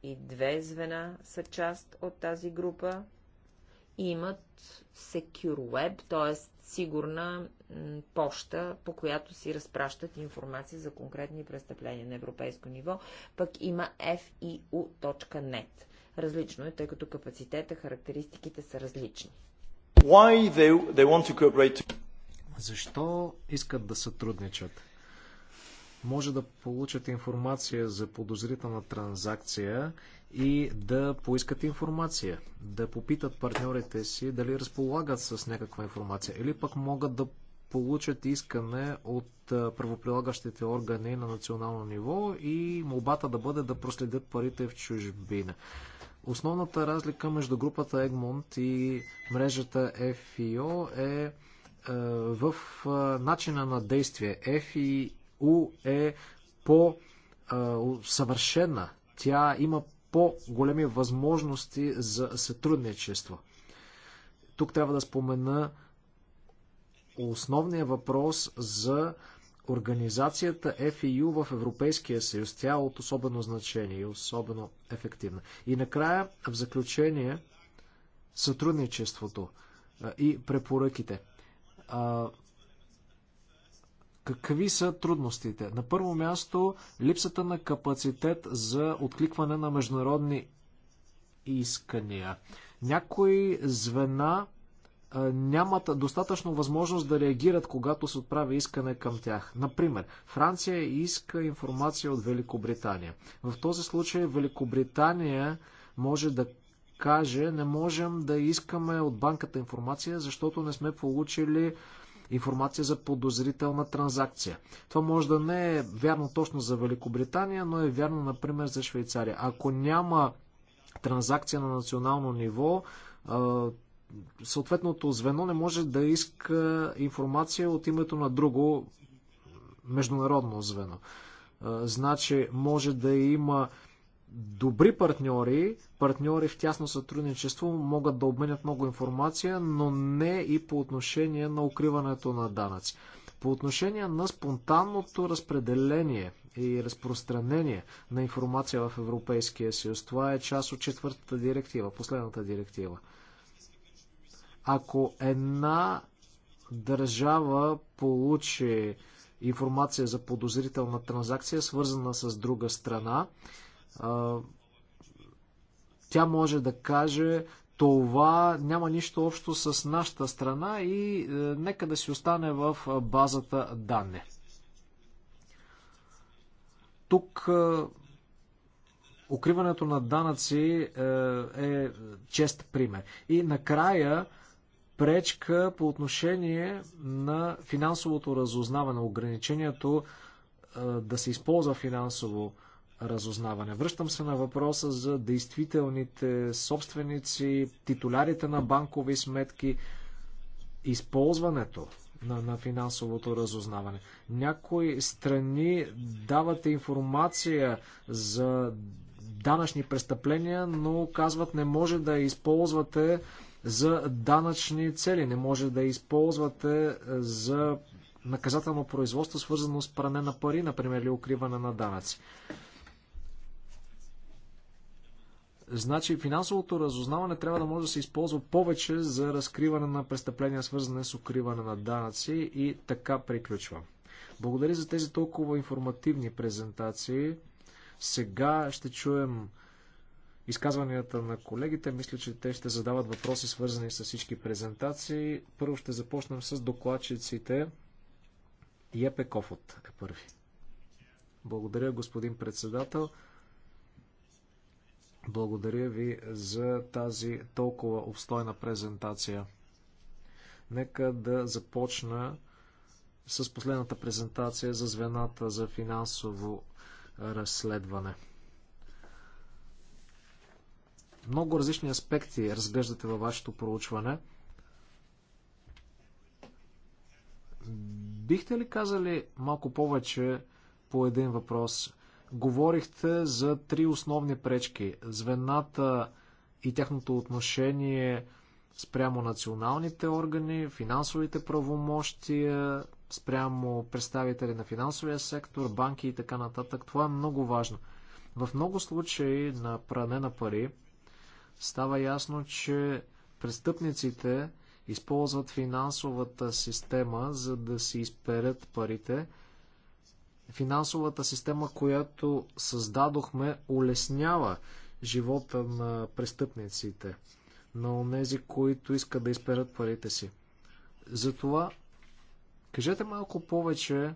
и две звена са част от тази група и имат Secure Web, т.е. сигурна поща, по която си разпращат информация за конкретни престъпления на европейско ниво, пък има fiu.net. Различно е, тъй като капацитета, характеристиките са различни. Why they, they want to cooperate? Защо искат да сътрудничат? може да получат информация за подозрителна транзакция и да поискат информация, да попитат партньорите си дали разполагат с някаква информация или пък могат да получат искане от правоприлагащите органи на национално ниво и молбата да бъде да проследят парите в чужбина. Основната разлика между групата Egmont и мрежата FIO е в начина на действие. FIO у е по-съвършена. Тя има по-големи възможности за сътрудничество. Тук трябва да спомена основния въпрос за организацията FEU в Европейския съюз. Тя е от особено значение и особено ефективна. И накрая, в заключение, сътрудничеството и препоръките. Какви са трудностите? На първо място, липсата на капацитет за откликване на международни искания. Някои звена нямат достатъчно възможност да реагират, когато се отправи искане към тях. Например, Франция иска информация от Великобритания. В този случай Великобритания може да каже, не можем да искаме от банката информация, защото не сме получили информация за подозрителна транзакция. Това може да не е вярно точно за Великобритания, но е вярно, например, за Швейцария. Ако няма транзакция на национално ниво, съответното звено не може да иска информация от името на друго международно звено. Значи може да има добри партньори, партньори в тясно сътрудничество могат да обменят много информация, но не и по отношение на укриването на данъци. По отношение на спонтанното разпределение и разпространение на информация в Европейския съюз, това е част от четвъртата директива, последната директива. Ако една държава получи информация за подозрителна транзакция, свързана с друга страна, тя може да каже това няма нищо общо с нашата страна и е, нека да си остане в базата данни. Тук е, укриването на данъци е, е чест пример. И накрая пречка по отношение на финансовото разузнаване, ограничението да се използва финансово разузнаване. Връщам се на въпроса за действителните собственици, титулярите на банкови сметки, използването на, на финансовото разузнаване. Някои страни дават информация за данъчни престъпления, но казват не може да използвате за данъчни цели, не може да използвате е, за наказателно производство, свързано с пране на пари, например, или укриване на данъци. Значи финансовото разузнаване трябва да може да се използва повече за разкриване на престъпления, свързане с укриване на данъци и така приключвам. Благодаря за тези толкова информативни презентации. Сега ще чуем изказванията на колегите. Мисля, че те ще задават въпроси, свързани с всички презентации. Първо ще започнем с докладчиците. Епе Кофот е първи. Благодаря, господин председател. Благодаря ви за тази толкова обстойна презентация. Нека да започна с последната презентация за звената за финансово разследване. Много различни аспекти разглеждате във вашето проучване. Бихте ли казали малко повече по един въпрос? Говорихте за три основни пречки. Звената и тяхното отношение спрямо националните органи, финансовите правомощия, спрямо представители на финансовия сектор, банки и така нататък. Това е много важно. В много случаи на пране на пари става ясно, че престъпниците използват финансовата система, за да си изперят парите – Финансовата система, която създадохме, улеснява живота на престъпниците, на онези, които искат да изперат парите си. Затова, кажете малко повече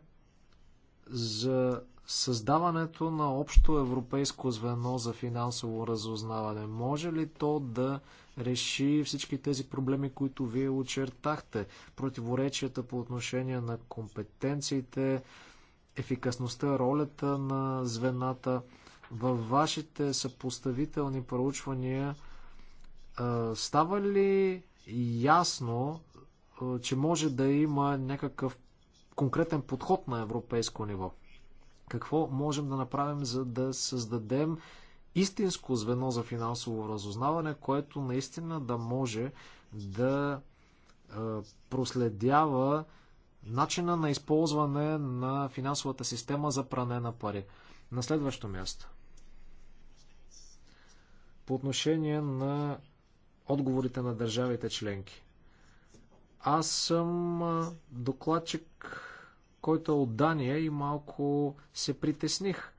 за създаването на общо европейско звено за финансово разузнаване. Може ли то да реши всички тези проблеми, които вие очертахте? Противоречията по отношение на компетенциите, ефикасността, ролята на звената. Във вашите съпоставителни проучвания става ли ясно, че може да има някакъв конкретен подход на европейско ниво? Какво можем да направим, за да създадем истинско звено за финансово разузнаване, което наистина да може да проследява начина на използване на финансовата система за пране на пари. На следващо място. По отношение на отговорите на държавите членки. Аз съм докладчик, който е от Дания и малко се притесних.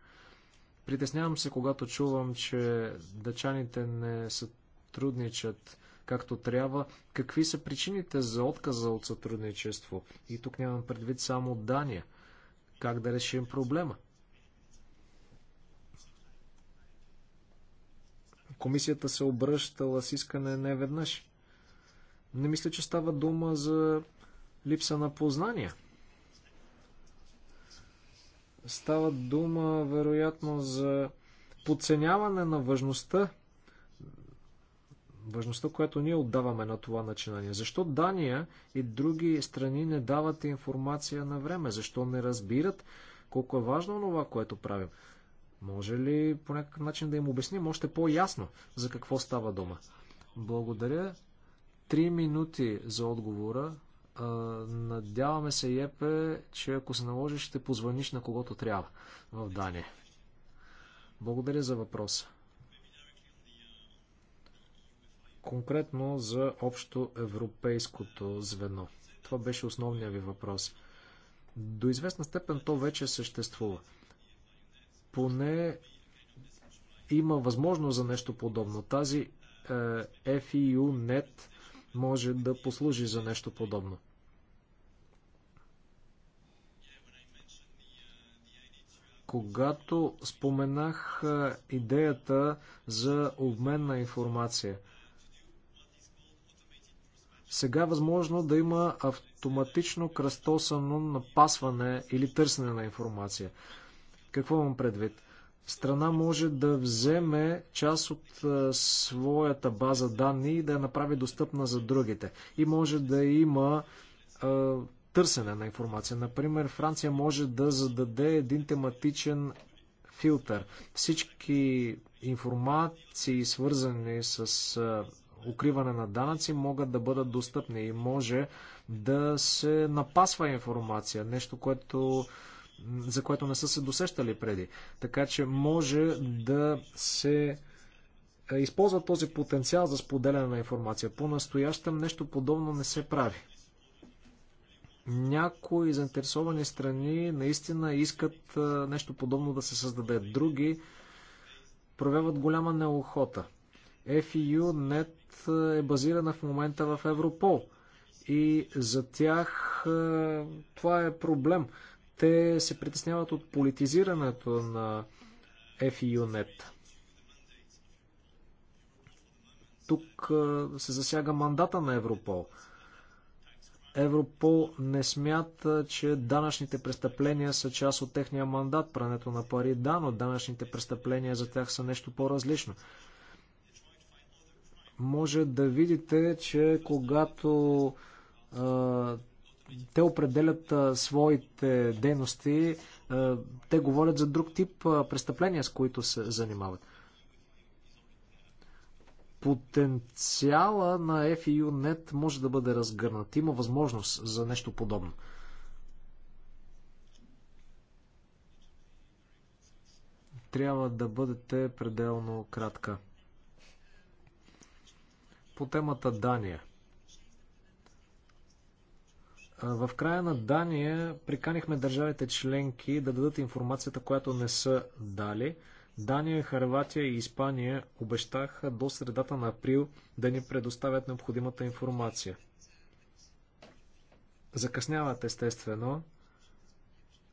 Притеснявам се, когато чувам, че дъчаните не сътрудничат както трябва. Какви са причините за отказа от сътрудничество? И тук нямам предвид само Дания. Как да решим проблема? Комисията се обръщала с искане не веднъж. Не мисля, че става дума за липса на познания. Става дума, вероятно, за подценяване на важността важността, която ние отдаваме на това начинание. Защо Дания и други страни не дават информация на време? Защо не разбират колко е важно това, което правим? Може ли по някакъв начин да им обясним още по-ясно за какво става дума? Благодаря. Три минути за отговора. Надяваме се, Епе, че ако се наложи, ще позвъниш на когото трябва в Дания. Благодаря за въпроса. Конкретно за общо европейското звено. Това беше основният ви въпрос. До известна степен то вече съществува. Поне има възможност за нещо подобно. Тази е, FEUNet може да послужи за нещо подобно. Когато споменах е, идеята за обмен на информация – сега е възможно да има автоматично кръстосано напасване или търсене на информация. Какво имам предвид? Страна може да вземе част от а, е, своята база данни и да я направи достъпна за другите. И може да има а, е, търсене на информация. Например, Франция може да зададе един тематичен филтър. Всички информации, свързани с а, е, укриване на данъци могат да бъдат достъпни и може да се напасва информация, нещо, което за което не са се досещали преди. Така че може да се е, използва този потенциал за споделяне на информация. По-настоящем нещо подобно не се прави. Някои заинтересовани страни наистина искат е, нещо подобно да се създаде. Други проявяват голяма неохота. FEUNet е базирана в момента в Европол. И за тях е, това е проблем. Те се притесняват от политизирането на FEUNet. Тук е, се засяга мандата на Европол. Европол не смята, че данъчните престъпления са част от техния мандат, прането на пари, да, но данъчните престъпления за тях са нещо по-различно може да видите, че когато а, те определят а, своите дейности, а, те говорят за друг тип а, престъпления, с които се занимават. Потенциала на FEUNet може да бъде разгърнат. Има възможност за нещо подобно. Трябва да бъдете пределно кратка по темата Дания. В края на Дания приканихме държавите членки да дадат информацията, която не са дали. Дания, Харватия и Испания обещаха до средата на април да ни предоставят необходимата информация. Закъсняват естествено.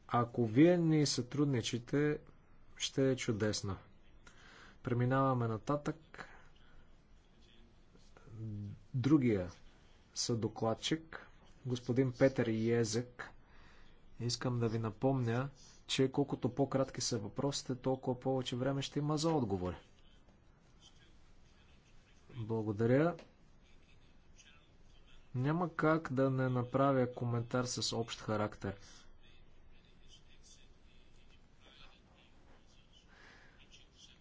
Ако вие ни сътрудничите, ще е чудесно. Преминаваме нататък другия съдокладчик, господин Петър Езек. Искам да ви напомня, че колкото по-кратки са въпросите, толкова повече време ще има за отговори. Благодаря. Няма как да не направя коментар с общ характер.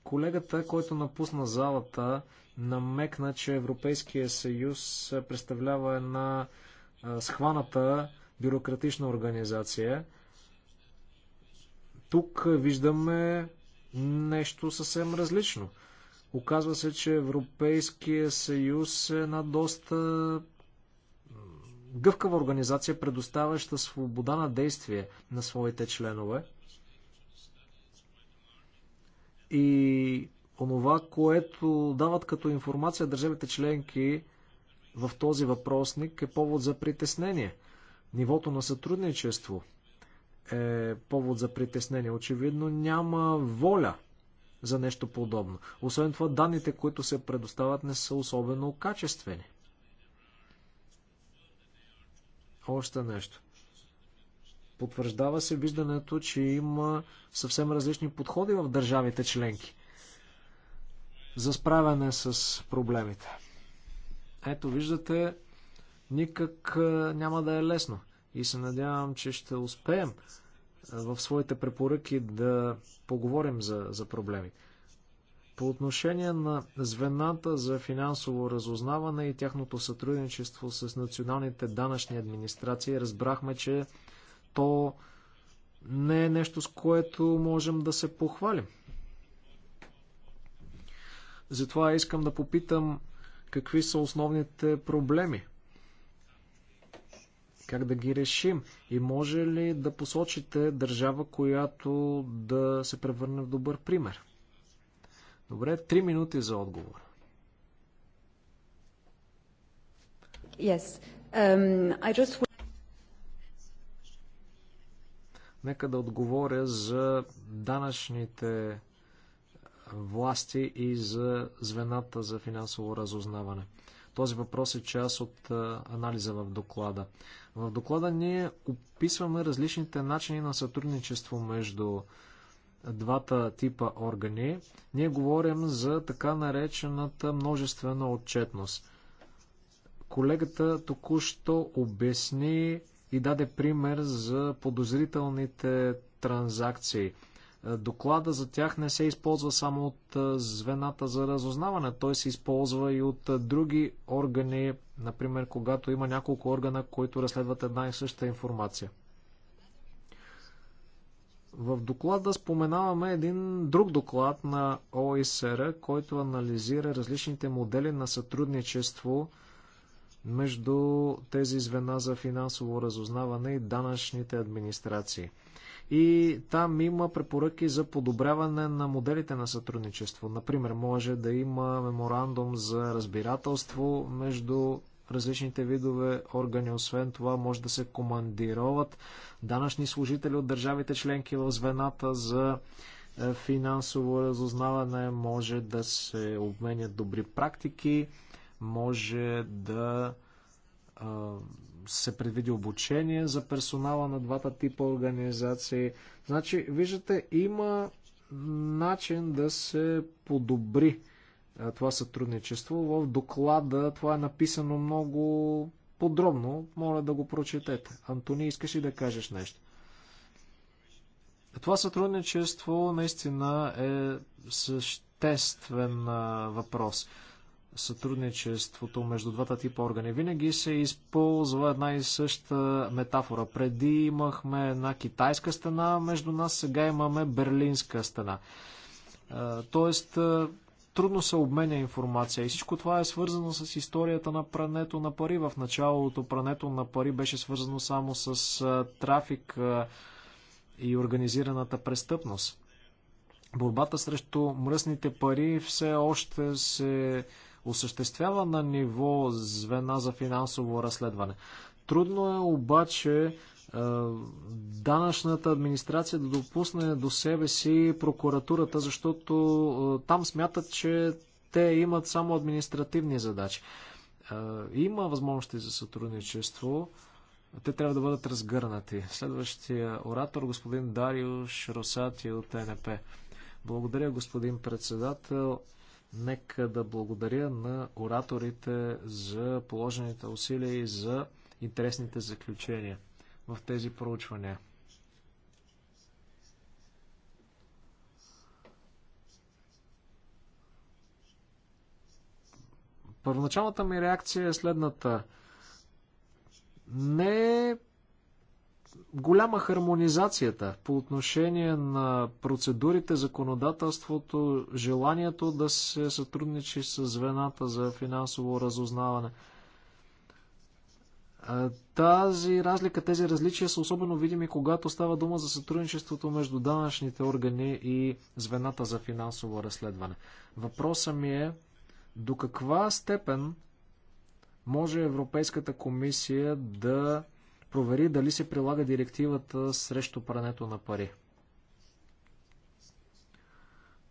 Колегата, който напусна залата, намекна, че Европейския съюз представлява една схваната бюрократична организация. Тук виждаме нещо съвсем различно. Оказва се, че Европейския съюз е една доста гъвкава организация, предоставяща свобода на действие на своите членове. И онова, което дават като информация държавите членки в този въпросник е повод за притеснение. Нивото на сътрудничество е повод за притеснение. Очевидно няма воля за нещо подобно. Освен това, данните, които се предоставят, не са особено качествени. Още нещо. Потвърждава се виждането, че има съвсем различни подходи в държавите членки за справяне с проблемите. Ето, виждате, никак няма да е лесно. И се надявам, че ще успеем в своите препоръки да поговорим за, за проблеми. По отношение на звената за финансово разузнаване и тяхното сътрудничество с националните данъчни администрации, разбрахме, че то не е нещо, с което можем да се похвалим. Затова искам да попитам какви са основните проблеми. Как да ги решим? И може ли да посочите държава, която да се превърне в добър пример? Добре, три минути за отговор. Yes. Um, I just... Нека да отговоря за данъчните власти и за звената за финансово разузнаване. Този въпрос е част от анализа в доклада. В доклада ние описваме различните начини на сътрудничество между двата типа органи. Ние говорим за така наречената множествена отчетност. Колегата току-що обясни и даде пример за подозрителните транзакции – Доклада за тях не се използва само от звената за разузнаване, той се използва и от други органи, например, когато има няколко органа, които разследват една и съща информация. В доклада споменаваме един друг доклад на ОИСР, който анализира различните модели на сътрудничество между тези звена за финансово разузнаване и данъчните администрации – и там има препоръки за подобряване на моделите на сътрудничество. Например, може да има меморандум за разбирателство между различните видове органи. Освен това, може да се командироват данъчни служители от държавите членки в звената за е, финансово разузнаване, може да се обменят добри практики, може да е, се предвиди обучение за персонала на двата типа организации. Значи, виждате, има начин да се подобри това сътрудничество. В доклада това е написано много подробно. Моля да го прочетете. Антони, искаш ли да кажеш нещо? Това сътрудничество наистина е съществен въпрос сътрудничеството между двата типа органи. Винаги се използва една и съща метафора. Преди имахме една китайска стена, между нас сега имаме берлинска стена. Тоест, трудно се обменя информация и всичко това е свързано с историята на прането на пари. В началото прането на пари беше свързано само с трафик и организираната престъпност борбата срещу мръсните пари все още се осъществява на ниво звена за финансово разследване. Трудно е обаче е, данъчната администрация да допусне до себе си прокуратурата, защото е, там смятат, че те имат само административни задачи. Е, има възможности за сътрудничество. Те трябва да бъдат разгърнати. Следващия оратор, господин Дариуш Росати от НП. Благодаря, господин председател. Нека да благодаря на ораторите за положените усилия и за интересните заключения в тези проучвания. Първоначалната ми реакция е следната. Не е голяма хармонизацията по отношение на процедурите, законодателството, желанието да се сътрудничи с звената за финансово разузнаване. Тази разлика, тези различия са особено видими, когато става дума за сътрудничеството между данъчните органи и звената за финансово разследване. Въпросът ми е до каква степен може Европейската комисия да провери дали се прилага директивата срещу прането на пари.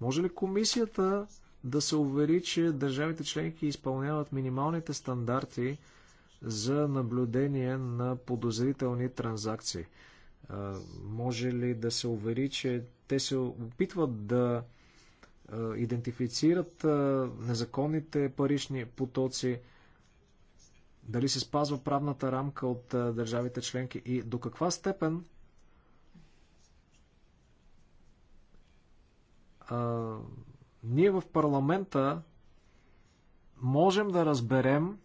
Може ли комисията да се увери, че държавите членки изпълняват минималните стандарти за наблюдение на подозрителни транзакции? Може ли да се увери, че те се опитват да идентифицират незаконните парични потоци? Дали се спазва правната рамка от държавите членки и до каква степен а, ние в парламента можем да разберем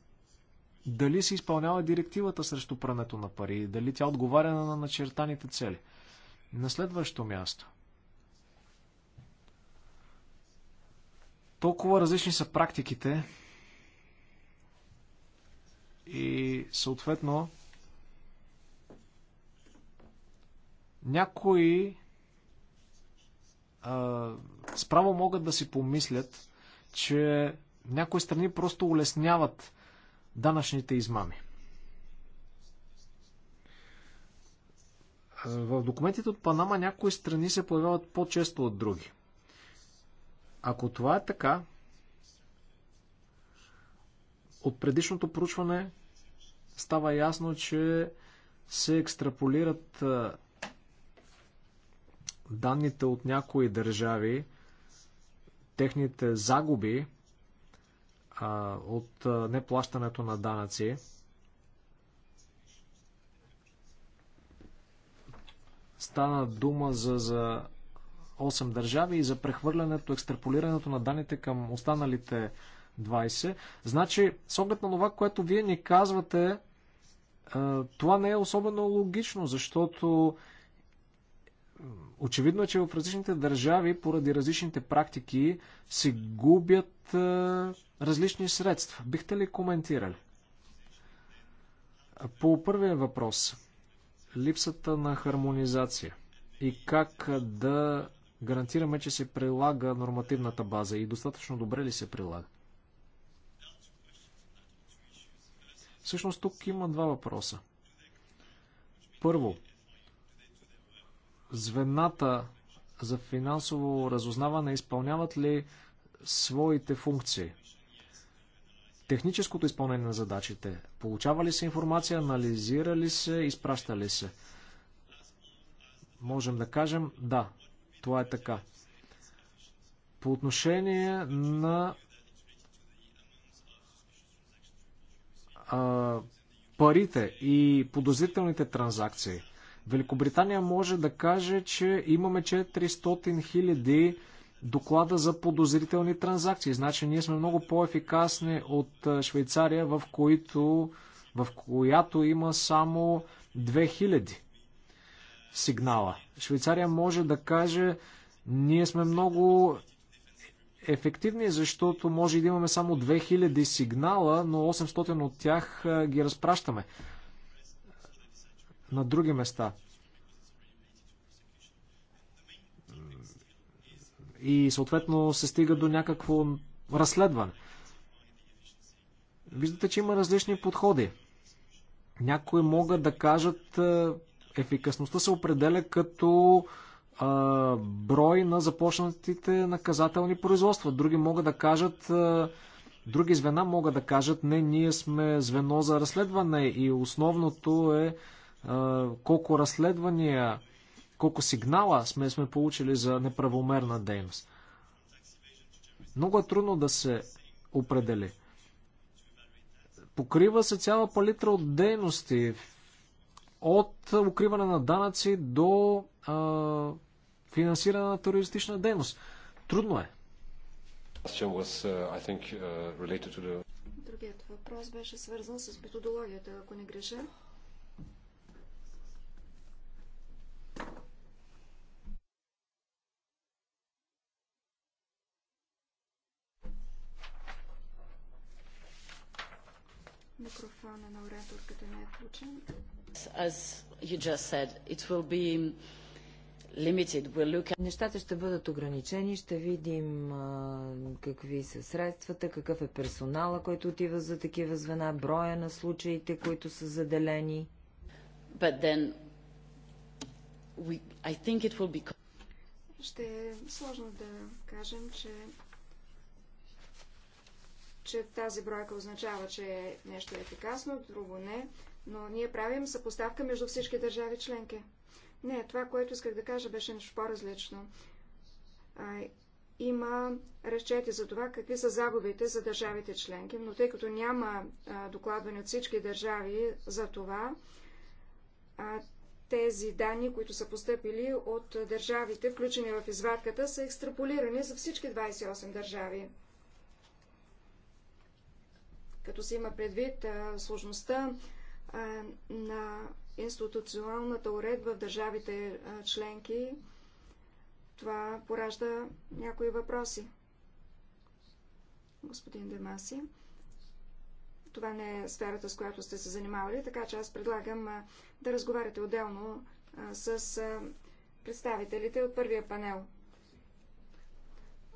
дали се изпълнява директивата срещу прането на пари, дали тя отговаря на начертаните цели. На следващо място. Толкова различни са практиките и съответно някои а, справо могат да си помислят, че някои страни просто улесняват данъчните измами. В документите от Панама някои страни се появяват по-често от други. Ако това е така, от предишното проучване става ясно, че се екстраполират данните от някои държави, техните загуби а, от а, неплащането на данъци. Стана дума за, за 8 държави и за прехвърлянето, екстраполирането на данните към останалите 20. Значи, с оглед на това, което вие ни казвате, е, това не е особено логично, защото очевидно е, че в различните държави, поради различните практики, се губят е, различни средства. Бихте ли коментирали? По първия въпрос, липсата на хармонизация и как да гарантираме, че се прилага нормативната база и достатъчно добре ли се прилага? Всъщност тук има два въпроса. Първо, звената за финансово разузнаване изпълняват ли своите функции? Техническото изпълнение на задачите. Получава ли се информация, анализира ли се, изпраща ли се? Можем да кажем да, това е така. По отношение на а, парите и подозрителните транзакции. Великобритания може да каже, че имаме 400 хиляди доклада за подозрителни транзакции. Значи ние сме много по-ефикасни от Швейцария, в, които, в която има само 2000 сигнала. Швейцария може да каже, ние сме много ефективни, защото може да имаме само 2000 сигнала, но 800 от тях ги разпращаме на други места. И съответно се стига до някакво разследване. Виждате, че има различни подходи. Някои могат да кажат, ефикасността се определя като а, брой на започнатите наказателни производства. Други могат да кажат, а, други звена могат да кажат, не, ние сме звено за разследване и основното е а, колко разследвания, колко сигнала сме, сме получили за неправомерна дейност. Много е трудно да се определи. Покрива се цяла палитра от дейности, от укриване на данъци до а, финансиране на терористична дейност. Трудно е. Uh, uh, Другият въпрос беше свързан с методологията, ако не греша. Микрофона на ораторката не е включен. As you just said, it will be Нещата ще бъдат ограничени, ще видим а, какви са средствата, какъв е персонала, който отива за такива звена, броя на случаите, които са заделени. We, be... Ще е сложно да кажем, че че тази бройка означава, че нещо е ефикасно, друго не, но ние правим съпоставка между всички държави членки. Не, това, което исках да кажа, беше нещо по-различно. има разчети за това какви са загубите за държавите членки, но тъй като няма а, докладване от всички държави за това, а, тези данни, които са поступили от държавите, включени в извадката, са екстраполирани за всички 28 държави. Като се има предвид а, сложността а, на институционалната уредба в държавите членки, това поражда някои въпроси. Господин Демаси, това не е сферата, с която сте се занимавали, така че аз предлагам да разговаряте отделно с представителите от първия панел.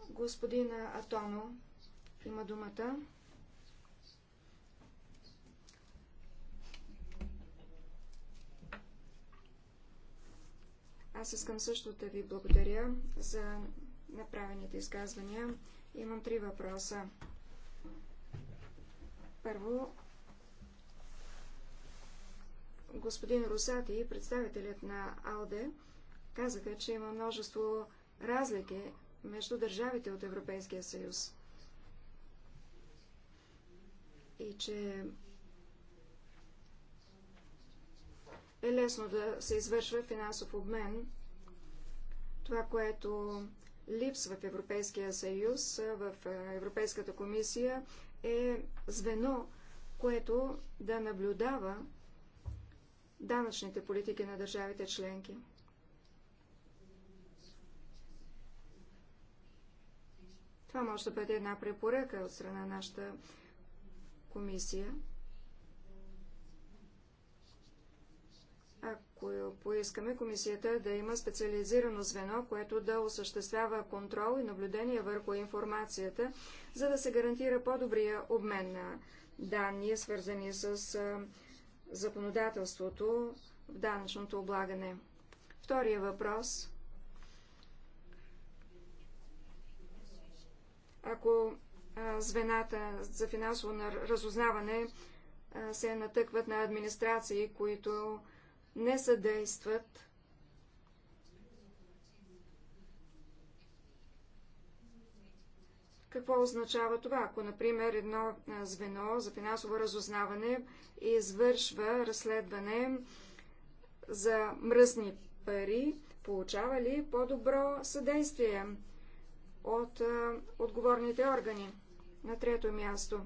Господин Атоно има думата. Аз искам също да ви благодаря за направените изказвания. Имам три въпроса. Първо, господин Русати представителят на АЛДЕ казаха, че има множество разлики между държавите от Европейския съюз и че е лесно да се извършва финансов обмен. Това, което липсва в Европейския съюз, в Европейската комисия, е звено, което да наблюдава данъчните политики на държавите членки. Това може да бъде една препоръка от страна на нашата комисия. ако поискаме комисията да има специализирано звено, което да осъществява контрол и наблюдение върху информацията, за да се гарантира по-добрия обмен на данни, свързани с законодателството в данъчното облагане. Втория въпрос. Ако звената за финансово разузнаване се натъкват на администрации, които не съдействат Какво означава това? Ако, например, едно звено за финансово разузнаване извършва разследване за мръсни пари, получава ли по-добро съдействие от а, отговорните органи? На трето място,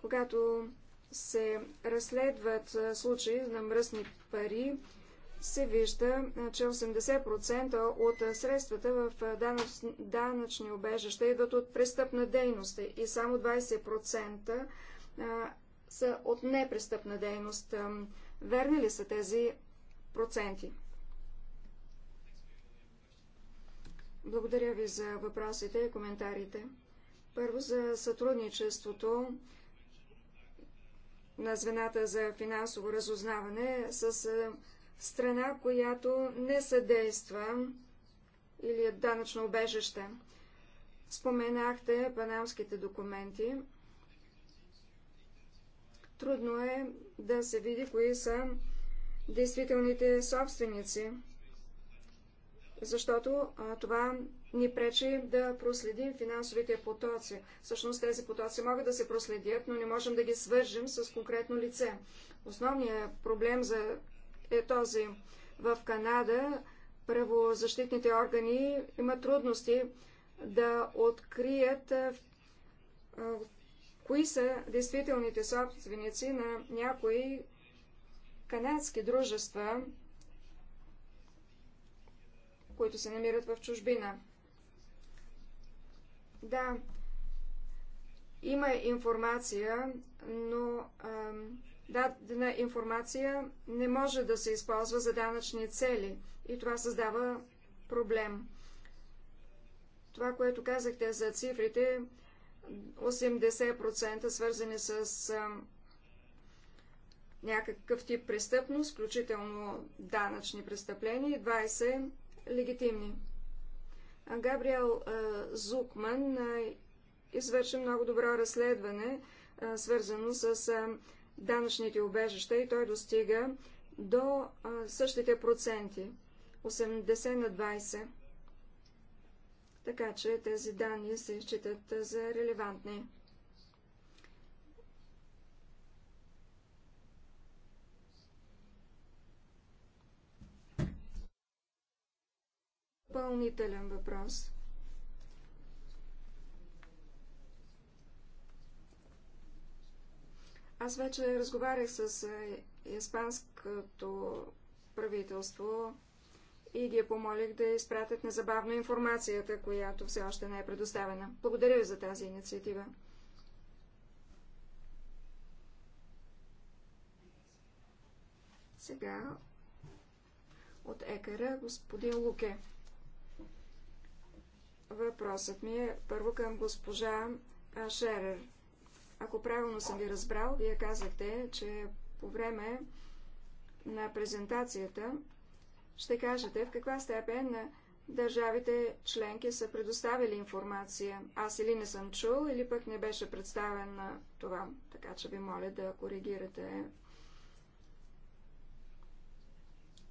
когато се разследват случаи на мръсни пари, се вижда, че 80% от средствата в данъчни обежища идват от престъпна дейност и само 20% са от непрестъпна дейност. Верни ли са тези проценти? Благодаря ви за въпросите и коментарите. Първо за сътрудничеството на звената за финансово разузнаване с е, страна, която не съдейства или е данъчно обежище. Споменахте панамските документи. Трудно е да се види кои са действителните собственици, защото а, това ни пречи да проследим финансовите потоци. Всъщност тези потоци могат да се проследят, но не можем да ги свържем с конкретно лице. Основният проблем за... е този. В Канада правозащитните органи имат трудности да открият кои са действителните собственици на някои канадски дружества, които се намират в чужбина. Да, има информация, но дадена информация не може да се използва за данъчни цели и това създава проблем. Това, което казахте за цифрите, 80% свързани с а, някакъв тип престъпност, включително данъчни престъпления и 20% легитимни. Габриел Зукман извърши много добро разследване, свързано с данъчните убежища и той достига до същите проценти 80 на 20. Така че тези данни се считат за релевантни. допълнителен въпрос. Аз вече разговарях с е, испанското правителство и ги помолих да изпратят незабавно информацията, която все още не е предоставена. Благодаря ви за тази инициатива. Сега от екара господин Луке. Въпросът ми е първо към госпожа Шерер. Ако правилно съм ви разбрал, вие казахте, че по време на презентацията ще кажете в каква степен на държавите членки са предоставили информация. Аз или не съм чул, или пък не беше представен на това. Така че ви моля да коригирате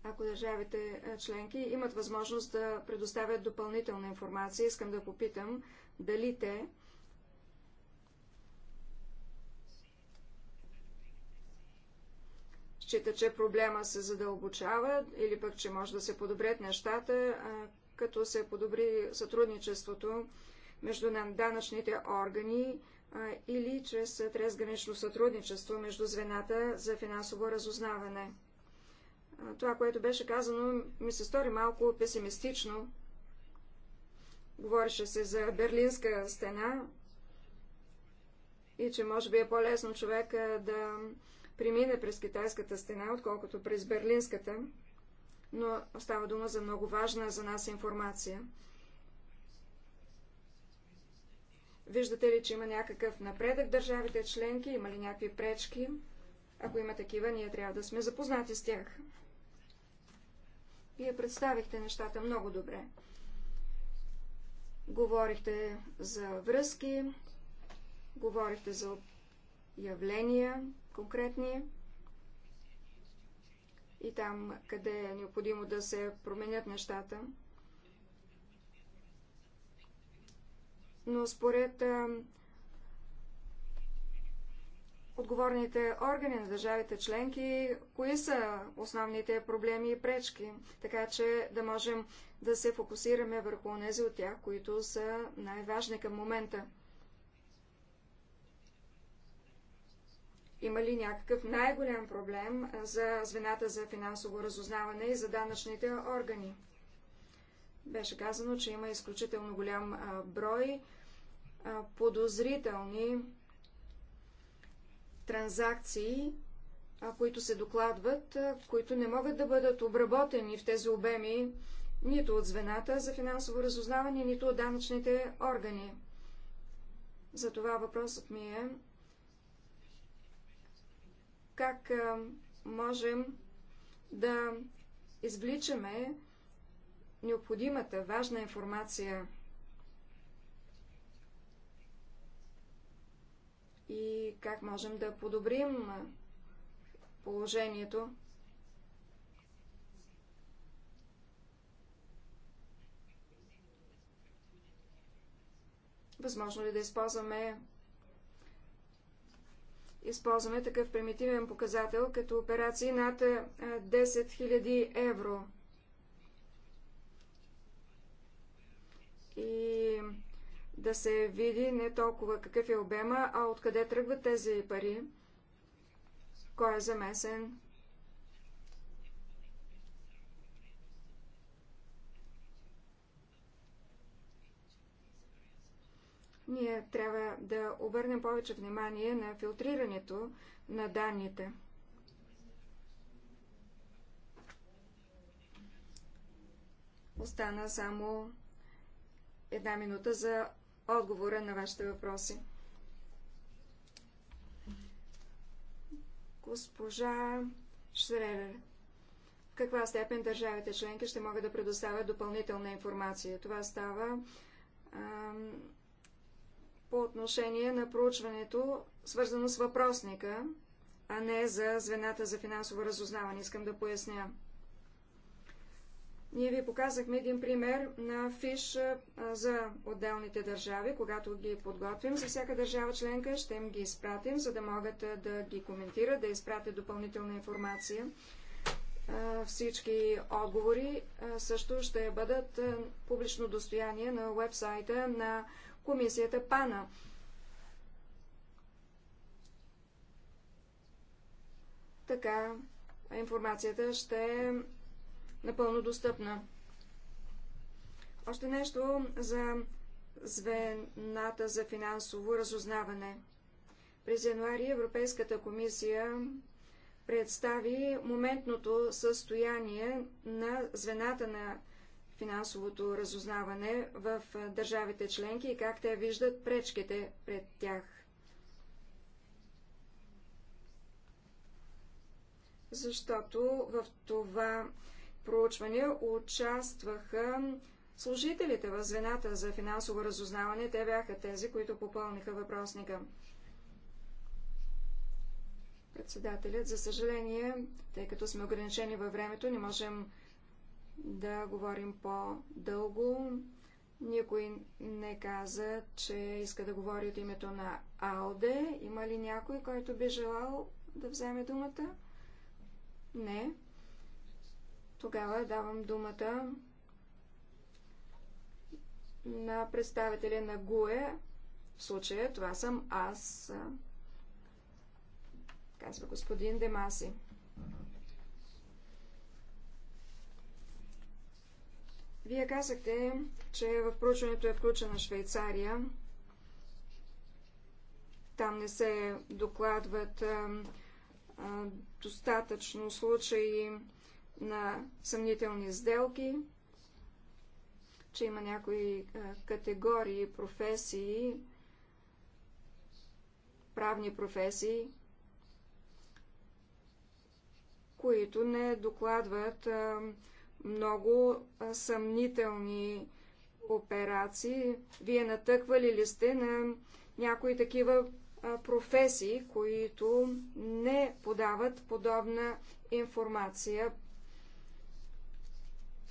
ако държавите е, членки имат възможност да предоставят допълнителна информация, искам да попитам дали те счита, че проблема се задълбочава или пък, че може да се подобрят нещата, е, като се подобри сътрудничеството между данъчните органи е, или чрез трезгранично сътрудничество между звената за финансово разузнаване това, което беше казано, ми се стори малко песимистично. Говореше се за Берлинска стена и че може би е по-лесно човек да премине през китайската стена, отколкото през берлинската, но става дума за много важна за нас информация. Виждате ли, че има някакъв напредък в държавите членки? Има ли някакви пречки? Ако има такива, ние трябва да сме запознати с тях. Вие представихте нещата много добре. Говорихте за връзки, говорихте за явления конкретни и там, къде е необходимо да се променят нещата. Но според отговорните органи на държавите членки, кои са основните проблеми и пречки, така че да можем да се фокусираме върху тези от тях, които са най-важни към момента. Има ли някакъв най-голям проблем за звената за финансово разузнаване и за данъчните органи? Беше казано, че има изключително голям брой подозрителни транзакции, които се докладват, които не могат да бъдат обработени в тези обеми нито от звената за финансово разузнаване, нито от данъчните органи. Затова въпросът ми е как можем да извличаме необходимата важна информация и как можем да подобрим положението. Възможно ли да използваме използваме такъв примитивен показател като операции над 10 000 евро. И да се види не толкова какъв е обема, а откъде тръгват тези пари, кой е замесен. Ние трябва да обърнем повече внимание на филтрирането на данните. Остана само една минута за отговора на вашите въпроси. Госпожа Шрелер, в каква степен държавите членки ще могат да предоставят допълнителна информация? Това става ам, по отношение на проучването, свързано с въпросника, а не за звената за финансово разузнаване. Искам да поясня. Ние ви показахме един пример на фиш за отделните държави. Когато ги подготвим за всяка държава членка, ще им ги изпратим, за да могат да ги коментират, да изпратят допълнителна информация. Всички отговори също ще бъдат публично достояние на вебсайта на комисията ПАНА. Така информацията ще напълно достъпна. Още нещо за звената за финансово разузнаване. През януари Европейската комисия представи моментното състояние на звената на финансовото разузнаване в държавите членки и как те виждат пречките пред тях. Защото в това проучване участваха служителите в звената за финансово разузнаване. Те бяха тези, които попълниха въпросника. Председателят, за съжаление, тъй като сме ограничени във времето, не можем да говорим по-дълго. Никой не каза, че иска да говори от името на Алде. Има ли някой, който би желал да вземе думата? Не. Тогава давам думата на представителя на ГУЕ. В случая това съм аз, казва господин Демаси. Вие казахте, че в проучването е включена Швейцария. Там не се докладват а, а, достатъчно случаи на съмнителни сделки, че има някои е, категории професии, правни професии, които не докладват е, много е, съмнителни операции. Вие натъквали ли сте на някои такива професии, които не подават подобна информация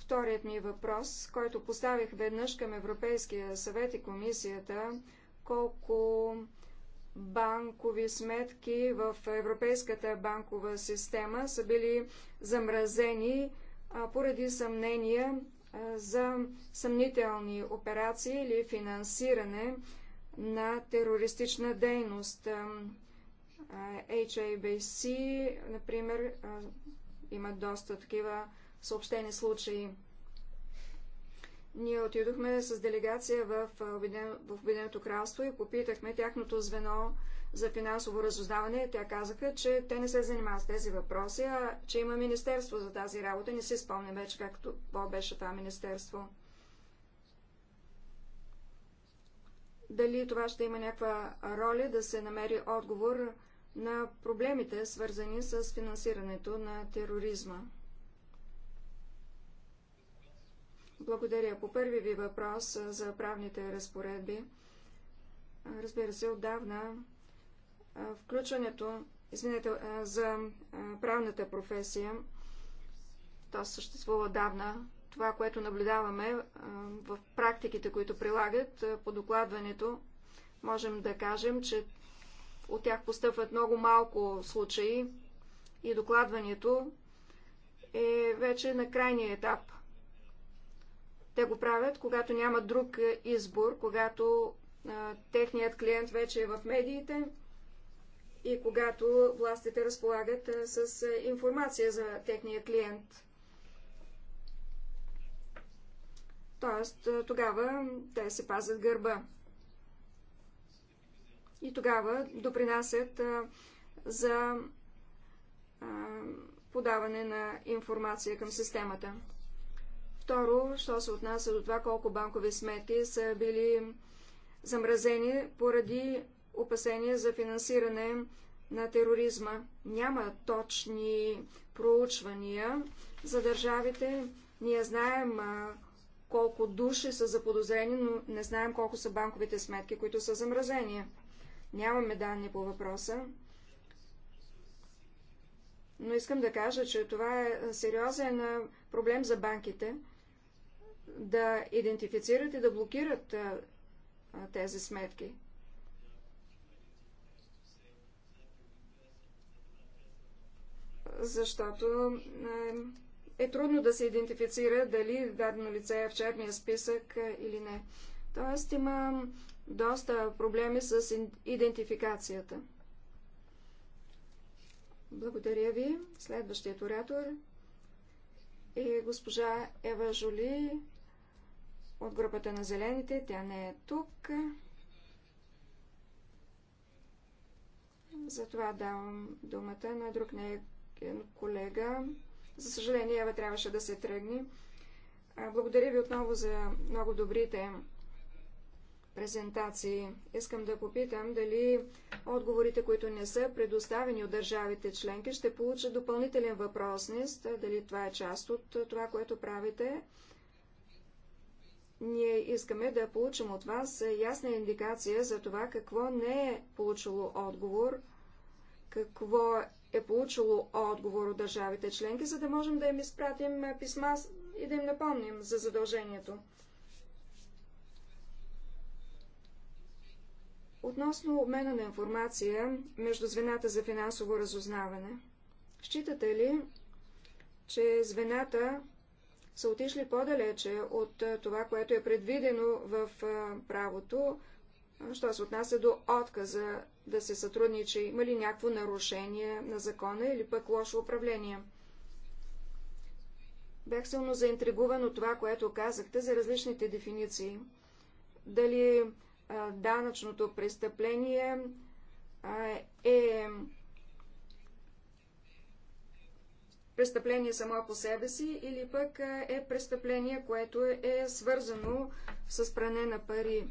Вторият ми въпрос, който поставих веднъж към Европейския съвет и комисията, колко банкови сметки в Европейската банкова система са били замразени поради съмнения за съмнителни операции или финансиране на терористична дейност. HABC, например, има доста такива съобщени случаи. Ние отидохме с делегация в, в Обединеното кралство и попитахме тяхното звено за финансово разузнаване. Тя казаха, че те не се занимават с тези въпроси, а че има министерство за тази работа. Не си спомням вече както какво беше това министерство. Дали това ще има някаква роля да се намери отговор на проблемите, свързани с финансирането на тероризма. Благодаря по първи ви въпрос за правните разпоредби. Разбира се, отдавна включването, извинете, за правната професия, то съществува отдавна. Това, което наблюдаваме в практиките, които прилагат по докладването, можем да кажем, че от тях постъпват много малко случаи и докладването е вече на крайния етап. Те го правят, когато няма друг е, избор, когато а, е, техният клиент вече е в медиите и когато властите разполагат а, е, с а, информация за техния клиент. Тоест, а, тогава те се пазят гърба. И тогава допринасят а, за а, подаване на информация към системата. Второ, що се отнася до това колко банкови сметки са били замразени поради опасения за финансиране на тероризма. Няма точни проучвания за държавите. Ние знаем колко души са заподозрени, но не знаем колко са банковите сметки, които са замразени. Нямаме данни по въпроса. Но искам да кажа, че това е сериозен проблем за банките – да идентифицират и да блокират а, а, тези сметки. Защото е, е трудно да се идентифицира дали дадено лице е в черния списък а, или не. Тоест има доста проблеми с идентификацията. Благодаря ви. Следващият оратор е госпожа Ева Жоли от групата на зелените. Тя не е тук. Затова давам думата на друг не колега. За съжаление, Ева трябваше да се тръгне. Благодаря ви отново за много добрите презентации. Искам да попитам дали отговорите, които не са предоставени от държавите членки, ще получат допълнителен въпросник, дали това е част от това, което правите ние искаме да получим от вас ясна индикация за това какво не е получило отговор, какво е получило отговор от държавите членки, за да можем да им изпратим писма и да им напомним за задължението. Относно обмена на информация между звената за финансово разузнаване, считате ли, че звената са отишли по-далече от това, което е предвидено в правото, що се отнася до отказа да се сътрудничи, има ли някакво нарушение на закона или пък лошо управление. Бях силно заинтригуван от това, което казахте за различните дефиниции. Дали а, данъчното престъпление а, е престъпление само по себе си, или пък е престъпление, което е свързано с пране на пари.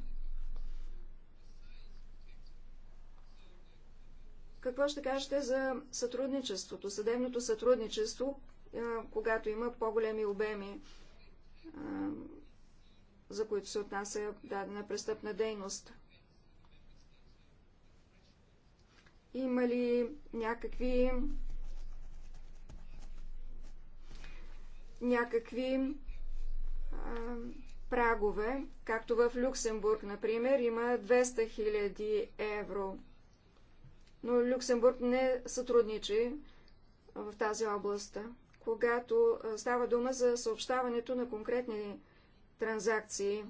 Какво ще кажете за сътрудничеството, съдебното сътрудничество, когато има по-големи обеми, за които се отнася дадена престъпна дейност? Има ли някакви някакви а, прагове, както в Люксембург, например, има 200 000 евро. Но Люксембург не сътрудничи в тази област, когато става дума за съобщаването на конкретни транзакции.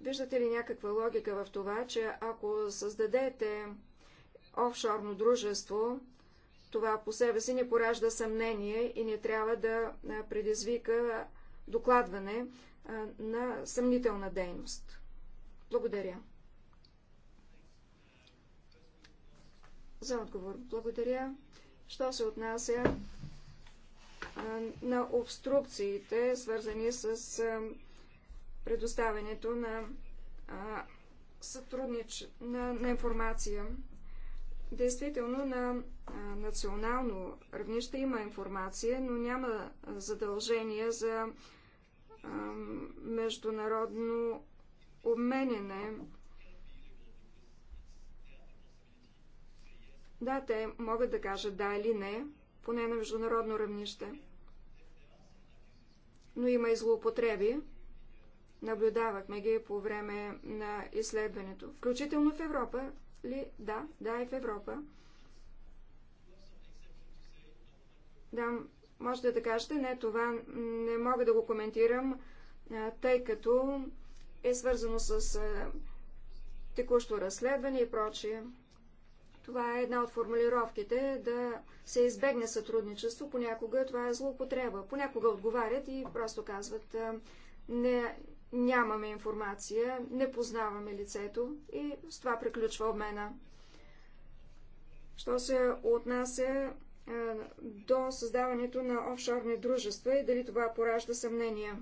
Виждате ли някаква логика в това, че ако създадете офшорно дружество, това по себе си не поражда съмнение и не трябва да предизвика докладване на съмнителна дейност. Благодаря. За отговор благодаря. Що се отнася на обструкциите, свързани с предоставянето на сътруднич... на, на информация Действително на национално равнище има информация, но няма задължение за международно обменене. Да, те могат да кажат да или не, поне на международно равнище. Но има и злоупотреби. Наблюдавахме ги по време на изследването, включително в Европа, ли? Да, да, и е в Европа. Да, можете да кажете, не, това не мога да го коментирам, тъй като е свързано с текущо разследване и прочие. Това е една от формулировките да се избегне сътрудничество. Понякога това е злоупотреба. Понякога отговарят и просто казват не, нямаме информация, не познаваме лицето и с това приключва обмена. Що се отнася е, до създаването на офшорни дружества и дали това поражда съмнения.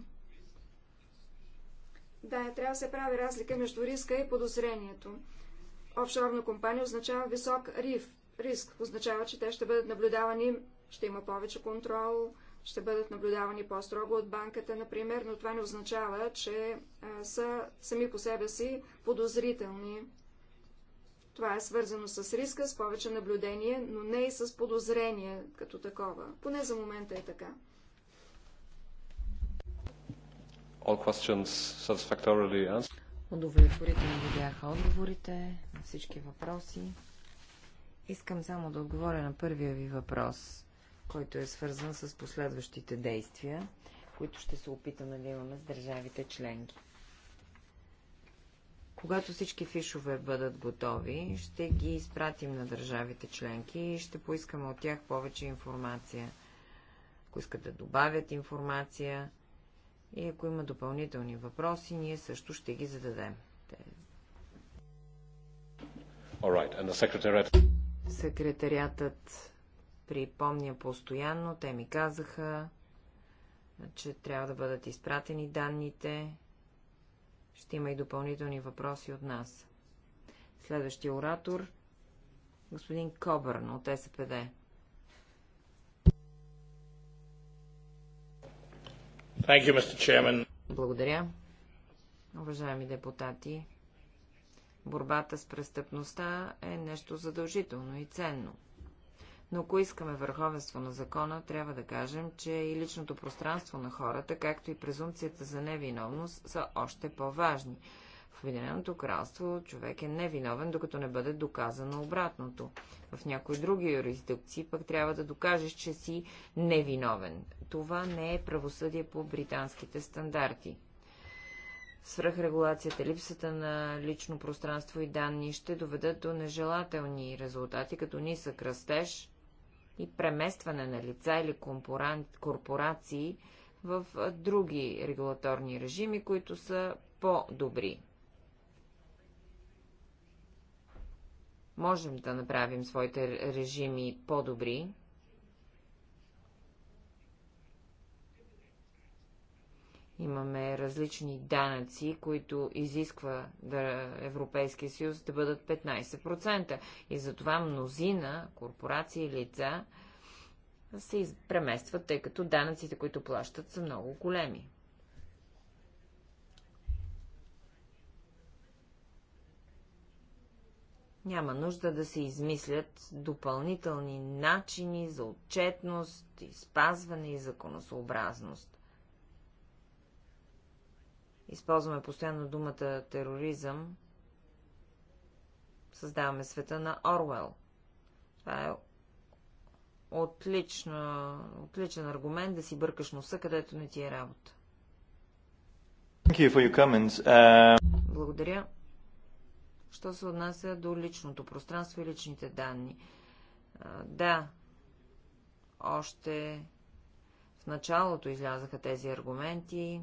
Да, трябва да се прави разлика между риска и подозрението. Офшорна компания означава висок риф. Риск означава, че те ще бъдат наблюдавани, ще има повече контрол, ще бъдат наблюдавани по-строго от банката, например, но това не означава, че са сами по себе си подозрителни. Това е свързано с риска, с повече наблюдение, но не и с подозрение като такова. Поне за момента е така. Удовлетворително бяха отговорите на всички въпроси. Искам само да отговоря на първия ви въпрос който е свързан с последващите действия, които ще се опитаме да имаме с държавите членки. Когато всички фишове бъдат готови, ще ги изпратим на държавите членки и ще поискаме от тях повече информация. Ако искат да добавят информация и ако има допълнителни въпроси, ние също ще ги зададем. Секретариатът припомня постоянно, те ми казаха, че трябва да бъдат изпратени данните. Ще има и допълнителни въпроси от нас. Следващия оратор – господин Кобърн от СПД. You, Благодаря. Уважаеми депутати, борбата с престъпността е нещо задължително и ценно. Но ако искаме върховенство на закона, трябва да кажем, че и личното пространство на хората, както и презумпцията за невиновност, са още по-важни. В Обединеното кралство човек е невиновен, докато не бъде доказано обратното. В някои други юрисдикции пък трябва да докажеш, че си невиновен. Това не е правосъдие по британските стандарти. Свръхрегулацията, липсата на лично пространство и данни ще доведат до нежелателни резултати, като нисък растеж, и преместване на лица или корпорации в други регулаторни режими, които са по-добри. Можем да направим своите режими по-добри, Имаме различни данъци, които изисква да Европейския съюз да бъдат 15%. И затова мнозина корпорации и лица се преместват, тъй като данъците, които плащат, са много големи. Няма нужда да се измислят допълнителни начини за отчетност, изпазване и законосообразност използваме постоянно думата тероризъм, създаваме света на Орвел. Това е отлична, отличен аргумент да си бъркаш носа, където не ти е работа. You uh... Благодаря. Що се отнася до личното пространство и личните данни? да, още в началото излязаха тези аргументи.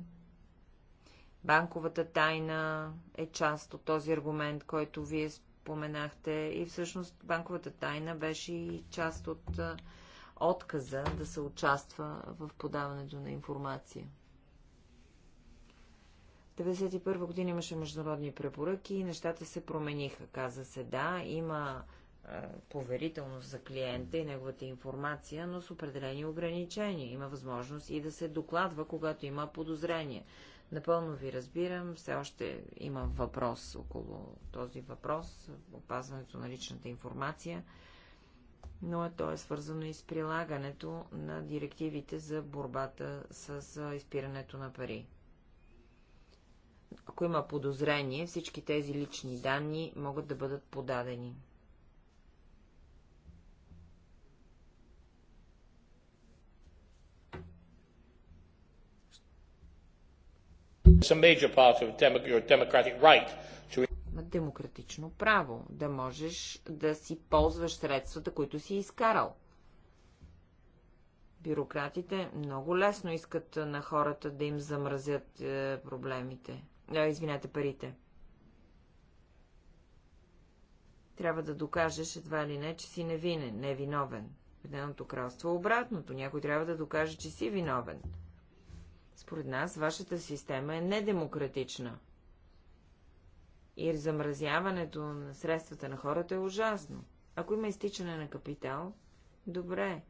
Банковата тайна е част от този аргумент, който вие споменахте. И всъщност банковата тайна беше и част от отказа да се участва в подаването на информация. В 1991 година имаше международни препоръки и нещата се промениха. Каза се, да, има поверителност за клиента и неговата информация, но с определени ограничения. Има възможност и да се докладва, когато има подозрение. Напълно ви разбирам, все още има въпрос около този въпрос, опазването на личната информация, но е- то е свързано и с прилагането на директивите за борбата с изпирането на пари. Ако има подозрение, всички тези лични данни могат да бъдат подадени. Демократично право да можеш да си ползваш средствата, които си изкарал. Бюрократите много лесно искат на хората да им замразят е, проблемите. извинете, парите. Трябва да докажеш едва ли не, че си невинен, невиновен. едното кралство е обратното. Някой трябва да докаже, че си виновен. Според нас, вашата система е недемократична. И замразяването на средствата на хората е ужасно. Ако има изтичане на капитал, добре.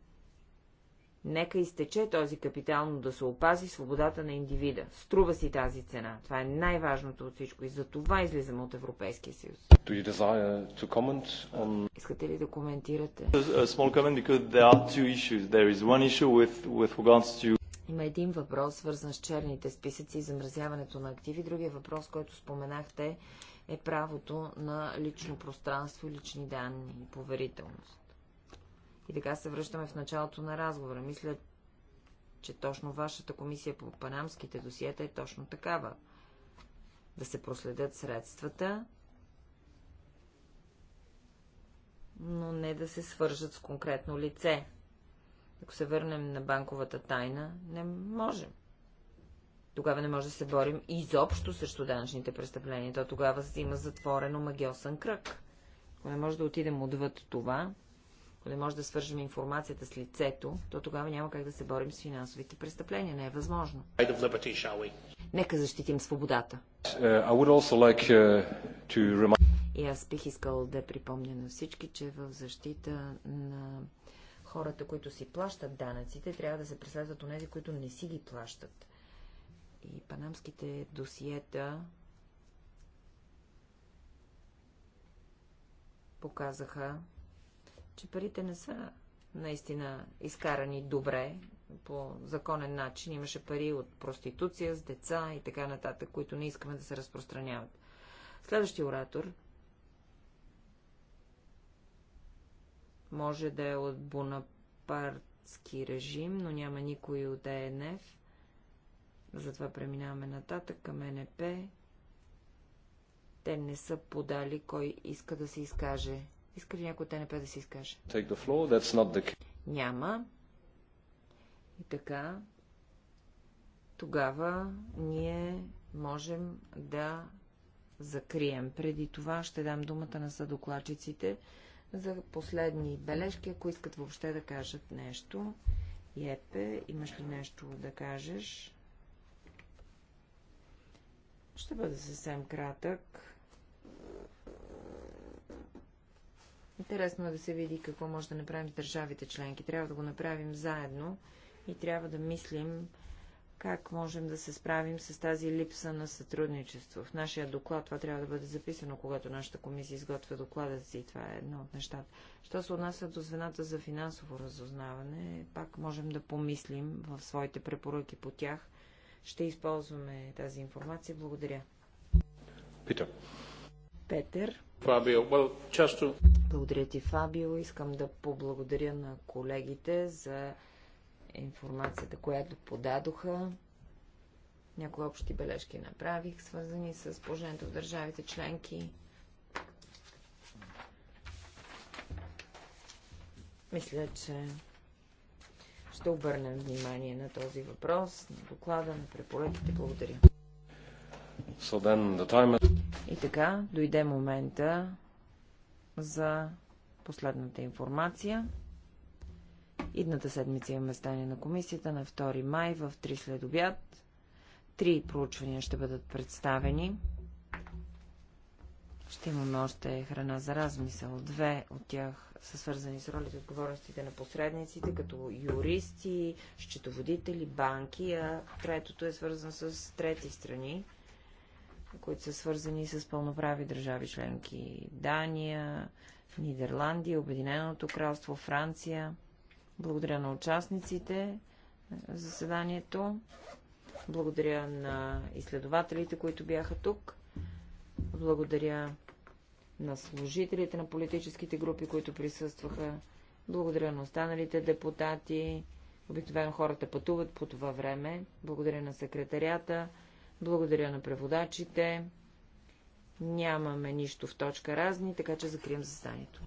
Нека изтече този капитал, но да се опази свободата на индивида. Струва си тази цена. Това е най-важното от всичко и за това излизаме от Европейския съюз. On... Искате ли да коментирате? Comment, with, with to... Има един въпрос, свързан с черните списъци и замразяването на активи. Другия въпрос, който споменахте, е правото на лично пространство, лични данни и поверителност. И така се връщаме в началото на разговора. Мисля, че точно вашата комисия по панамските досиета е точно такава. Да се проследят средствата, но не да се свържат с конкретно лице. Ако се върнем на банковата тайна, не можем. Тогава не може да се борим изобщо срещу данъчните престъпления. То тогава си има затворено магиосен кръг. Ако не може да отидем отвъд това, ако не може да свържем информацията с лицето, то тогава няма как да се борим с финансовите престъпления. Не е възможно. Liberty, Нека защитим свободата. Uh, like uh, И аз бих искал да припомня на всички, че в защита на хората, които си плащат данъците, трябва да се преследват от тези, които не си ги плащат. И панамските досиета показаха, че парите не са наистина изкарани добре, по законен начин. Имаше пари от проституция, с деца и така нататък, които не искаме да се разпространяват. Следващия оратор Може да е от Бонапартски режим, но няма никой от ЕНФ. Затова преминаваме нататък към НП. Те не са подали кой иска да се изкаже. Иска ли някой от НП да се изкаже? The... Няма. И така, тогава ние можем да закрием. Преди това ще дам думата на съдокладчиците, за последни бележки, ако искат въобще да кажат нещо. Епе, имаш ли нещо да кажеш? Ще бъде съвсем кратък. Интересно е да се види какво може да направим с държавите членки. Трябва да го направим заедно и трябва да мислим как можем да се справим с тази липса на сътрудничество. В нашия доклад това трябва да бъде записано, когато нашата комисия изготвя доклада си и това е едно от нещата. Що се отнася до звената за финансово разузнаване, пак можем да помислим в своите препоръки по тях. Ще използваме тази информация. Благодаря. Питър. Петър. Фабио, well, часто. Благодаря ти, Фабио. Искам да поблагодаря на колегите за информацията, която подадоха. Някои общи бележки направих, свързани с положението в държавите членки. Мисля, че ще обърнем внимание на този въпрос, на доклада, на препоръките. Благодаря. So then the time И така, дойде момента за последната информация. Идната седмица имаме стане на комисията на 2 май в 3 след обяд. Три проучвания ще бъдат представени. Ще имаме още храна за размисъл. Две от тях са свързани с ролите и отговорностите на посредниците, като юристи, счетоводители, банки, а третото е свързано с трети страни, които са свързани с пълноправи държави членки. Дания, Нидерландия, Обединеното кралство, Франция. Благодаря на участниците в заседанието. Благодаря на изследователите, които бяха тук. Благодаря на служителите на политическите групи, които присъстваха. Благодаря на останалите депутати. Обикновено хората пътуват по това време. Благодаря на секретарията. Благодаря на преводачите. Нямаме нищо в точка разни, така че закрием заседанието.